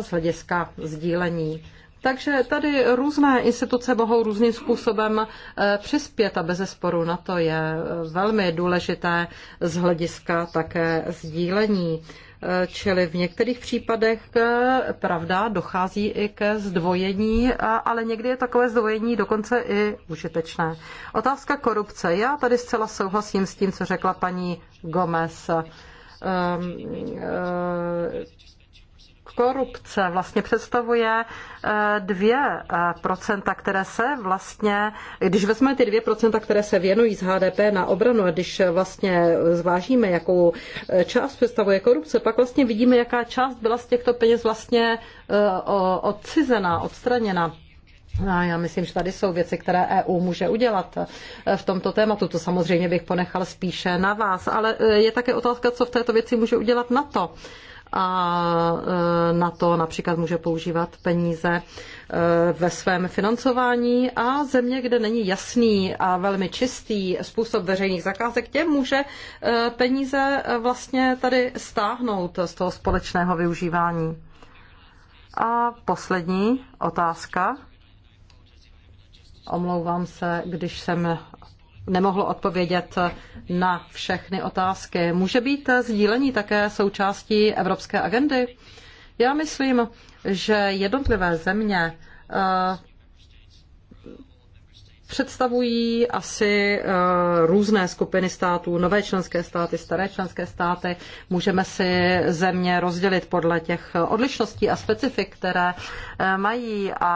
Speaker 3: z hlediska sdílení. Takže tady různé instituce mohou různým způsobem eh, přispět a bez na to je velmi důležité z hlediska také sdílení. Čili v některých případech, eh, pravda, dochází i ke zdvojení, ale někdy je takové zdvojení dokonce i užitečné. Otázka korupce. Já tady zcela souhlasím s tím, co řekla paní Gomez ehm, eh, korupce vlastně představuje 2%, eh, eh, které se vlastně, když vezmeme ty 2%, které se věnují z HDP na obranu, a když eh, vlastně zvážíme, jakou část představuje korupce, pak vlastně vidíme, jaká část byla z těchto peněz vlastně odcizená, odstraněna. A já myslím, že tady jsou věci, které EU může udělat v tomto tématu. To samozřejmě bych ponechal spíše na vás, ale je také otázka, co v této věci může udělat NATO. to a e, na to například může používat peníze e, ve svém financování a země, kde není jasný a velmi čistý způsob veřejných zakázek, těm může e, peníze vlastně tady stáhnout z toho společného využívání. A poslední otázka. Omlouvám se, když jsem nemohlo odpovědět na všechny otázky. Může být sdílení také součástí evropské agendy? Já myslím, že jednotlivé země představují asi eh, různé skupiny států, nové členské státy, staré členské státy. Můžeme si země rozdělit podle těch odlišností a specifik, které eh, mají a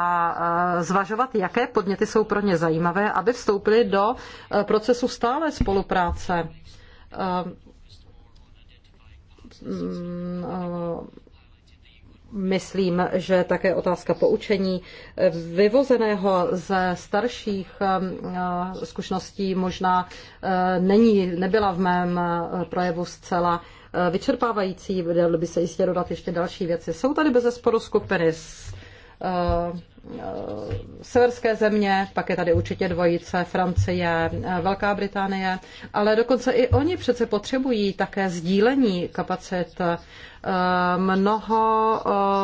Speaker 3: eh, zvažovat, jaké podněty jsou pro ně zajímavé, aby vstoupili do procesu stále spolupráce mm, Myslím, že také otázka poučení eh, vyvozeného ze starších eh, eh, zkušeností možná není, nebyla v mém projevu zcela vyčerpávající, dalo by se jistě dodat ještě další věci. Jsou tady bezesporu skupiny Eh, eh, severské země, pak je tady určitě dvojice Francie, eh, Velká Británie, ale dokonce i oni přece potřebují také sdílení kapacit. Mnoho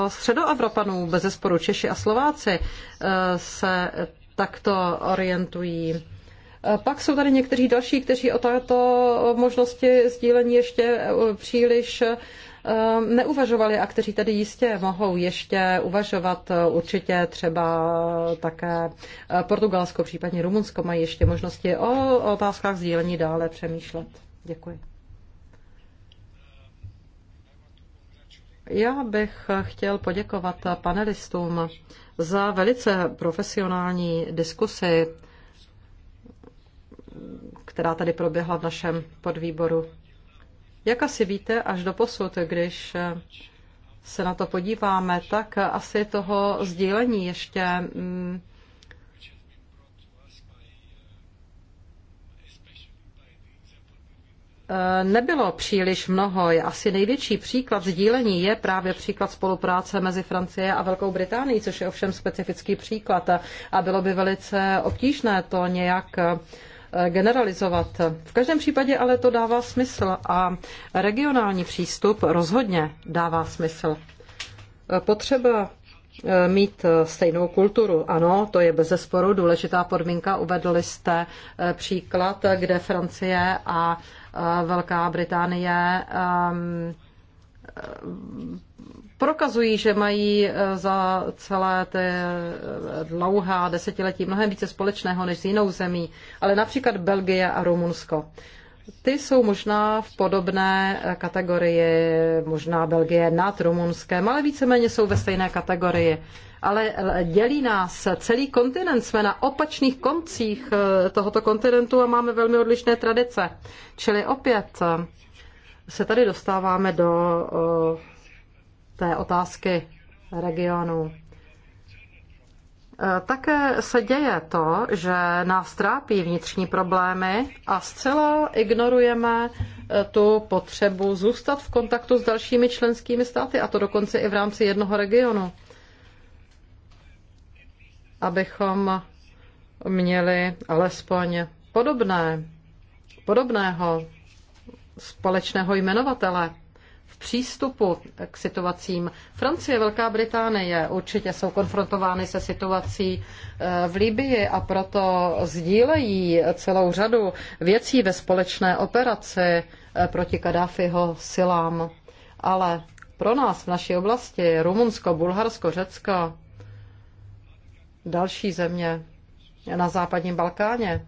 Speaker 3: středoevropanů, bez zesporu Češi a Slováci, se takto orientují. Pak jsou tady někteří další, kteří o této možnosti sdílení ještě příliš Ehm, neuvažovali a kteří tady jistě mohou ještě uvažovat. Eh, určitě třeba také eh, Portugalsko, případně Rumunsko mají ještě možnosti o otázkách sdílení dále přemýšlet. Děkuji. Já bych chtěl poděkovat panelistům za velice profesionální diskusi, která tady proběhla v našem podvýboru. Jak asi víte, až do posud, když se na to podíváme, tak asi toho sdílení ještě mm, nebylo příliš mnoho. Asi největší příklad sdílení je právě příklad spolupráce mezi Francie a Velkou Británií, což je ovšem specifický příklad a bylo by velice obtížné to nějak Eh, generalizovat. V každém případě ale to dává smysl a regionální přístup rozhodně dává smysl. Eh, potřeba eh, mít stejnou kulturu. Ano, to je bez zesporu důležitá podmínka. Uvedli jste příklad, kde Francie a Velká Británie ehm, prokazují, že mají e, za celé ty e, dlouhá desetiletí mnohem více společného než s jinou zemí, ale například Belgie a Rumunsko. Ty jsou možná v podobné e, kategorii, možná Belgie nad Rumunskem, ale víceméně jsou ve stejné kategorii. Ale dělí nás celý kontinent, jsme na opačných koncích tohoto kontinentu a máme velmi odlišné tradice. Čili opět se tady dostáváme do té otázky regionu. E, také se děje to, že nás trápí vnitřní problémy a zcela ignorujeme e, tu potřebu zůstat v kontaktu s dalšími členskými státy, a to dokonce i v rámci jednoho regionu, abychom měli alespoň podobné, podobného společného jmenovatele v přístupu k situacím. Francie, Velká Británie určitě jsou konfrontovány se situací eh, v Libii a proto sdílejí celou řadu věcí ve společné operaci eh, proti Kadáfiho silám. Ale pro nás v naší oblasti Rumunsko, Bulharsko, Řecko, další země na západním Balkáně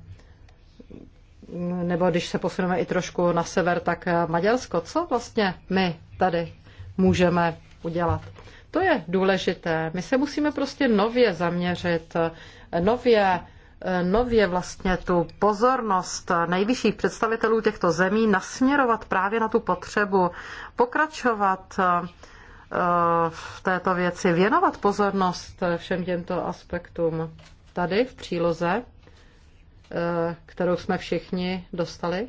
Speaker 3: nebo když se posuneme i trošku na sever, tak eh, Maďarsko, co vlastně my tady můžeme udělat? To je důležité. My se musíme prostě nově zaměřit, eh, nově, eh, nově vlastně tu pozornost nejvyšších představitelů těchto zemí nasměrovat právě na tu potřebu, pokračovat v této věci, věnovat pozornost všem těmto aspektům. Tady v příloze Eh, kterou jsme všichni dostali.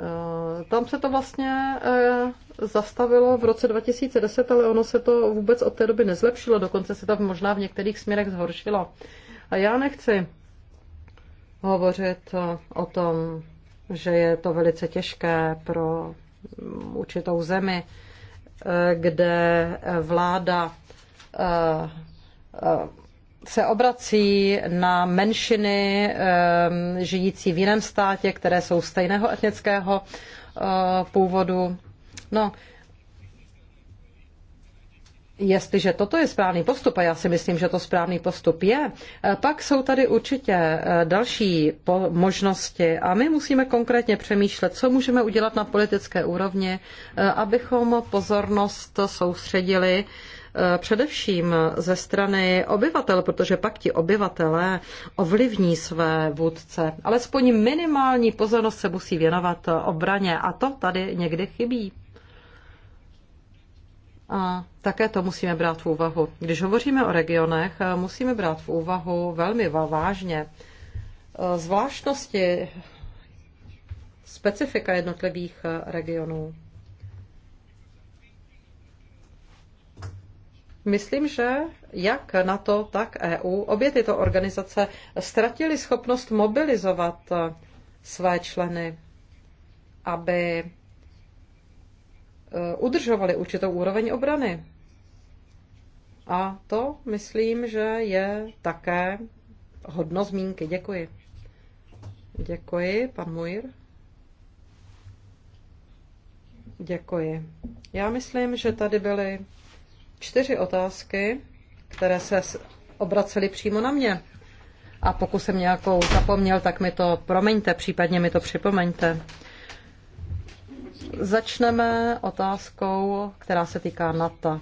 Speaker 3: Eh, tam se to vlastně eh, zastavilo v roce 2010, ale ono se to vůbec od té doby nezlepšilo, dokonce se to možná v některých směrech zhoršilo. A já nechci hovořit o tom, že je to velice těžké pro mm, určitou zemi, kde vláda se obrací na menšiny ehm, žijící v jiném státě, které jsou stejného etnického eh, původu. No, Jestliže toto je správný postup, a já si myslím, že to správný postup je, eh, pak jsou tady určitě eh, další možnosti a my musíme konkrétně přemýšlet, co můžeme udělat na politické úrovni, abychom pozornost soustředili Eh, především ze strany obyvatel, protože pak ti obyvatelé ovlivní své vůdce. Alespoň minimální pozornost se musí věnovat obraně a to tady někdy chybí. A také to musíme brát v úvahu. Když hovoříme o regionech, eh, musíme brát v úvahu velmi vážně eh, zvláštnosti specifika jednotlivých regionů. Myslím, že jak NATO, tak EU, obě tyto organizace ztratily schopnost mobilizovat eh, své členy, aby eh, udržovali určitou úroveň obrany. A to myslím, že je také hodno zmínky. Děkuji. Děkuji, pan Muir. Děkuji. Já myslím, že tady byly čtyři otázky, které se obracely přímo na mě. A pokud jsem nějakou zapomněl, tak mi to promiňte, případně mi to připomeňte. Začneme otázkou, která se týká NATO.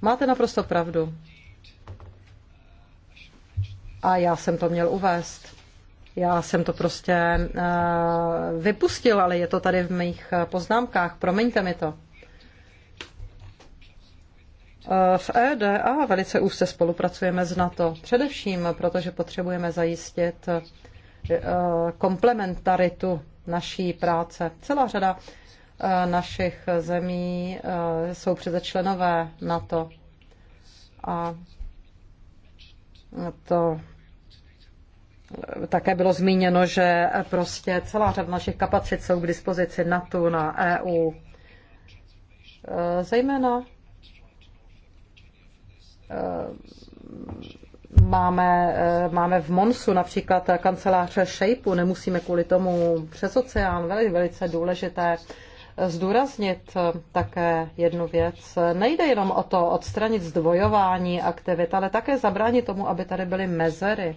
Speaker 3: Máte naprosto pravdu. A já jsem to měl uvést. Já jsem to prostě uh, vypustil, ale je to tady v mých eh, poznámkách. Promiňte mi to. Eh, v EDA velice úzce spolupracujeme s NATO, především protože potřebujeme zajistit eh, komplementaritu naší práce. Celá řada eh, našich zemí jsou přece členové NATO. A to také bylo zmíněno, že prostě celá řada našich kapacit jsou k dispozici NATO na EU. Zejména Eh, máme, eh, máme v Monsu například kancelář Shapeu, nemusíme kvůli tomu přes oceán, velice, velice důležité zdůraznit eh, také jednu věc. Nejde jenom o to odstranit zdvojování aktivit, ale také zabránit tomu, aby tady byly mezery.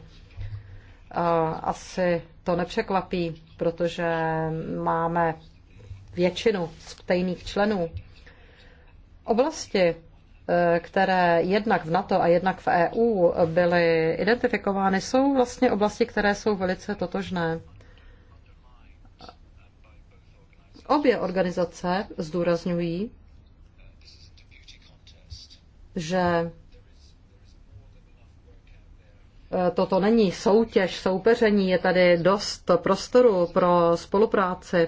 Speaker 3: Asi to nepřekvapí, protože máme většinu stejných členů. Oblasti, Eh, které jednak v NATO a jednak v EU byly identifikovány, jsou vlastně oblasti, které jsou velice totožné. Obě organizace zdůrazňují, že eh, toto není soutěž, soupeření, je tady dost prostoru pro spolupráci.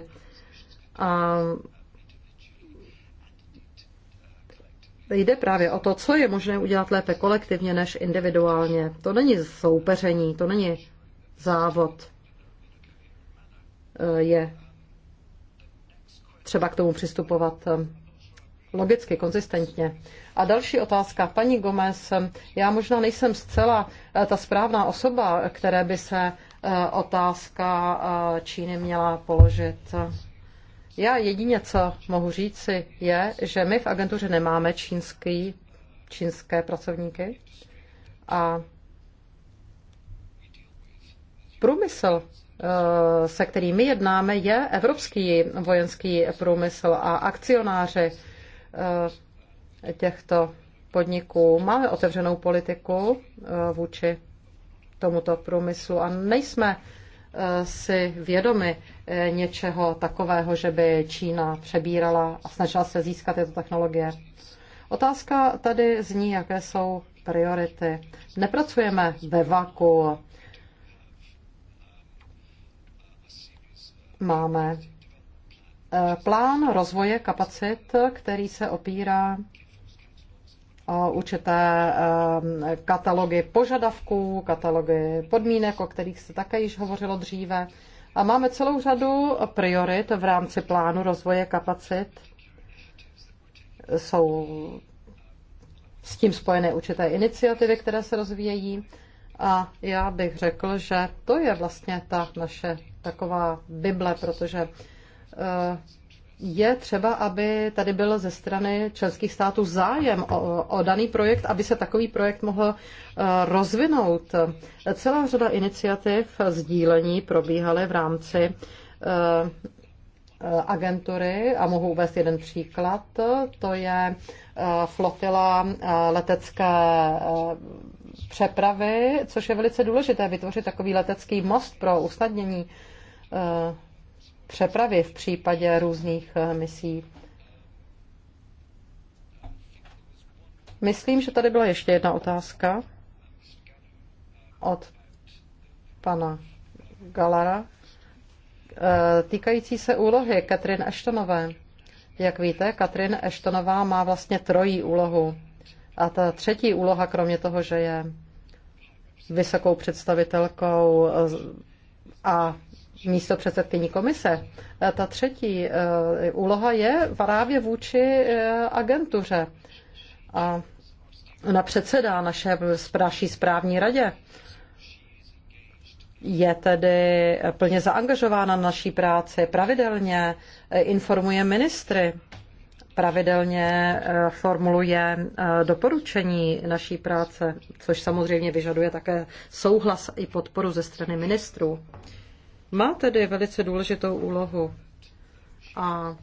Speaker 3: A jde právě o to, co je možné udělat lépe kolektivně než individuálně. To není soupeření, to není závod. Eh, je třeba k tomu přistupovat eh, logicky, konzistentně. A další otázka. Paní Gomez, eh, já možná nejsem zcela ta správná osoba, které by se otázka Číny měla položit. Já jedině, co mohu říci, je, že my v agentuře nemáme čínský, čínské pracovníky a průmysl, eh, se kterým my jednáme, je evropský vojenský průmysl a akcionáři eh, těchto podniků. Máme otevřenou politiku eh, vůči tomuto průmyslu a nejsme Eh, si vědomi eh, něčeho takového, že by Čína přebírala a snažila se získat tyto technologie. Otázka tady zní, jaké jsou priority. Nepracujeme ve vaku. Máme eh, plán rozvoje kapacit, který se opírá určité ehm, katalogy požadavků, katalogy podmínek, o kterých se také již hovořilo dříve. A máme celou řadu priorit v rámci plánu rozvoje kapacit. Jsou s tím spojené určité iniciativy, které se rozvíjejí. A já bych řekl, že to je vlastně ta naše taková Bible, protože eh, je třeba, aby tady byl ze strany členských států zájem o, o daný projekt, aby se takový projekt mohl eh, rozvinout. Celá řada iniciativ sdílení probíhaly v rámci eh, eh, agentury a mohu uvést jeden příklad. To je flotila letecké přepravy, což je velice důležité vytvořit takový letecký most pro usnadnění přepravy v případě různých eh, misí. Myslím, že tady byla ještě jedna otázka od pana Galara eh, týkající se úlohy Katrin Eštonové. Jak víte, Katrin Eštonová má vlastně trojí úlohu. A ta třetí úloha, kromě toho, že je vysokou představitelkou eh, a místo předsedkyní komise. E, ta třetí e, úloha je právě vůči e, agentuře. A ona předsedá naše naší správní radě. Je tedy plně zaangažována na naší práci, pravidelně informuje ministry, pravidelně formuluje doporučení naší práce, což samozřejmě vyžaduje také souhlas i podporu ze strany ministrů má tedy velice důležitou úlohu. A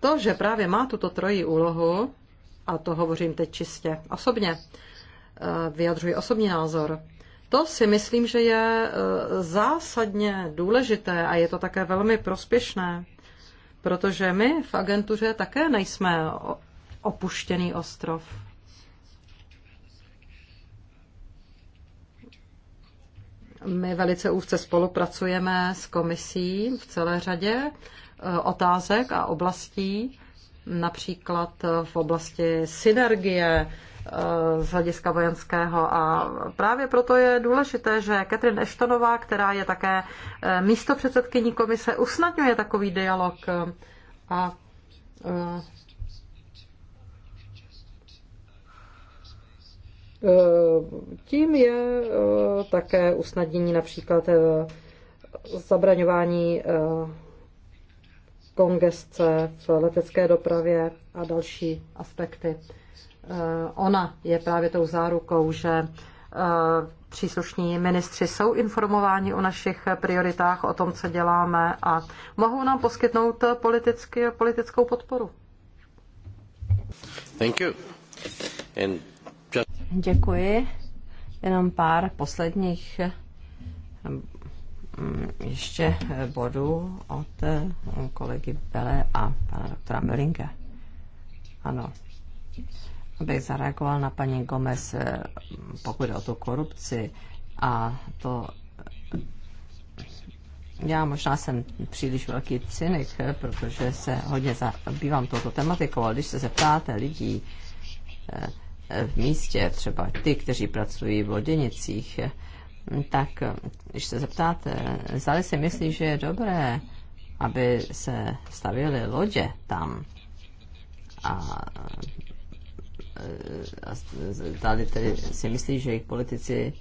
Speaker 3: to, že právě má tuto trojí úlohu, a to hovořím teď čistě osobně, eh, vyjadřuji osobní názor, to si myslím, že je eh, zásadně důležité a je to také velmi prospěšné, protože my v agentuře také nejsme opuštěný ostrov. My velice úzce spolupracujeme s komisí v celé řadě e, otázek a oblastí, například v oblasti synergie e, z hlediska vojenského a právě proto je důležité, že Katrin Eštonová, která je také e, místo komise, usnadňuje takový dialog a Eh, tím je eh, také usnadnění například eh, zabraňování kongesce v letecké dopravě a další aspekty. Ona je právě tou zárukou, že příslušní ministři jsou informováni o našich prioritách, o tom, co děláme a mohou nám poskytnout politickou podporu. Thank you. And
Speaker 1: Děkuji. Jenom pár posledních ehm, ještě eh, bodů od eh, kolegy Bele a pana doktora Melinka. Ano. Abych zareagoval na paní Gomez, eh, pokud jde o tu korupci a to já možná jsem příliš velký cynik, protože se hodně zabývám touto tematikou, ale když se zeptáte lidí, v místě, třeba ty, kteří pracují v loděnicích, tak když se zeptáte, zdali si myslí, že je dobré, aby se stavěly lodě tam a tady tedy si myslí, že jejich politici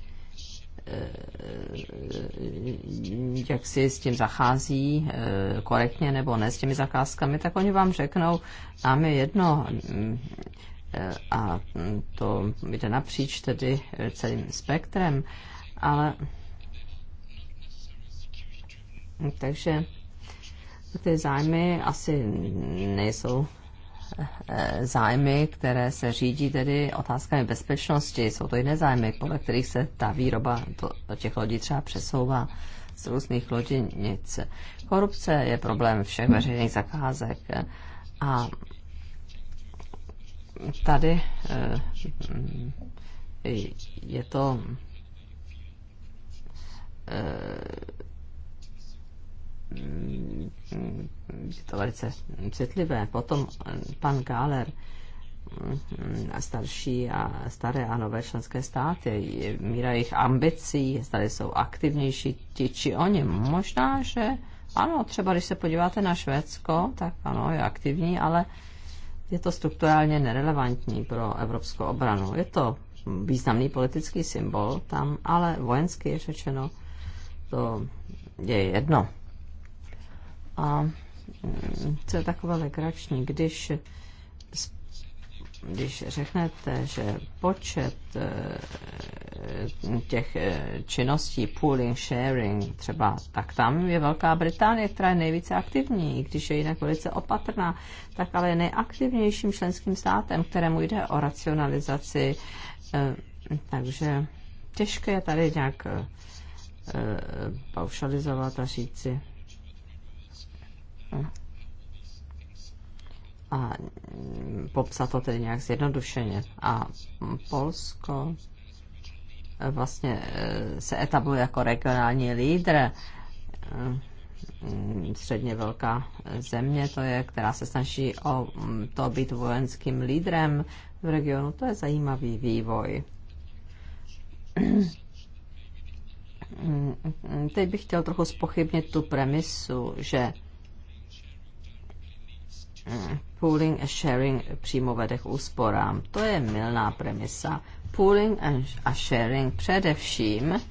Speaker 1: eh, jak si s tím zachází eh, korektně nebo ne s těmi zakázkami, tak oni vám řeknou, nám je jedno, a to jde napříč tedy celým spektrem, ale takže ty zájmy asi nejsou eh, zájmy, které se řídí tedy otázkami bezpečnosti. Jsou to jiné zájmy, podle kterých se ta výroba to, těch lodí třeba přesouvá z různých lodinic. Korupce je problém všech veřejných zakázek a tady eh, je to eh, je to velice citlivé. Potom pan Gáler eh, starší a staré a nové členské státy, míra jejich ambicí, tady jsou aktivnější ti či oni. Možná, že ano, třeba když se podíváte na Švédsko, tak ano, je aktivní, ale uh, je to strukturálně nerelevantní pro evropskou obranu. Je to významný politický symbol tam, ale vojenský je řečeno, to je jedno. A mm, co je takové legrační, když když řeknete, že počet eh, těch eh, činností pooling, sharing třeba, tak tam je Velká Británie, která je nejvíce aktivní, když je jinak velice opatrná, tak ale je nejaktivnějším členským státem, kterému jde o racionalizaci. Eh, takže těžké je tady nějak paušalizovat a říci, a popsat to tedy nějak zjednodušeně. A Polsko vlastně eh, se etabluje jako regionální lídr. Eh, středně velká země to je, která se snaží o mm, to být vojenským lídrem v regionu. To je zajímavý vývoj. Eh, teď bych chtěl trochu spochybnit tu premisu, že pooling a sharing přímo vede k úsporám. To je milná premisa. Pooling a sharing především,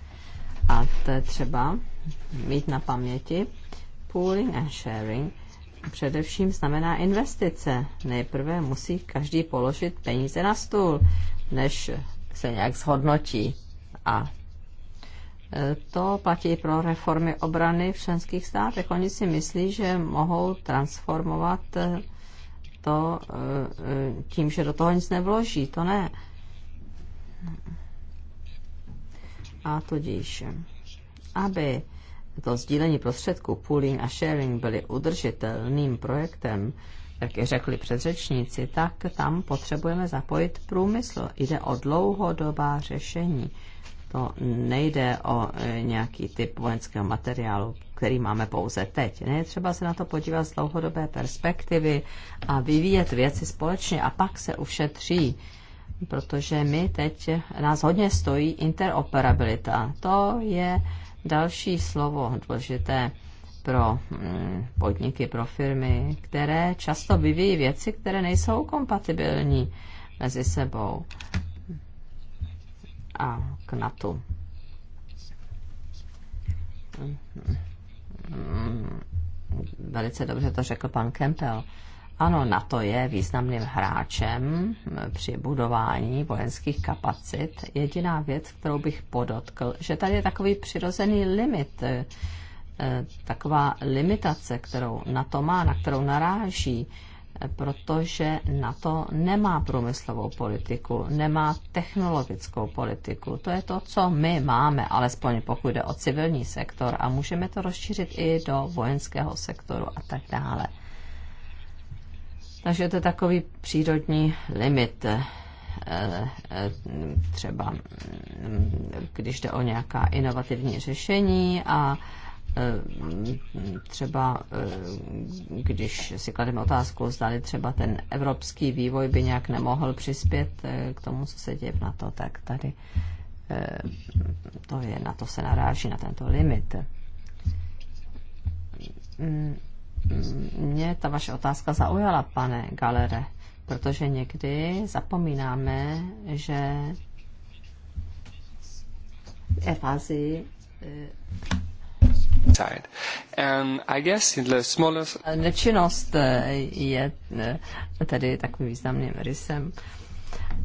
Speaker 1: a to je třeba mít na paměti, pooling a sharing především znamená investice. Nejprve musí každý položit peníze na stůl, než se nějak zhodnotí. A to platí pro reformy obrany v členských státech. Oni si myslí, že mohou transformovat eh, to eh, tím, že do toho nic nevloží. To ne. A tudíž, aby to sdílení prostředků, pooling a sharing byly udržitelným projektem, jak je řekli předřečníci, tak tam potřebujeme zapojit průmysl. Jde o dlouhodobá řešení. To nejde o e, nějaký typ vojenského materiálu, který máme pouze teď. Ne, třeba se na to podívat z dlouhodobé perspektivy a vyvíjet věci společně a pak se ušetří protože my teď e, nás hodně stojí interoperabilita. To je další slovo důležité pro mm, podniky, pro firmy, které často vyvíjí věci, které nejsou kompatibilní mezi sebou a k NATO. Velice dobře to řekl pan Kempel. Ano, NATO je významným hráčem při budování vojenských kapacit. Jediná věc, kterou bych podotkl, že tady je takový přirozený limit, eh, taková limitace, kterou NATO má, na kterou naráží protože na to nemá průmyslovou politiku, nemá technologickou politiku. To je to, co my máme, alespoň pokud jde o civilní sektor a můžeme to rozšířit i do vojenského sektoru a tak dále. Takže to je takový přírodní limit, eh, eh, třeba mm, když jde o nějaká inovativní řešení a Eh, třeba, eh, když si klademe otázku, zdali třeba ten evropský vývoj by nějak nemohl přispět eh, k tomu, co se děje na to, tak tady to je, na to se naráží, na tento limit. Mm, mě ta vaše otázka zaujala, pane Galere, protože někdy zapomínáme, že v Evazii Nečinnost je tedy takovým významným rysem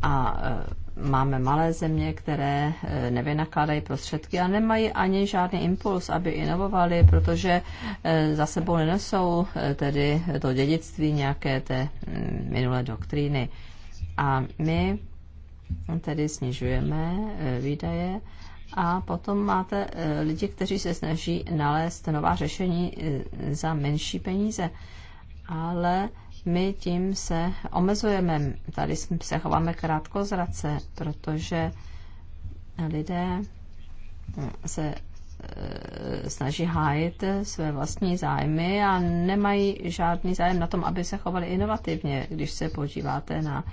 Speaker 1: a eh, máme malé země, které eh, nevynakládají prostředky a nemají ani žádný impuls, aby inovovali, protože eh, za sebou nenesou tedy to dědictví nějaké té mm, minulé doktríny. A my tedy snižujeme výdaje a potom máte e, lidi, kteří se snaží nalézt nová řešení e, za menší peníze. Ale my tím se omezujeme. Tady se chováme krátkozrace, protože lidé mm, se e, snaží hájit své vlastní zájmy a nemají žádný zájem na tom, aby se chovali inovativně. Když se podíváte na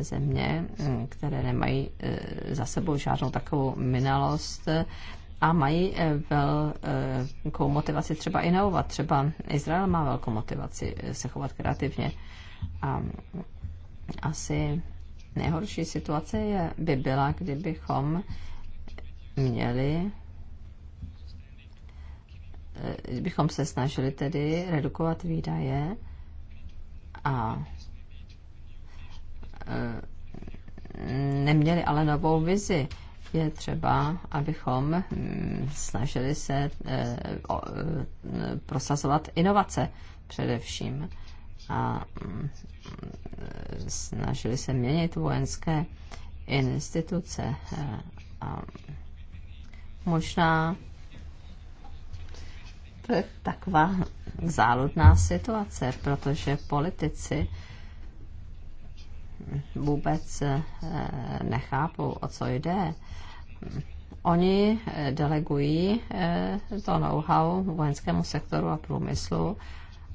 Speaker 1: země, mm, které nemají eh, za sebou žádnou takovou minalost eh, a mají eh, velkou motivaci třeba inovovat. Třeba Izrael má velkou motivaci se chovat kreativně. A asi nejhorší situace je, by byla, kdybychom měli kdybychom se snažili tedy redukovat výdaje a Eh, neměli ale novou vizi. Je třeba, abychom mm, snažili se eh, eh, prosazovat inovace především a mm, snažili se měnit vojenské instituce. A možná to je taková záludná situace, protože politici vůbec eh, nechápou, o co jde. Oni eh, delegují eh, to know-how vojenskému sektoru a průmyslu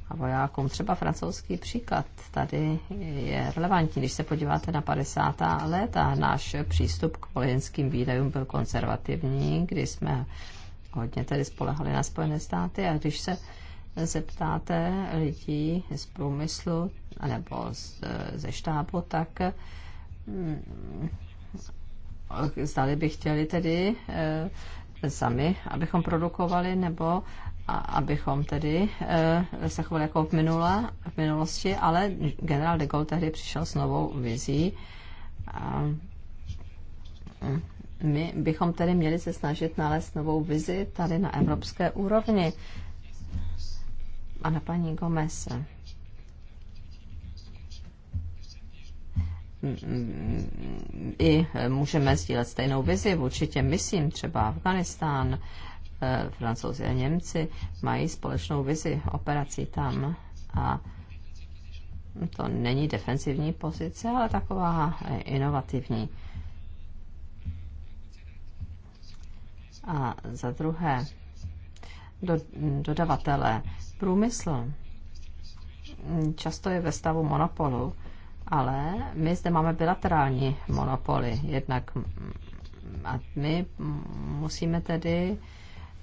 Speaker 1: a vojákům. Třeba francouzský příklad tady je relevantní. Když se podíváte na 50. léta, náš přístup k vojenským výdajům byl konzervativní, kdy jsme hodně tedy spolehali na Spojené státy a když se zeptáte lidí z průmyslu nebo z, ze štábu, tak mm, zdali by chtěli tedy eh, sami, abychom produkovali, nebo a, abychom tedy e, eh, se chovali jako v, minule, v minulosti, ale generál de Gaulle tehdy přišel s novou vizí. A mm, my bychom tedy měli se snažit nalézt novou vizi tady na evropské úrovni a na paní Gomez. I můžeme sdílet stejnou vizi vůči myslím třeba Afganistán, eh, Francouzi a Němci mají společnou vizi operací tam a to není defensivní pozice, ale taková inovativní. A za druhé, do, dodavatele. Průmysl často je ve stavu monopolu, ale my zde máme bilaterální monopoly. Jednak a my musíme tedy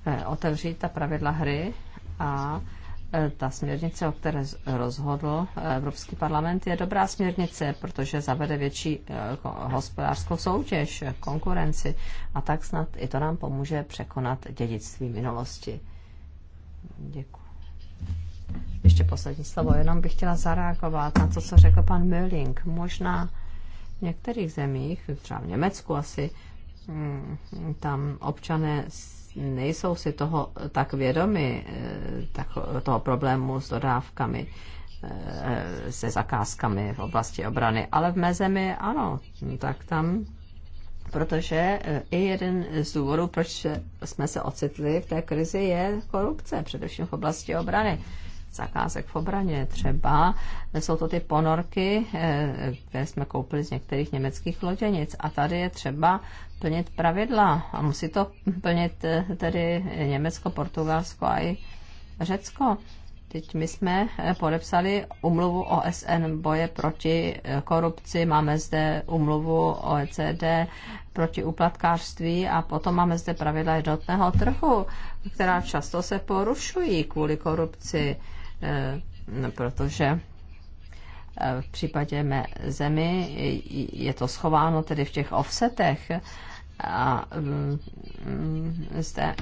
Speaker 1: eh, otevřít ta pravidla hry a eh, ta směrnice, o které rozhodl eh, Evropský parlament, je dobrá směrnice, protože zavede větší hospodářskou soutěž, konkurenci a tak snad i to nám pomůže překonat dědictví minulosti. Děkuji. Ještě poslední slovo, jenom bych chtěla zareagovat na to, co řekl pan Mölling. Možná v některých zemích, třeba v Německu asi, mm, tam občané nejsou si toho tak vědomi, eh, tak, toho problému s dodávkami, eh, se zakázkami v oblasti obrany. Ale v mé zemi ano, tak tam protože eh, i jeden z důvodů, proč jsme se ocitli v té krizi, je korupce, především v oblasti obrany zakázek v obraně. Třeba jsou to ty ponorky, eh, které jsme koupili z některých německých loděnic a tady je třeba plnit pravidla a musí to plnit eh, tedy Německo, Portugalsko a i Řecko. Teď my jsme eh, podepsali umluvu OSN boje proti korupci, máme zde umluvu OECD proti uplatkářství a potom máme zde pravidla jednotného trhu, která často se porušují kvůli korupci. Eh, protože eh, v případě mé zemi je to schováno tedy v těch offsetech a mm, mm, zde,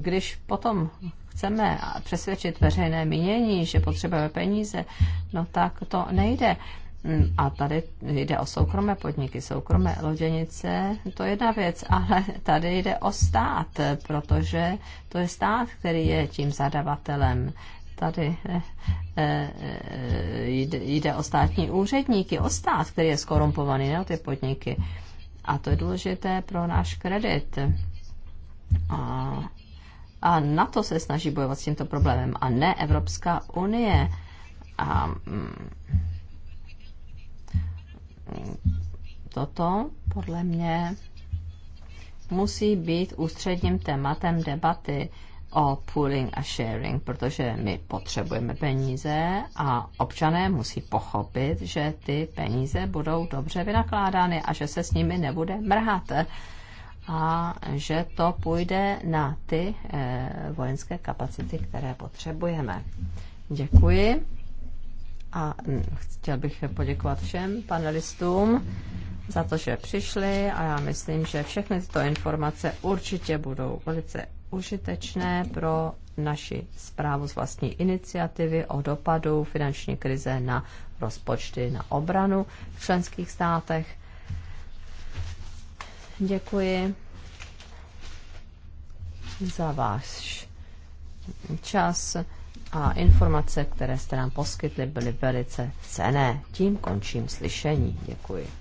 Speaker 1: když potom chceme přesvědčit veřejné mínění, že potřebujeme peníze, no tak to nejde. Mm, a tady jde o soukromé podniky, soukromé loděnice, to je jedna věc, ale tady jde o stát, protože to je stát, který je tím zadavatelem tady eh, eh, eh, jde o státní úředníky, o stát, který je skorumpovaný, ne o ty podniky. A to je důležité pro náš kredit. A, a na to se snaží bojovat s tímto problémem, a ne Evropská unie. A mm, toto podle mě musí být ústředním tématem debaty o pooling a sharing, protože my potřebujeme peníze a občané musí pochopit, že ty peníze budou dobře vynakládány a že se s nimi nebude mrhat a že to půjde na ty eh, vojenské kapacity, které potřebujeme. Děkuji a mm, chtěl bych poděkovat všem panelistům za to, že přišli a já myslím, že všechny tyto informace určitě budou velice užitečné pro naši zprávu z vlastní iniciativy o dopadu finanční krize na rozpočty na obranu v členských státech. Děkuji za váš čas a informace, které jste nám poskytli, byly velice cené. Tím končím slyšení. Děkuji.